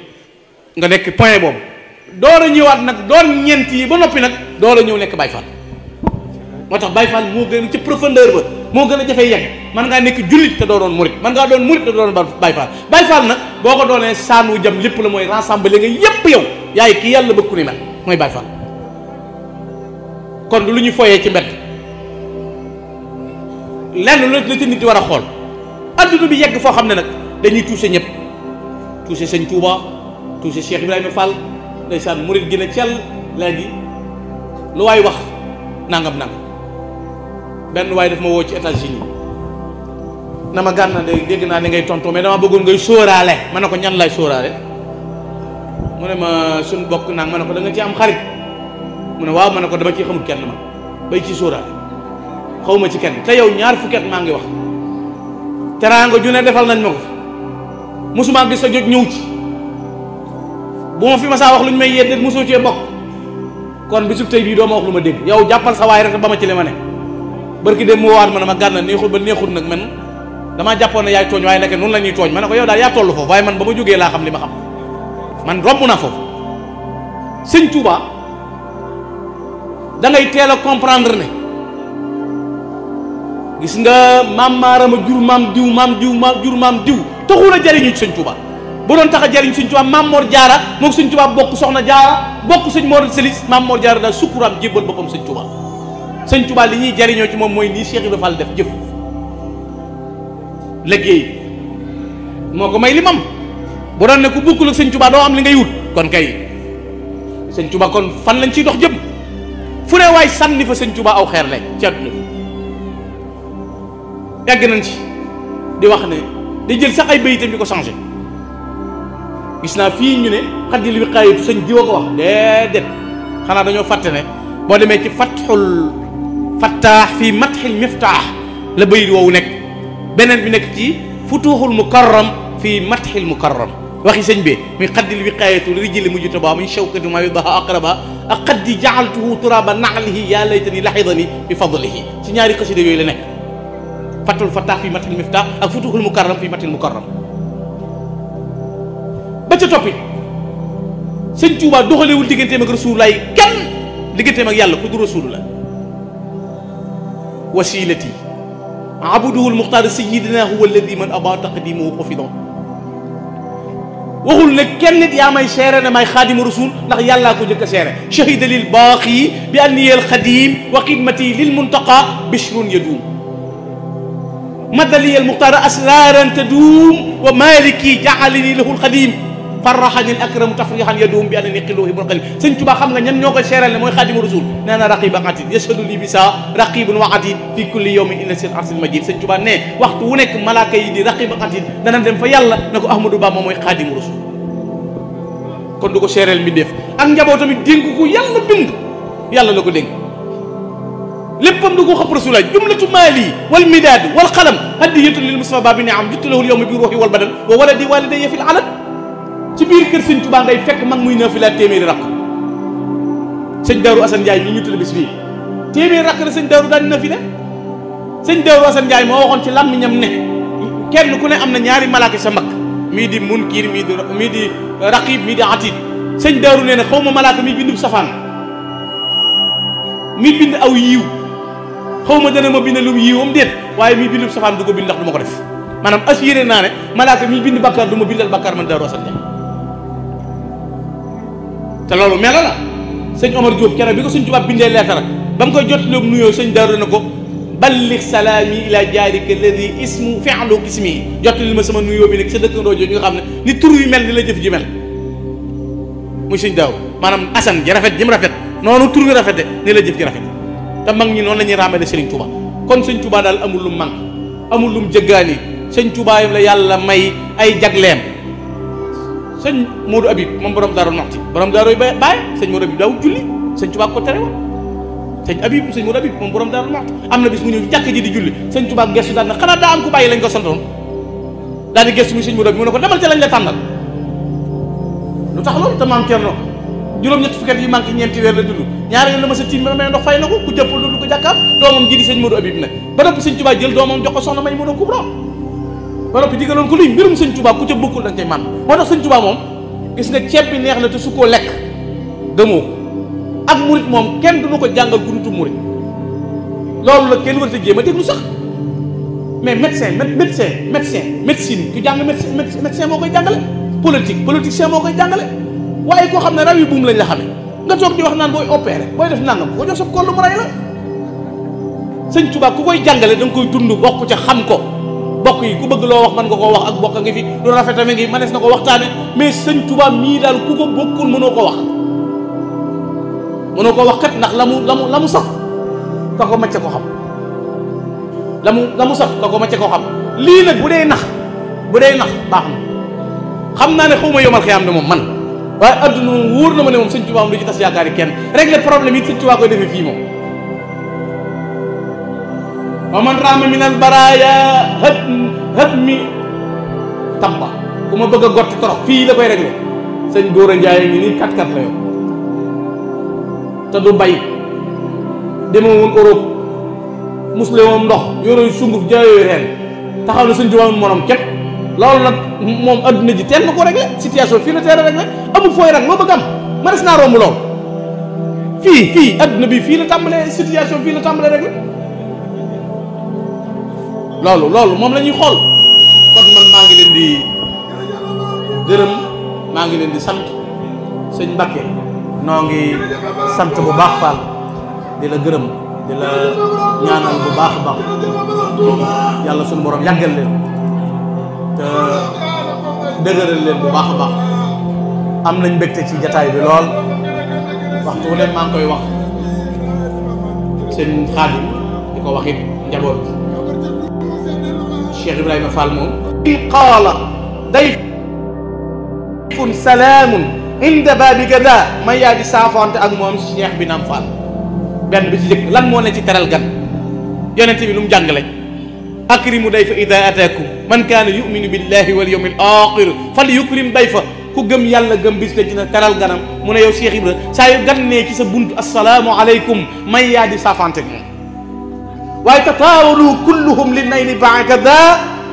S1: nga nekk point boobu door a ñëwaat nag doon ñeent yi ba noppi nag door a ñëw nekk Baay Faal moo tax Baay Faal moo gën ci profondeur ba moo gën a jafee yegg man ngaa nekk jullit te doo doon murit man ngaa doon murit te doo doon Baay Faal Baay Faal nag boo ko doonee saan wu jëm lépp la mooy rassembler nga yépp yow yaay kii yàlla bëgg ku ni mel mooy Baay Faal kon lu ñuy fooyee ci mbedd lenn lu la ci nit di war a xool adduna bi yegg foo xam ne nag dañuy tuuse ñëpp tuuse sëñ Touba tuuse Cheikh Ibrahima Fall ndeysaan murit gi ne cell léegi lu waay wax nangam nangam ben way daf ma woo ci etats unis nama ganna de deg na ni ngay tonto mais dama bëggoon ngay soralé manako ñan lay soralé mune ma sun bok nak manako da nga ci am xarit mune waaw manako dama ci xamu kenn ma bay ci soralé xawma ci kenn te yow ñaar fukki at maa ngi wax teranga ju ne defal nañ mako musuma gis sa jot ñew ci bu mo fi sa wax lu may yedd musu ci bok kon bisub tay bi do ma wax luma deg yow jappal sa way rek ba ma ci li nek barki dem moo waat ma ne ma gànna neexul ba neexul nak man dama jappone yaay togn waaye nag noonu lañuy togn man ko yow daal ya toll man ba joge la xam lima xam man romb naa foofu sëñ Touba da ngay téla comprendre ne gis nga maam maarama jur mam diw mam diw maam jur mam diw taxul a jariñu seigne Touba bu don taxa jariñ Touba mam Mor Jaara mok seigne Touba bok soxna Jaara bok seigne Mor Selis mam Mor Jaara da sukuram bopam seigne Touba sëñ Tuubaa li ñuy jariñoo ci moom mooy nii Cheikh Ibra Fall def jëf liggéey moo ko may li mam bu doon ne ku bukkul ak sëñ Tuubaa doo am li ngay wut kon kay sëñ Tuubaa kon fan lañ ciy dox jëm fu ne waay sànni fa sëñ Tuubaa aw xeer lañ ci àdduna yàgg nañ ci di wax ne di jël sax ay bayitam ñu ko changé gis naa fii ñu ne xaddil wiqaayatu sëñ diwa ko wax déedéet xanaa dañoo fàtte ne boo demee ci fatxul فتاح في مدح المفتاح لبير وونك بنن منك تي فتوح المكرم في مدح المكرم واخي سيغ بي مي قد الوقايه رجل مجتبى من شوكه ما يضاها اقرب اقد جعلته ترابا نعله يا ليتني لحظني بفضله سي نياري قصيده يوي لا نك فتل فتاح في مدح المفتاح اك فتوح المكرم في مدح المكرم با تي توبي سيغ توبا دوخالي ول ديغنتي مك رسول الله كان ديغنتي مك يالا كود رسول الله وسيلتي عبده المختار سيدنا هو الذي من ابى تقديمه قفضا وقل لك كان يا ماي سير انا ماي خادم الرسول لا يلا كو جك سير شهيد للباقي باني القديم وقدمتي للمنتقى بشر يدوم مدلي المختار اسرارا تدوم ومالكي جعلني له القديم farraxani l akramu tafrixan yadohum bi annani xilluhu ibnu xalil sëñ Tuubaa xam nga ñan ñoo koy seeral ne mooy xaadimu rasul nee na raqiba atid yashadu li bisa raqibun wa atid fi kulli yawmin inna sil arsil majid sëñ Tuubaa ne waxtu wu nekk malaaka yi di raqiba atid dana dem fa yàlla na ko ahmadou bamba mooy xaadimu rasul kon du ko seeral mi def ak njaboo tamit dénk ko yàlla bind yàlla la ko dénk léppam du ko xëpp rasulaay jumlatu maali wal midaad wal xalam hadiyatu lil mustafa bi niam juttu lahu l yawma bi ruuxi wal badan wa waladi walidaya fi l alad ci biir kër sëñ Tuubaa ngay fekk man muy naafila téeméeri rakk sëñ Daaru Asan mii ñu tudd bis bii téeméeri rakk la sëñ Daaru daan naafila sëñ Daaru Asan Njaay moo waxoon ci làmmiñam ne kenn ku ne am na ñaari malaaka sa mag mii di munkir mii di mii mii di atid sëñ Daaru nee na xaw ma malaaka mi bindub safaan mi bind aw yiiw xaw ma dana ma bind lu yiiwam déet waaye mi bindub safaan du ko bind ndax du ma ko def maanaam assuré naa ne malaaka mi bind bàkkaar ma te loolu melo la sëñ Omar Diop bi ko sëñ tubaab bindee leetar ba mu koy jot loog nuyoo sëñ Daaru na ko ballig salaami ila jaarika alladi ismu fi'lu ismi yi jottali ma sama nuyoo bi nag sa dëkkandoo jooju nga xam ne ni tur yu mel ni la jëf ji mel muy sëñ daaw maanaam asan ji rafet ji rafet noonu tur rafet rafete ni la jëf ji rafet te mag ñi noonu la ñuy ràmmale sëriñ Tuuba kon sëñ tubaa daal amul lu manque amul lu mu jëggaani sëñ Tuuba la yàlla may ay jagleem sëñ Modou Habib mom borom Daaru Muxti borom Daaru yu bàyyi bàyyi Modou Habib daw julli sëñ Tuubaa ko tere woon sëñ Habib sëñ Modou Habib mom borom Daaru Muxti amna bis mu ñew jakk ji di julli sëñ Tuubaa gestu dal na xana da am ku bàyyi lañ ko santoon dal di gestu mu sëñ Modou Habib mu ne ko demal ci lañ la tanal lu tax lool te maam Cerno juróom ñetti fukki at yu manqué la dund ñaar yu la ma sa tim ma may ndox fay na ko ku jëppal du ko jakkam domam ji di sëñ Modou Habib nak ba noppi sëñ Tuubaa jël domam jox ko soxna may mën a kubra ba noppi digaloon ko luy mbirum sëñ Tuubaa ku ca bokkul da nga cay man moo tax moom gis nga ceeb bi neex na te koo lekk gëmoo ko ak murit moom kenn du ko jàngal ku dutu murit loolu la kenn war a jéem a sax mais médecin médecin médecin médecine ku jàng médecin médecin moo koy jàngale politique politicien moo koy jàngale waaye koo xam ne raw yi buum lañ la xamee nga toog di wax naan booy opéré booy def nangam ko jox sa kollu mu ray la sëñ Tuubaa ku koy jàngale da koy dund bokk ca xam ko bokki ku bëgg lo wax man nga ko wax ak bokk nga fi lu mi ngi manes na ko lamu mais sëñ Tuubaa mi dal ku ko bokkul mëno ko wax mëno ko wax kat nak lamu lamu lamu sax ta ko macce ko xam lamu lamu sax ta ko macce ko xam li nak bu nax bu na xam ne xuma yomal xiyam ne mom man waye aduna wuur na ma ne mom sëñ Tuubaa moom ci tass yaakaari kenn régler problème yi koy fi mom Waman rama minal baraya hët hët mi tamba kuma ma bëgg a gott torox fii la koy réglé sëñ góor a ngi ni kat kat la yow te du bay demoo woon Europe musle moom ndox yoroy sunguf jaayooyu reen taxaw na sëñ Tuubaa morom képp loolu nag moom adduna ji teel na ko réglé situation fi la teel a amu amul fooy rek loo bëgg am ma des naa romb lool fii fii adduna bi fii la tàmbalee situation fi la tàmbalee réglé loolu loolu moom la xool kon man maa ngi leen di gërëm maa ngi leen di sant sëñ Mbàkke noo ngi sant bu baax Fall di la gërëm di la ñaanal bu baax a baax yàlla suñu borom yàggal leen te dëgëral bu baax baax am nañ mbégte ci jataay bi lool waxtu wu leen maa ngi koy wax seen Xaadim di ko wax it Cheikh Ibrahima Fall moom in qaala dayfun salaamun inda baabi gada man di saafoonte ak moom Cheikh bi naam Fall benn bi ci jëkk lan moo ne ci teral gan yonent bi lu mu jàngale akrimu dayfa ida ataakum man kaana yuminu billahi wal yawmil aaxir fal yukrim dayfa ku gëm yàlla gëm bis la dina teral ganam mu ne yow Cheikh saa yu gan nee ci sa buntu asalaamu aleykum man yaa di saafoonte ak waaye tataawalu kulluhum li nay ni baa kada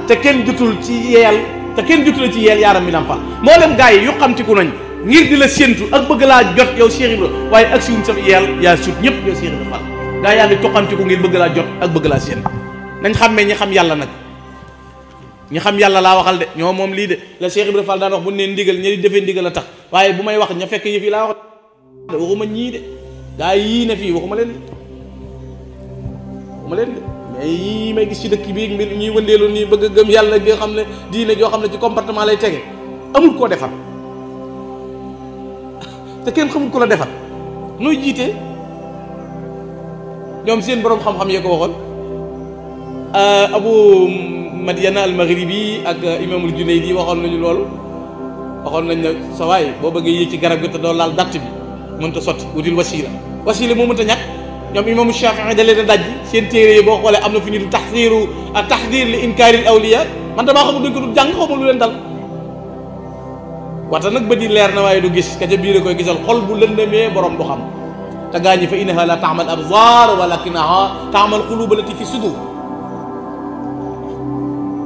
S1: te kenn jutul ci yeel te kenn jutul ci yeel yaaram bi nampal moo leen gaa yi yu xamtiku nañ ngir di la séentu ak bëgg laa jot yow Cheikh Ibra waaye ak si wuñ sa yeel yaa sut ñëpp yow Cheikh Ibra Fall gars yaa ngi toqamtiku ngir bëgg laa jot ak bëgg laa séentu nañ xàmmee ñi xam yàlla nag ñi xam yàlla laa waxal de ñoo moom lii de la Cheikh Ibra Fall daan wax bu neen ndigal ñi di defee a tax waaye bu may wax ña fekk yëf yi laa wax waxuma ñii de gars yi ne fii leen waxuma leen de yii may gis ci dëkk bi mbir ñuy wëndeelu nii bëgg a gëm yàlla gi xam ne diine joo xam ne ci comportement lay tege amul koo defar te kenn xamul ko la defar nooy jiite ñoom seen boroom xam-xam yee ko waxoon euh, abu madiana al maghribi ak imaamul junaydi waxoon nañu loolu waxoon nañ ne sa waay boo bëggee yéeg ci garab gi te doo laal dàtt bi mënta sotti wutil wasiila wasiila moo mënta ñàkk ñoom imaamu Shafii da a daj seen téere yi boo xoolee am na fu ñu du taxdiru a taxdir li inkaaril awliya man damaa xamul duñ ko du jàng xamul lu leen dal wata nag bët yi leer na waaye du gis ka ca biir koy gisal xol bu lëndëmee borom du xam te gaañi fa innaha la taamal absar walakinaha taamal xuluba lati fi sudur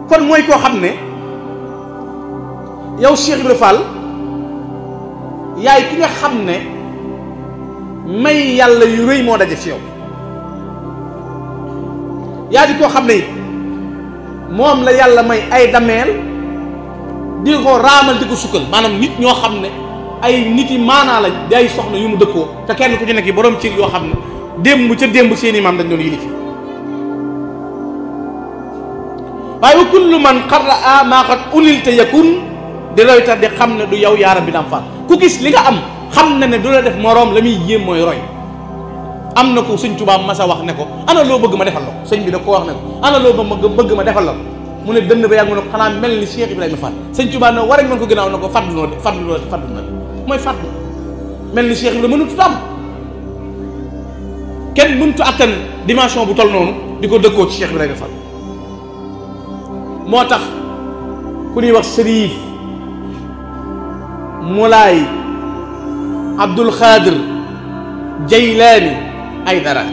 S1: kon mooy koo xam ne yow Cheikh Ibra yaay ki nga xam ne may yàlla yu rëy moo daje ci yow yaa di koo xam ne it moom la yàlla may ay dameel di ko raamal di ko sukkal maanaam nit ñoo xam ne ay nit yi maanaa la day soxna yu mu dëkkoo te kenn ku ci nekk yi borom cir yoo xam ne démb ca démb seeni maam lañ doon yilifi waaye wa kullu man xarraa maa qad unil te yakun di royta di xam ne du yow yaa bi naam faat ku gis li nga am xam na ne du la def moroom la muy yéem mooy roy am na ko sëñ Tuubaa masa wax ne ko ana loo bëgg ma defal la sëñ bi da ko wax ne ko ana loo bëgg ma defal la mu ne dënn ba yàgg mu ne ko xanaa mel ni Cheikh Ibrahima Fall sëñ Tuubaa ne war ak mën ko gënaaw a ko faddu noo de faddu noo de faddu na mooy faddu mel ni Cheikh Ibrahima mënut am kenn mënut attan dimension bu tol noonu di ko dëkkoo ci Cheikh Ibrahima Fall moo tax ku ñuy wax Sëriif عبد الخادر جيلاني اي دارا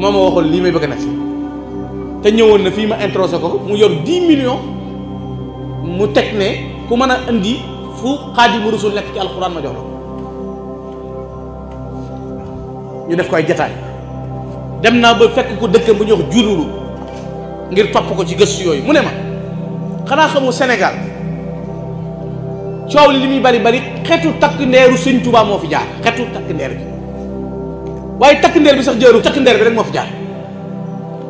S1: ماما واخول لي مي بغا نك تا نيوون نا فيما انتروسكو مو يور 10 مليون مو تك ني كو مانا اندي فو خادم الرسول نك في القران ما جوخ لو ني داف كاي جتاي دم نا با فك كو دكم بو نيوخ جولولو غير توب كو سي گيس يوي مو نيما خنا خمو سنغال coow li li muy bari bari xetu takk ndeeru sëñ Tuubaa moo fi jaar xetu takk ndeer bi waaye takk bi sax jëru takk bi rek moo fi jaar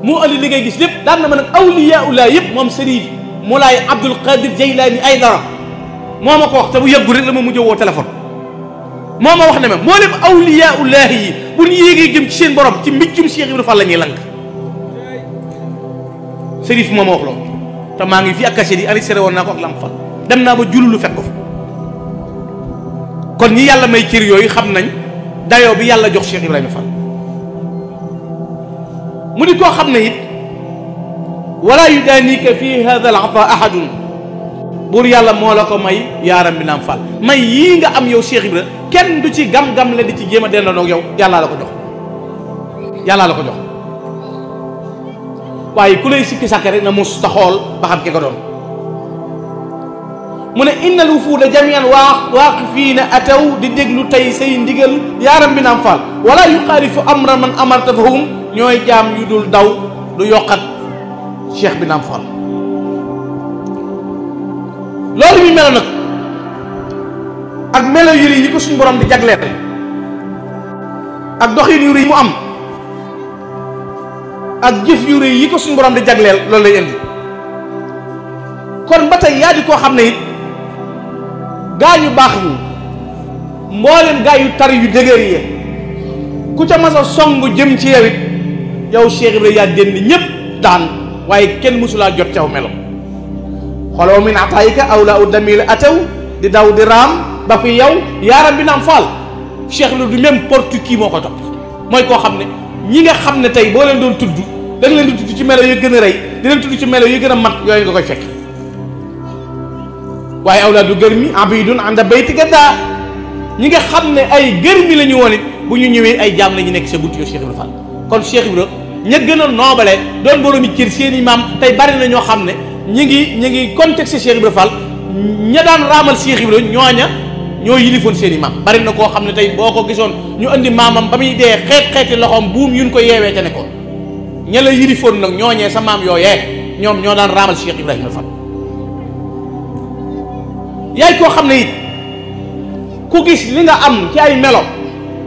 S1: moo andi li ngay gis lépp daan na ma nag awliyaa ulaa yëpp moom sëriñ Moulaay Abdul Qadir Jaylaani ay dara moo ma ko wax te bu yàggu rek la mu mujj woo téléphone moo ma wax ne ma moo leen awliyaa ulaa yi bu ñu yéegee jëm ci seen borom ci mbijjum Cheikh Ibrahima fan la ñuy lank sëriñ moo ma wax loolu te maa ngi fi ak cachet yi arrêté woon naa ko ak lamp fa dem naa ba jullu lu ko fa kon ñi yàlla may cër yooyu xam nañ dayoo bi yàlla jox Cheikh Ibrahima Fall mu di koo xam ne it wala yudanika fi hada al buur yàlla moo la ko may yaaram bi naam Fall may yii nga am yow Cheikh Ibra kenn du ci gam-gam la di ci jéem a dendanoo yow yàllaa la ko jox yàllaa la ko jox waaye ku lay sikki sàkk rek na mus ta xool ba xam ki doon mu ne innal wufuuda jamian waa waaqifiina ataw di déglu tey say ndigal yaaram bi naam faal wala yuxaalifu amra man amarta fahum ñooy jaam yu dul daw du yokkat cheikh bi naam faal loolu mi melo nag ak melo yu rëy yi ko suñu borom di jagleel ak doxin yu yi mu am ak jëf yu yi ko suñu borom di jagleel loolu lay indi kon ba tey yaa di koo xam ne it gaa yu baax ñi mboolem gaa yu tar yu dëgër yi ku ca mas a song jëm ci yow it yow Cheikh Ibrahima yaa dénd ñépp daan waaye kenn mësulaa jot caw melo xolow min ataayika awlaa u damil ataw di daw di raam ba fi yow yaaram bi naam faal Cheikh lu du même porte kii moo ko topp mooy koo xam ne ñi nga xam ne tey boo leen doon tudd da nga leen di tudd ci melo yu gën a rey di leen tudd ci melo yu gën a mat yooyu nga koy fekk waaye awlaadu gërmi abidun ànda bayti gaddaa ñi nga xam ne ay gërmi la ñu woon it bu ñu ñëwee ay jaam la nekk sa buntu yow Cheikh Ibra kon Cheikh Ibra ña gën a noobale doon boroomi cir seen i maam tey bari na ñoo xam ne ñi ngi ñi ngi contexte Cheikh Ibra ña daan raamal Cheikh Ibra ñooña ñoo yilifoon seen i maam bari na koo xam ne tey boo ko gisoon ñu andi maamam ba muy dee xeet xeeti loxoom buum yuñ ko yeewee ca nekkoon ña la yilifoon nag ñooñee sa maam yooyee ñoom ñoo daan raamal Cheikh Ibrahima yaay koo xam ne it ku gis li nga am ci ay melo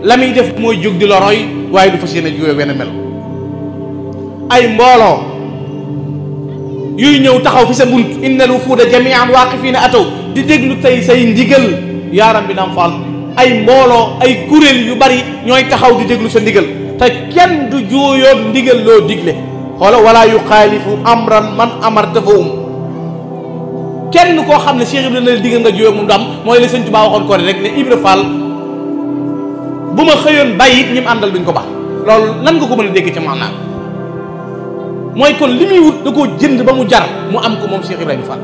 S1: la muy def mooy jóg di la roy waaye du fas yéene jóge wenn melo ay mbooloo yuy ñëw taxaw fi sa bunt inna lu fuuda fii waaqifina ataw di déglu tey say ndigal yaaram bi naam faal ay mbooloo ay kuréel yu bari ñooy taxaw di déglu sa ndigal te kenn du jooyoon ndigal loo digle xoola wala yuxaalifu amran man amartafahum kenn koo xam ne Cheikh Ibra na la digal nga jiwee mu dam mooy la sëñ Tuubaa waxoon ko rek ne Ibra Fall bu ma xëyoon bàyyi it àndal duñ ko baax loolu nan nga ko mën a dégg kon li muy wut koo jënd ba mu jar mu am ko moom Cheikh Ibrahima Fall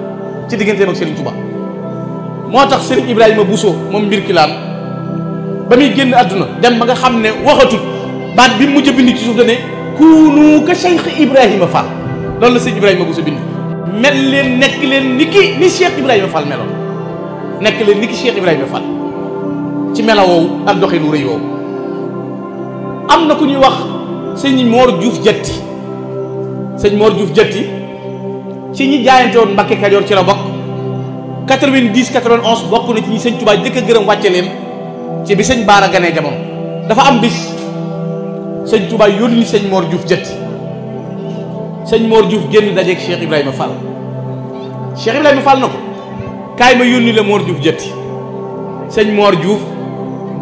S1: ci digganteem ak Serigne Touba moo tax Serigne Ibrahima Bousso moom mbir kilaan ba muy génn dem ba nga xam ne waxatul baat bi mujj a bind ci suuf da ne kuunu ka Cheikh Ibrahima Fall loolu bind mel leen nekk leen ni ki ni Cheikh Ibrahima Fall meloon nekk leen ni ki Cheikh Ibrahima Fall ci melawoowu ak doxinu rëy am na ku ñuy wax sëñ Mor Diouf Jatti sëñ Mor Diouf Jatti ci ñi jaayante woon Mbakke Kajoor ci la bokk 90 91 bokk na ci ñi sëñ Tuubaa jëkk gërëm wàcce leen ci bi sëñ Baara ganee jamono dafa am bis sëñ Tuubaa yónni sëñ moor juuf Jatti sëñ Mor Diouf génn dajeeg Cheikh Ibrahima Fall Cheikh Ibrahima Fall na ko kaay ma yónni la Mor Diouf jëtti sëñ moor Diouf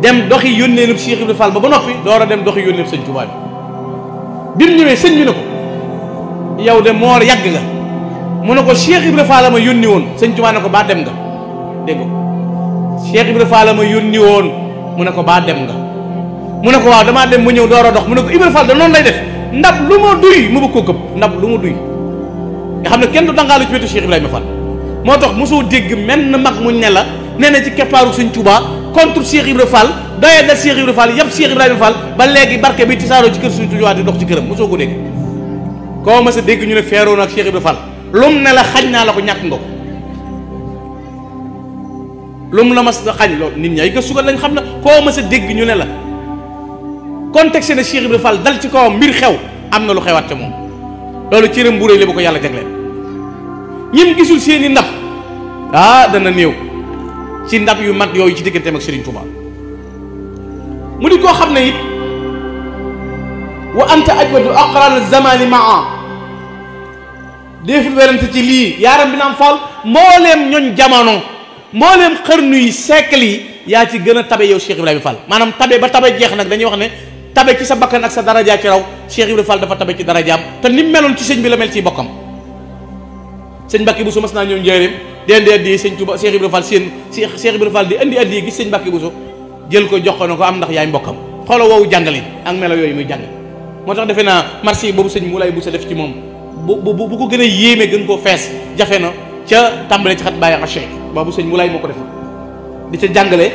S1: dem doxi yónneenub Cheikh Ibrahima Fall ba ba noppi door a dem doxi yónneenub sëñ Touba bi bi mu ñëwee sëñ bi ne ko yow de moor yàgg nga mu ne ko Cheikh Ibrahima Fall ma yónni woon sëñ Touba ne ko baa dem nga dégg nga Cheikh Ibrahima Fall ma yónni woon mu ne ko baa dem nga mu ne ko waaw damaa dem mu ñëw door a dox mu ne ko Ibrahima Fall da noonu lay def. ndax lu ma duy mu bëgg koo këpp ndab lu ma duy nga xam ne kenn du dangaalu ci wetu Cheikh Ibrahima Fall moo tax mosoo dégg menn mag mu ne la nee na ci keppaaru Sëñ Tuubaa contre Cheikh Ibrahima Fall doyee dal Cheikh Ibrahima Fall yëpp Cheikh Ibrahima Fall ba léegi barke bi tisaaroo ci kër Sëñ Tuubaa di dox ci këram mosoo ko dégg koo ma sa dégg ñu ne feeroo na ak Cheikh Ibrahima Fall lum ne la xañ naa la ko ñàkk nga ko lum la mas a xañ nit ñay gëstu ko lañ xam na koo ma sa dégg ñu ne la contexte na Cheikh Ibrahima fal dal ci kawam mbir xew am na lu xewaat ca moom loolu cëram bu rëy la ko yàlla jagleel ñim gisul seeni i ndab ah dana néew ci ndab yu mat yooyu ci digganteem ak Serigne Touba mu di koo xam ne it wa anta ajwadu aqran zamani maa déeful werante ci lii yaaram bi naam Fall mbooleem ñoñ jamono mbooleem xërnu yi siècle yi yaa ci gën a tabe yow Cheikh Ibrahima fal maanaam tabe ba tabe jeex nag dañuy wax ne tabe ci sa bakkan ak sa daraja ci raw Cheikh Ibrahima Fall dafa tabe ci darajaam te ni meloon ci sëñ bi la mel ci bokkam sëñ Mbàkke Bousso mas naa ñëw njëriñ deen di addi sëñ Tuuba Cheikh Ibrahima Fall seen Cheikh Ibrahima Fall di indi addi gis sëñ Mbàkke Bousso jël ko jox ko ko am ndax yaay mbokkam xolo wowu jàngale ak melo yooyu muy jàng moo tax defe naa marché yi boobu sëñ bu sa def ci moom bu bu ko gën a yéeme gën koo fees jafe na ca tàmbale ci xat bàyyi ak Cheikh boobu sëñ Moulay moo ko def di ca jàngale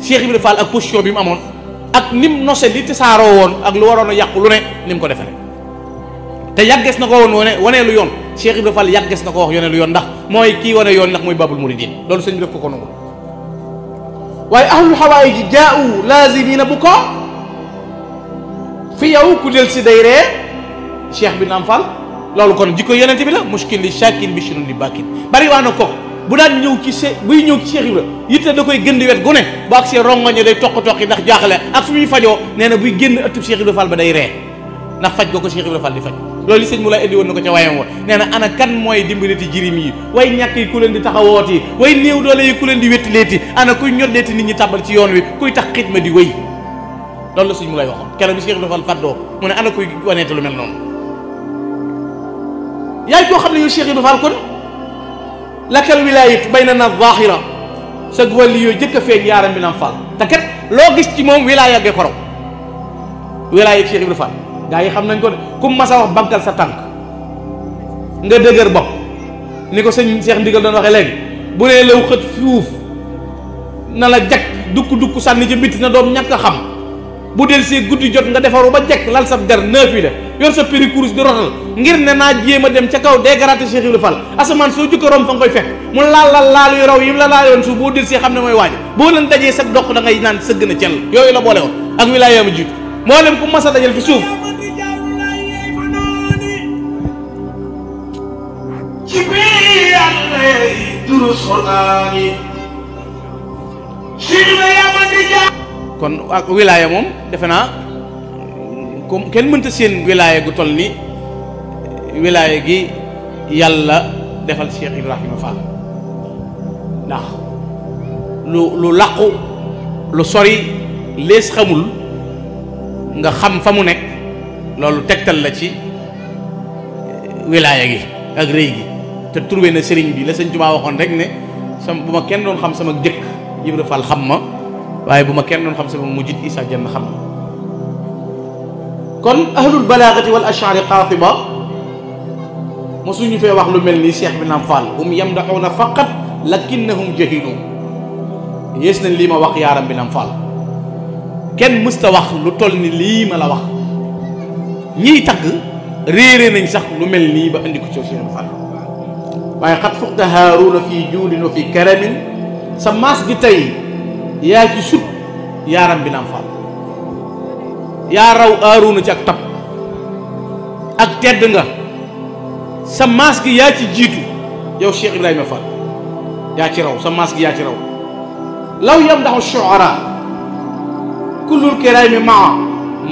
S1: Cheikh Ibrahima Fall ak position bi mu amoon ak nim nose li tasaaroo woon ak lu waroon a yàqu lu ne ni mu ko defere te yàggees na ko woon wane wanee lu yoon Cheikh Ibrahima Fall yàggees na ko wax yone lu yoon ndax mooy kii wone yoon ndax mooy babul muridin loolu sëñ bi def ko ko nangu waaye ahlul xawaay ji jaau laazimina bu ko fi yow ku del si day ree cheikh bi naam Fall loolu kon jikko yonente bi la mushkil li shakin bishinun li bakin bari waa na ko bu daan ñëw ci se buy ñëw ci Cheikh Ibra da koy gën di wet gu ne bu ak see rongoñe day toq toqi ndax jaaxle ak fi muy fajoo nee na buy génn ëttub Cheikh Ibra ba day ree ndax faj ko ko Cheikh Ibra di faj loolu sëñ mu lay indi woon na ko ca wayam wa nee na ana kan mooy dimbaliti jirim yi way ñàkk yi ku leen di lay waxoon keroog bi Cheikh Ibra Fall faddoo mu ne ana kuy waneete mel noonu yaay koo xam ne yow Cheikh Ibra Fall kon lakal wilaayatu bay na na zaahira sa wàlli yooyu jëkk a feeñ yaaram bi naam fall te kat loo gis ci moom wilaaya ge korom wilaaya Cheikh Ibra gaa yi xam nañ ko de kum masa wax bankal sa tànk nga dëgër bopp ni ko sëñ Cheikh Ndigal doon waxee léegi bu nee law xët fuuf na la jak dukk dukk sànni ci bitti na doom ñàkk a xam bu del see guddi jot nga defaru ba jekk lal sab der naafi la yor sa péricouris di rotal ngir ne naa jéem a dem ca kaw dégraté Cheikh Ibra Fall asamaan soo jukka rom fa nga koy fekk mu laal la laal yu raw yi la laal yoon suuf boo del see xam ne mooy waaj boo leen dajee sa doq da naan sëgg na cell yooyu la boole woon ak wilaayaama jiitu moo leen ku mas dajal fi suuf kon ak wilaaya moom defe naa comme kenn mënta seen wilaaya gu toll ni wilaaya gi yàlla defal Cheikh Ibrahima Fall ndax lu lu làqu lu sori lees xamul nga xam fa mu nekk loolu tegtal la ci wilaaya gi ak rëy gi te trouvé na sëriñ bi la sëñ Tuubaa waxoon rek ne sama bu ma kenn doon xam sama jëkk Ibra Fall xam ma waye buma kenn non xam sama mujjit isa jenn xam kon ahlul balaghati wal ashaari qatiba musuñu fe wax lu melni Cheikh bin naam Fall hum yamdaxuuna faqat lakinnahum jahiluun yes nañ lii ma wax yaaram bi naam Fall kenn musta wax lu toll ni lii ma la wax ñi tag réere nañ sax lu melni ba andi ko ci Cheikh bin Fall waye khat fuqta harun fi julin wa fii karamin sa mas gi tay yaa ci sut yaaram bi naam faal yaa raw aaruuna ci ak tab ak tedd nga sa maas gi yaa ci jiitu yow Cheikh Ibrahima Fall yaa ci raw sa maas gi yaa ci raw law yam ndaxu shuara kullul kiraami maa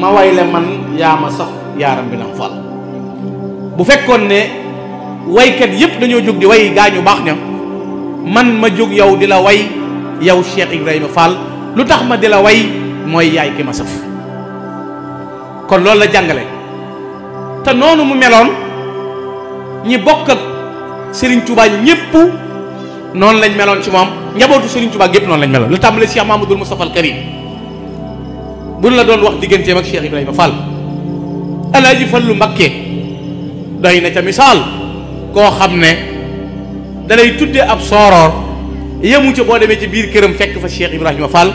S1: ma wayle man yaa ma saf yaaram bi naam faal bu fekkoon ne waykat yépp dañoo jóg di way gaañu baax ña man ma jóg yow di la way yow Cheikh Ibrahima fal lu tax ma di la way mooy yaay ki ma saf kon loolu la jàngale te noonu mu meloon ñi bokk ak Serigne Touba ñëpp noonu lañ meloon ci moom njabootu Serigne Touba gépp noonu lañ meloon lu tàmbalee Cheikh Mamadou Moustapha al Karim bu la doon wax digganteem ak Cheikh Ibrahima Fall Alaaji Fallu Mbakke doy na ca misaal koo xam ne dalay tudde ab sooroor yemu ca boo demee ci biir këram fekk fa Cheikh Ibrahima Fall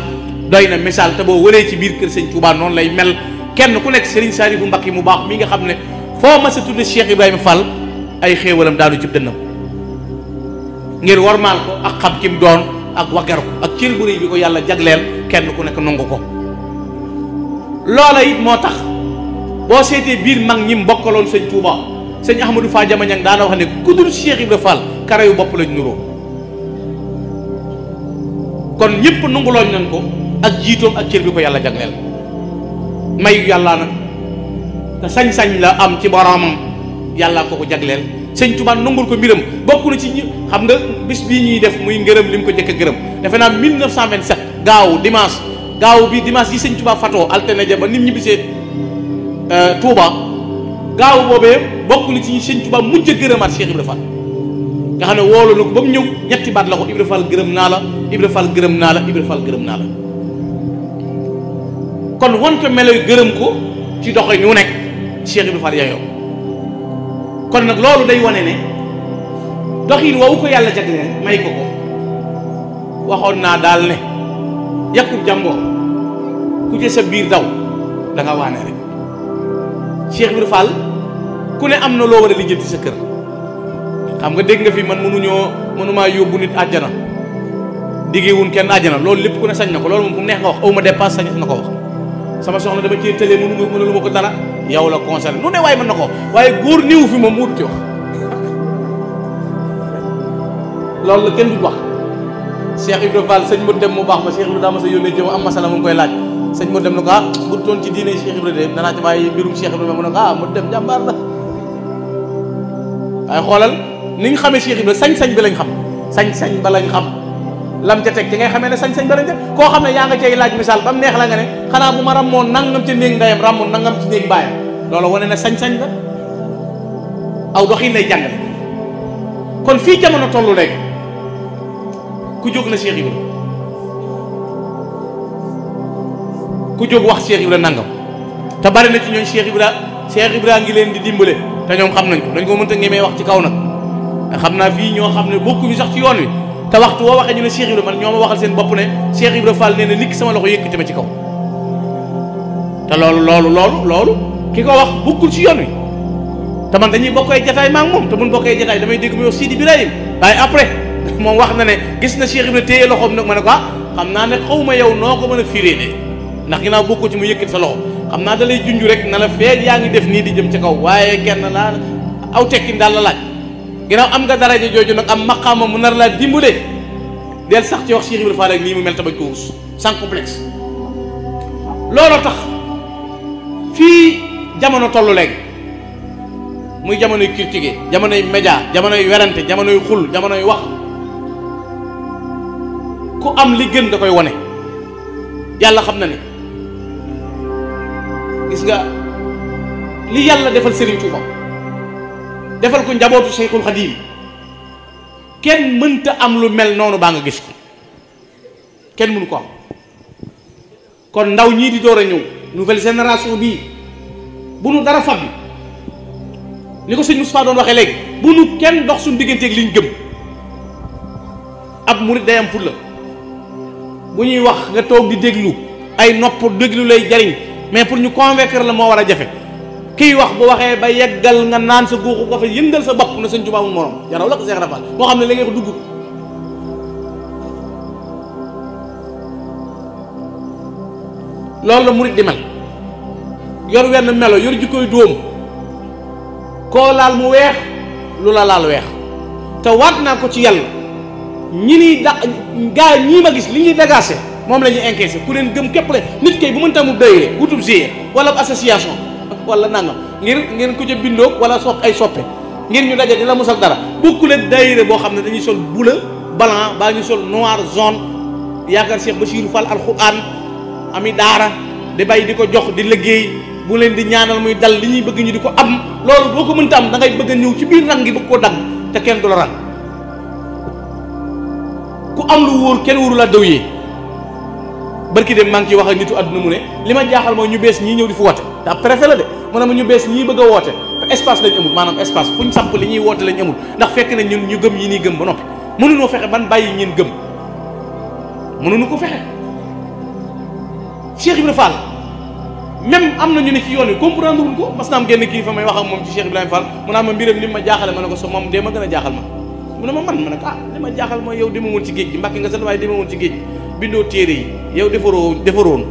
S1: doy na misaal te boo wëree ci biir kër sëñ Touba noonu lay mel kenn ku nekk Serigne Saliou Mbacké mu baax mi nga xam ne foo mas a tudd Cheikh Ibrahima fal ay xéewalam daanu cib dënnam ngir warmaal ko ak xam kim mu doon ak waggar ko ak cër bu rëy bi ko yàlla jagleel kenn ku nekk nangu ko loola it moo tax boo seetee biir mag ñi mbokkaloon sëñ Touba sëñ Ahmadou Fa Jamañang daana wax ne ku dul Cheikh Ibrahima Fall karayu bopp lañ nuroo kon ñëpp nangulooñ nañ ko ak jiitoom ak cër bi ko yàlla jagleel mayu yàlla na te sañ-sañ la am ci boromam yàlla ko ko jagleel sëñ Tuubaa nangul ko mbiram bokk ci ñi xam nga bis bii ñuy def muy ngërëm li ko njëkk gërëm defe naa 1927 gaaw dimanche gaaw bi dimanche yi sëñ Tuubaa fatoo altene ja ba nit ñi bisee euh, Touba gaaw boobee bokk na ci ñi sëñ Tuubaa mujj a gërëmaat Cheikh Ibrahima Fall nga xam ne woolu na ko ba ñetti baat la ko Ibra Fall gërëm naa la Ibra Fall gërëm naa la Ibra gërëm naa la kon won ko melo gërëm ko ci doxee ñu nekk Cheikh Ibra Fall yaayoo kon nag loolu day wane ne doxin woowu ko yàlla jagleel may ko ko waxoon naa daal ne yàqub jàmboo ku ci sa biir daw da nga waane rek Cheikh Ibra ku ne am na loo war a lijjanti sa kër xam nga dégg nga fi man mënuñoo mënumaa yóbbu nit àjjana diggewuñ kenn àjjana loolu lépp ku ne sañ na ko loolu moom bu neex nga wax aw ma dépasse sañ na ko wax sama soxna dama cee tëlee mënu mënulu ma ko dara yow la concerné lu ne waaye mën na ko waaye góor niwu fi moom wut ci loolu la kenn du wax Cheikh Ibrahima Fall sëñ mu dem mu baax ma Cheikh lu daa ma sa yónnee jëm am masala la ngi koy laaj sëñ mu dem na ko ah bu doon ci diine Cheikh Ibrahima de danaa ci bàyyi mbirum Cheikh Ibrahima mu ne ah, niñ xamé Cheikh Ibra sañ-sañ bi lañ xam sañ-sañ ba lañ xam lam ca tek ci ngay xamé ne sañ-sañ ba lañ teg ko xamné ya nga cey laaj misal bam neex la nga ne xanaa bu ma ramon nangam ci néeg ndayam ramon nangam ci néeg baye lolo wane na sañ-sañ ba aw doxin lay jang kon fii mëna tollu rek ku jog na Cheikh Ibra ku jog wax Cheikh Ibra nangam ta bari na ci ñoon Cheikh Ibra Cheikh Ibra ngi leen di dimbalé ta ñoom xam nañ ko dañ ko mënta ñemee wax ci kaw nak xam naa fii ñoo xam ne bokkuñu sax ci yoon wi te waxtu woo waxee ñu ne Cheikh Ibra man ñoo ma waxal seen bopp ne Cheikh Ibra Fall nee na nikk sama loxo yëkkati ma ci kaw te loolu loolu loolu loolu ki ko wax bokkul ci yoon wi te man dañuy bokk ay jataay maa moom te mun bokk ay jataay damay dégg muy wax Sidi Birahim waaye après moom wax na ne gis na Cheikh Ibra téye loxoom nag ma ne ko ah, xam naa ne xaw ma yow noo ko ma a firée ndax ginnaaw bokkul ci mu yëkkati sa loxo xam naa da lay junj rek na la feeg yaa def nii di jëm ci kaw waaye kenn laa aw tekkin la laaj ginnaaw am nga daraja jooju nag am maqaama mu nar laa de del sax ci wax si Ibrahima Fall ak nii mu mel tabañ ko wus sans complexe looloo tax fii jamono toll léegi muy jamonoy critique jamonoy média jamonoy werante jamonoy xul jamonoy wax ku am li gën da koy wone yàlla xam na ne gis nga li yàlla defal Serigne Touba defal ko njabootu Seyxul Xadiim kenn mënta am lu mel noonu baa nga gis ko kenn mënu ko am kon ndaw ñii di door a ñëw nouvelle génération bii bu nu dara fab ni ko sëñ Moustapha doon waxee léegi bu nu kenn dox suñu digganteeg liñ gëm ab murit day am fulla bu ñuy wax nga toog di déglu ay nopp déglu lay jariñ mais pour ñu convaincre la moo war a jafe kiy wax bu waxee ba yeggal nga naan sa guuxu ko fa yëngal sa bopp na sëñ Tuubaa amul morom yaraw la ko Seex Rafal moo xam ne léegi ko dugg loolu la murit di mel yor wenn melo yor jikkoy dóom koo laal mu weex lu la laal weex te waat naa ko ci yàlla ñi niy da gaa ñii ma gis li ñuy dagaase moom la ñuy encaissé ku leen gëm képp la nit kay bu mën tamu dayre wutub GIE wala association wala nangam ngir ngeen ku ca bindoo wala sopp ay soppe ngir ñu daje di la musal dara bokkul ak daayira boo xam ne dañuy sol bleu blanc baa ñu sol noir jaune yaakaar Cheikh Bachirou Fall alxuraan ami daara di bay di ko jox di liggéey bu leen di ñaanal muy dal li ñuy bëgg ñu di ko am loolu boo ko mënta am da bëgg a ñëw ci biir nag gi bëgg koo dagg te kenn du la ku am lu wóor kenn wóoru la yi barki dem mang ci wax nitu aduna mu ne lima ma jaaxal mooy ñu bes ñi ñew di fu wote da préfet la de mo na ma ñu bes ñi bëgg wote espace lañ amul manam espace fu samp li ñi wote lañ amul ndax fekk na ñun ñu gëm yi ni gëm ba mënu ñu fexé ban bayyi ñeen gëm ñu ko fexé Cheikh ibrahim Fall même am ñu ne ci yoonu comprendre wuñ ko mas na am genn ki fa may wax ak mom ci Cheikh ibrahim Fall mo na ma mbiram lima ma ma ne ko so mom dee ma gëna a jaaxal ma mu ne ma man ma ne ah li ma jaaxal mooy yow dema woon ci geej gi mbàkki nga sat waaye dema woon ci geej gi bindoo téere yi yow defaroo defaroon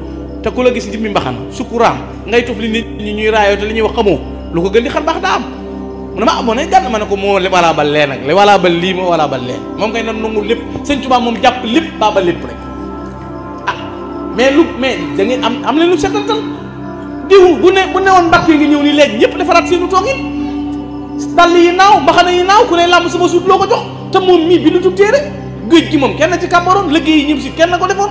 S1: te ku la gis njëmmi mbaxana sukkuraam ngay tof li nit ñi ñuy raayoo te li ñuy wax xamoo lu ko gën di xar baax daa am mu ne ma amoon ah, nañ gànn ma ne ko moo li bal lee nag li walaa bal lii moo walaa bal lee moom kay nan nangu lépp sëñ moom jàpp lépp baaba lépp rek ah mais lu mais da am am leen lu setantal diw bu ne bu newoon mbàkk yi nga ñëw nii léegi ñëpp defaraat seenu toogin dàll yi naaw mbaxana yi naaw ku ne làmb sama suut loo ko jox te moom mii bi lu tub téere geej gi mom kenn ci kàmbaroon liggey ñim ci kenn ko defoon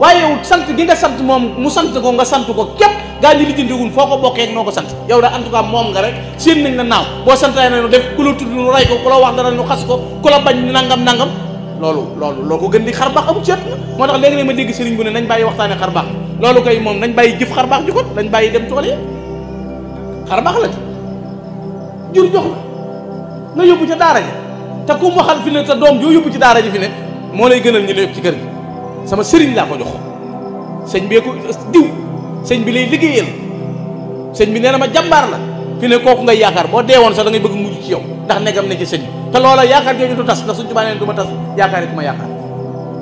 S1: waye yow sant gi nga sant mom mu sant ko nga sant ko képp gaa ñi lijjantiwul foo foko bokke ak noko sant yow da en tout cas mom nga rek seen nañ la naaw sant ay nañu def ku la tudd nu ray ko ku la wax dara nu xass ko ku la bañ nangam nangam lolu lolu loko gën di xarbax amu ciet mo tax leg ma deg sëriñ bu ne nañ bayyi waxtane xarbax lolu kay mom nañ bayyi jëf xarbax jukot nañ dem tole xarbax la jur jox la yobu ci daara ja ta ku waxal fi ne ta dom joo yóbbu ci daara ji fi ne mo lay gënal ñu lepp ci kër gi sama serigne la ko jox sëñ bi ko diw sëñ bi lay liggéeyal sëñ bi neena ma jambar la fi ne koku ngay yaakar bo deewon sa da ngay bëgg muju ci yow ndax negam ne ci sëñ ta te loola yaakaar jooju du tass da suñu tuba neen na du ma tas yaakar yi ma yaakaar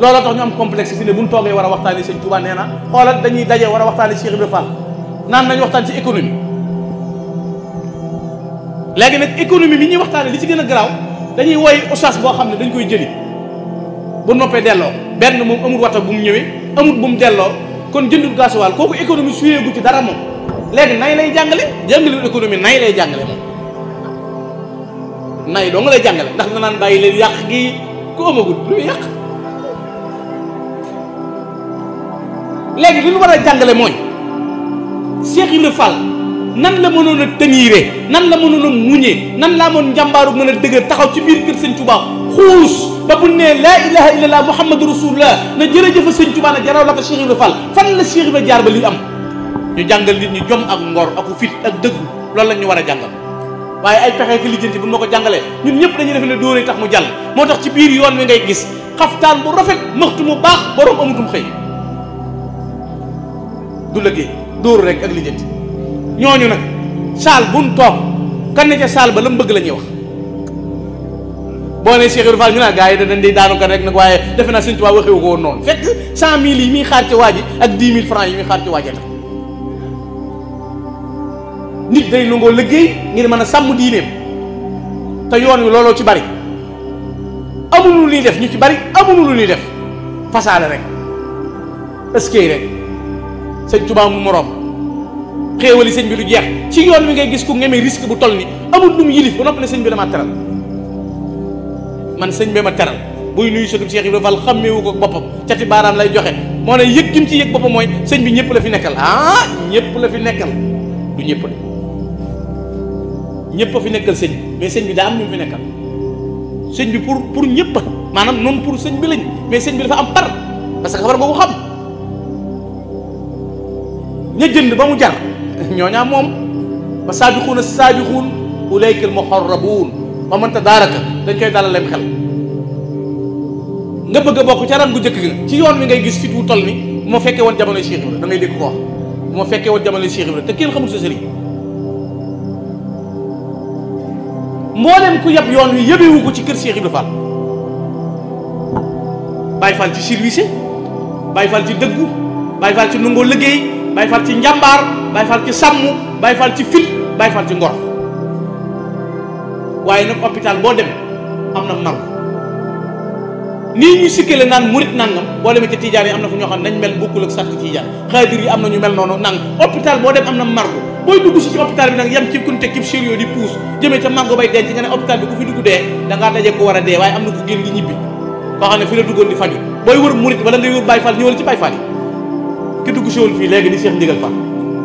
S1: loola tax ñu am complexe fi ne buñ toge wara waxtani waxtaane tuba neena xolal dañuy daje wara waxtani Cheikh ibrahim Fall naan nañ waxtaan ci économie légui nak économie mi ñi waxtani li ci gëna graw dañuy woy ustaas boo xam ne dañu koy jëli bu noppee delloo benn moom amul wata bu mu ñëwee amul bu mu delloo kon jëndul gasoil kooku économie suyee gu ci dara moom léegi nay lay jàngale jàngalewul économie nay lay jàngale moom nay doo nga lay jàngale ndax danaan bàyyi leen yàq gi ku amagul lu muy yàq léegi li ñu war a jàngale mooy Cheikh Ibra Fall nan la mënoon a tëniire nan la mënoon a muñee nan laa moon njàmbaaru mën a dëgër taxaw ci biir kër sëñ tubaab xuus ba bu ne laa ilaha illallah muhammadu rasulullah na jërëjëfa sëñ Tuubaa na jaraw la ko Cheikh Ibra Fall fan la Cheikh Ibra jaar ba li am ñu jàngal nit ñi jom ak ngor ak fit ak dëgg loolu la ñu war a jàngal waaye ay pexe ki lijjanti bu ma ko jàngalee ñun ñëpp dañuy defe ne dóoree tax mu jàll moo tax ci biir yoon wi ngay gis xaftaan bu rafet maxtu mu baax borom amutum xëy du lëggee dóor rek ak lijjanti ñooñu nag saal buñ toog kan ne ca saal ba la mu bëgg la ñuy wax boo ne Cheikh Ibra Fall ñu naan gaa yi dañ di daanu kan rek nag waaye defe naa Sëñ Tuubaa waxewu ko woon noonu fekk cent mille yi muy xaar ci waa ji ak dix mille francs yi muy xaar ci nit day nangoo liggéey ngir mën a sàmm diineem te looloo ci bari amuñu lu def ñu ci bari amuñu lu def fasaale rek ëskey rek Sëñ Tuubaa mu moroom xéewali sëñ bi du jeex ci yoon wi ngay gis ku ngemee risque bu toll ni amul lu mu yilif ba noppi ne sëñ bi dama teral man sëñ bi ma teral buy nuyu sëtu Cheikh Ibrahima Fall xàmmeewu ko boppam cati baaraam lay joxe moo ne yëg gim ci yëg boppam mooy sëñ bi ñëpp la fi nekkal ah ñëpp la fi nekkal du ñëpp de ñëpp a fi nekkal sëñ bi sëñ bi daa am ñu fi nekkal sëñ bi pour pour ñëpp maanaam noonu pour sëñ bi lañ mais sëñ bi dafa am par parce que war nga ko jënd ba mu jar. ñooñaa moom ba saabixuuna saabixuun ulayka al muxarrabuun ba mënta daaraka dañ koy dalaleem xel nga bëgg a bokk ca ran gu njëkk gi ci yoon wi ngay gis fit wu toll ni bu ma fekkee woon jamono Cheikh Ibra da ngay dégg ko wax bu ma fekkee woon jamono Cheikh Ibra te kenn xamul sa sëriñ mboolem ku yab yoon wi yëbewu ko ci kër Cheikh Ibra Fall Baye Fall ci service Baye Fall ci dëggu Baye Fall ci nangoo liggéey bay fal ci njambar bay fal ci sam bay fal ci fit bay fal ci ngor waye nak hôpital bo dem amna mar ni ñu sikkale naan murit nangam bo demee ci tidiane amna fu ñoo xam nañ mel bokkul ak sàrt tidiane khadir yi amna ñu mel noonu nang hôpital bo dem amna mar Boy dugg si ci hôpital bi nak yam ci kunte teg sirio di puus jëmee ci mango bay denc nga ne hôpital bi ku fi dugg dee da nga daje ko wara a waye amna ku di ñibbi koo xam ne fi la duggon di faju boy wër murit wala ngay wër fal ñu wala ci bay fal ki dugg Séoul fii léegi di Cheikh Ndigal Fall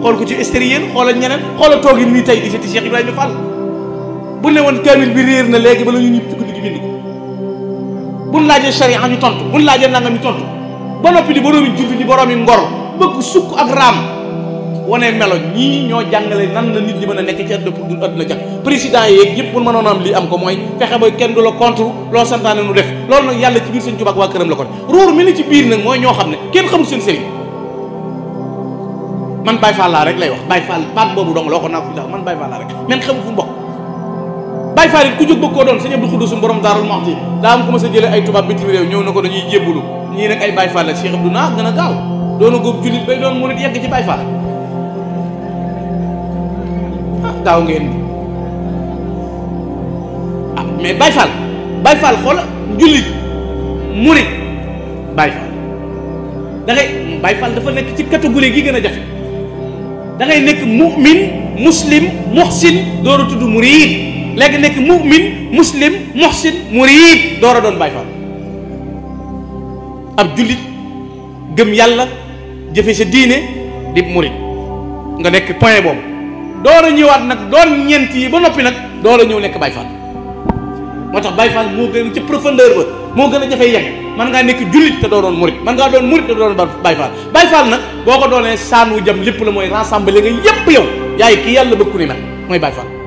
S1: xool ko ci extérieur xoolal ñeneen xoolal toogin nii tey di seeti Cheikh Ibrahima Fall bu ne woon kaamil bi réer na léegi ba ñu ñib ci guddi gi bind ko buñ laajee charia ñu tontu buñ laajee nangam ñu tontu ba noppi di boroomi julli di boroomi ngor bëgg sukk ak raam wane melo ñii ñoo jàngale nan la nit ñi mën a nekk ci àdduna pour du àdduna jàpp président yeeg yëpp mun mënoon am lii am ko mooy fexe ba kenn du la contre loo santaane nu loolu nag yàlla ci biir la ko ci biir nag mooy ñoo xam ne kenn xamul seen sëriñ man Baye Fall laa rek lay wax Baye Fall baat boobu dong la waxoon naa ko fi man Baye Fall laa fu ku jóg bëgg koo doon sëñ Abdou Khoudous ma sa ay tubaab bitim réew ñëw ko dañuy ay Baye Fall la Cheikh Abdou naa gën a gaaw doona góob jullit bay doon murit yegg ci Baye Fall ah dafa nekk ci catégorie gi gën a jafe da ngay nekk mu'min muslim muhsin door a tudd murid léegi nekk mu'min muslim muhsin murid door a doon Baay Faal ab jullit gëm yàlla jëfe sa diine di murid nga nekk point boobu door a ñëwaat nag doon ñeent yi ba noppi nag door a ñëw nekk Baay Faal moo tax Baay Faal moo gën ca profondeur ba moo gën a jafe mën ngaa nekk jullit te doo doon murit mën ngaa doon murit te doo doon Baay Faal Baay Faal nag boo ko doonee saan wu jëm lépp la mooy rassemble nga yépp yow yaay ki yàlla bëgg ku ni mel mooy Baay Faal